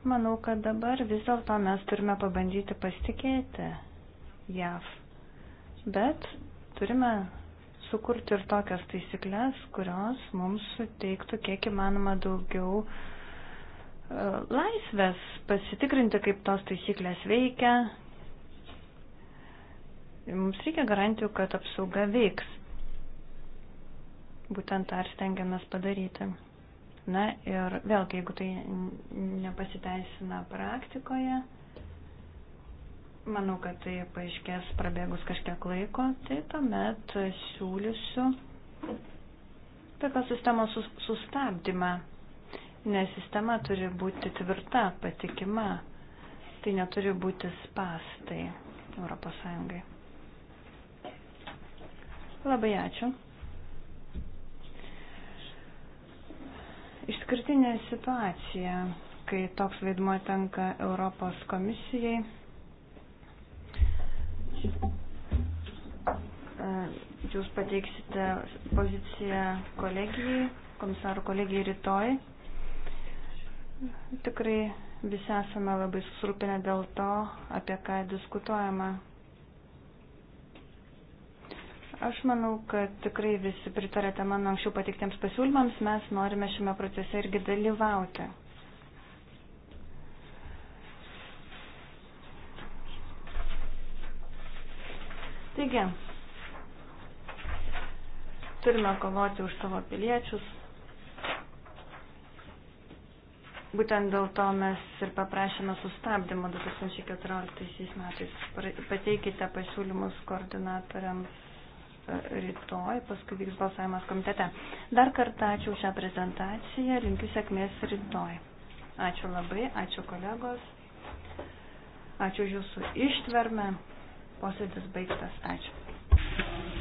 manau, kad dabar vis dėlto mes turime pabandyti pasitikėti JAV. Bet turime sukurti ir tokias taisyklės, kurios mums suteiktų kiek įmanoma daugiau e, laisvės pasitikrinti, kaip tos taisyklės veikia. Mums reikia garantijų, kad apsauga veiks. Būtent tą ir stengiamės padaryti. Na ir vėlgi, jeigu tai nepasiteisina praktikoje, manau, kad tai paaiškės prabėgus kažkiek laiko, tai tuomet siūlysiu tokios sistemos sustabdymą, nes sistema turi būti tvirta, patikima, tai neturi būti spastai Europos Sąjungai. Labai ačiū. Išskirtinė situacija, kai toks vaidmuo tenka Europos komisijai. Jūs pateiksite poziciją kolegijai, komisarų kolegijai rytoj. Tikrai visi esame labai susirūpinę dėl to, apie ką diskutuojama Aš manau, kad tikrai visi pritarėte mano anksčiau pateiktiems pasiūlymams, mes norime šiame procese irgi dalyvauti. Taigi, turime kovoti už savo piliečius. Būtent dėl to mes ir paprašėme sustabdymo 2014 metais. Pateikite pasiūlymus koordinatoriams rytoj, paskui vyks balsavimas komitete. Dar kartą ačiū šią prezentaciją, linkiu sėkmės rytoj. Ačiū labai, ačiū kolegos, ačiū už jūsų ištvermę, posėdis baigtas, ačiū.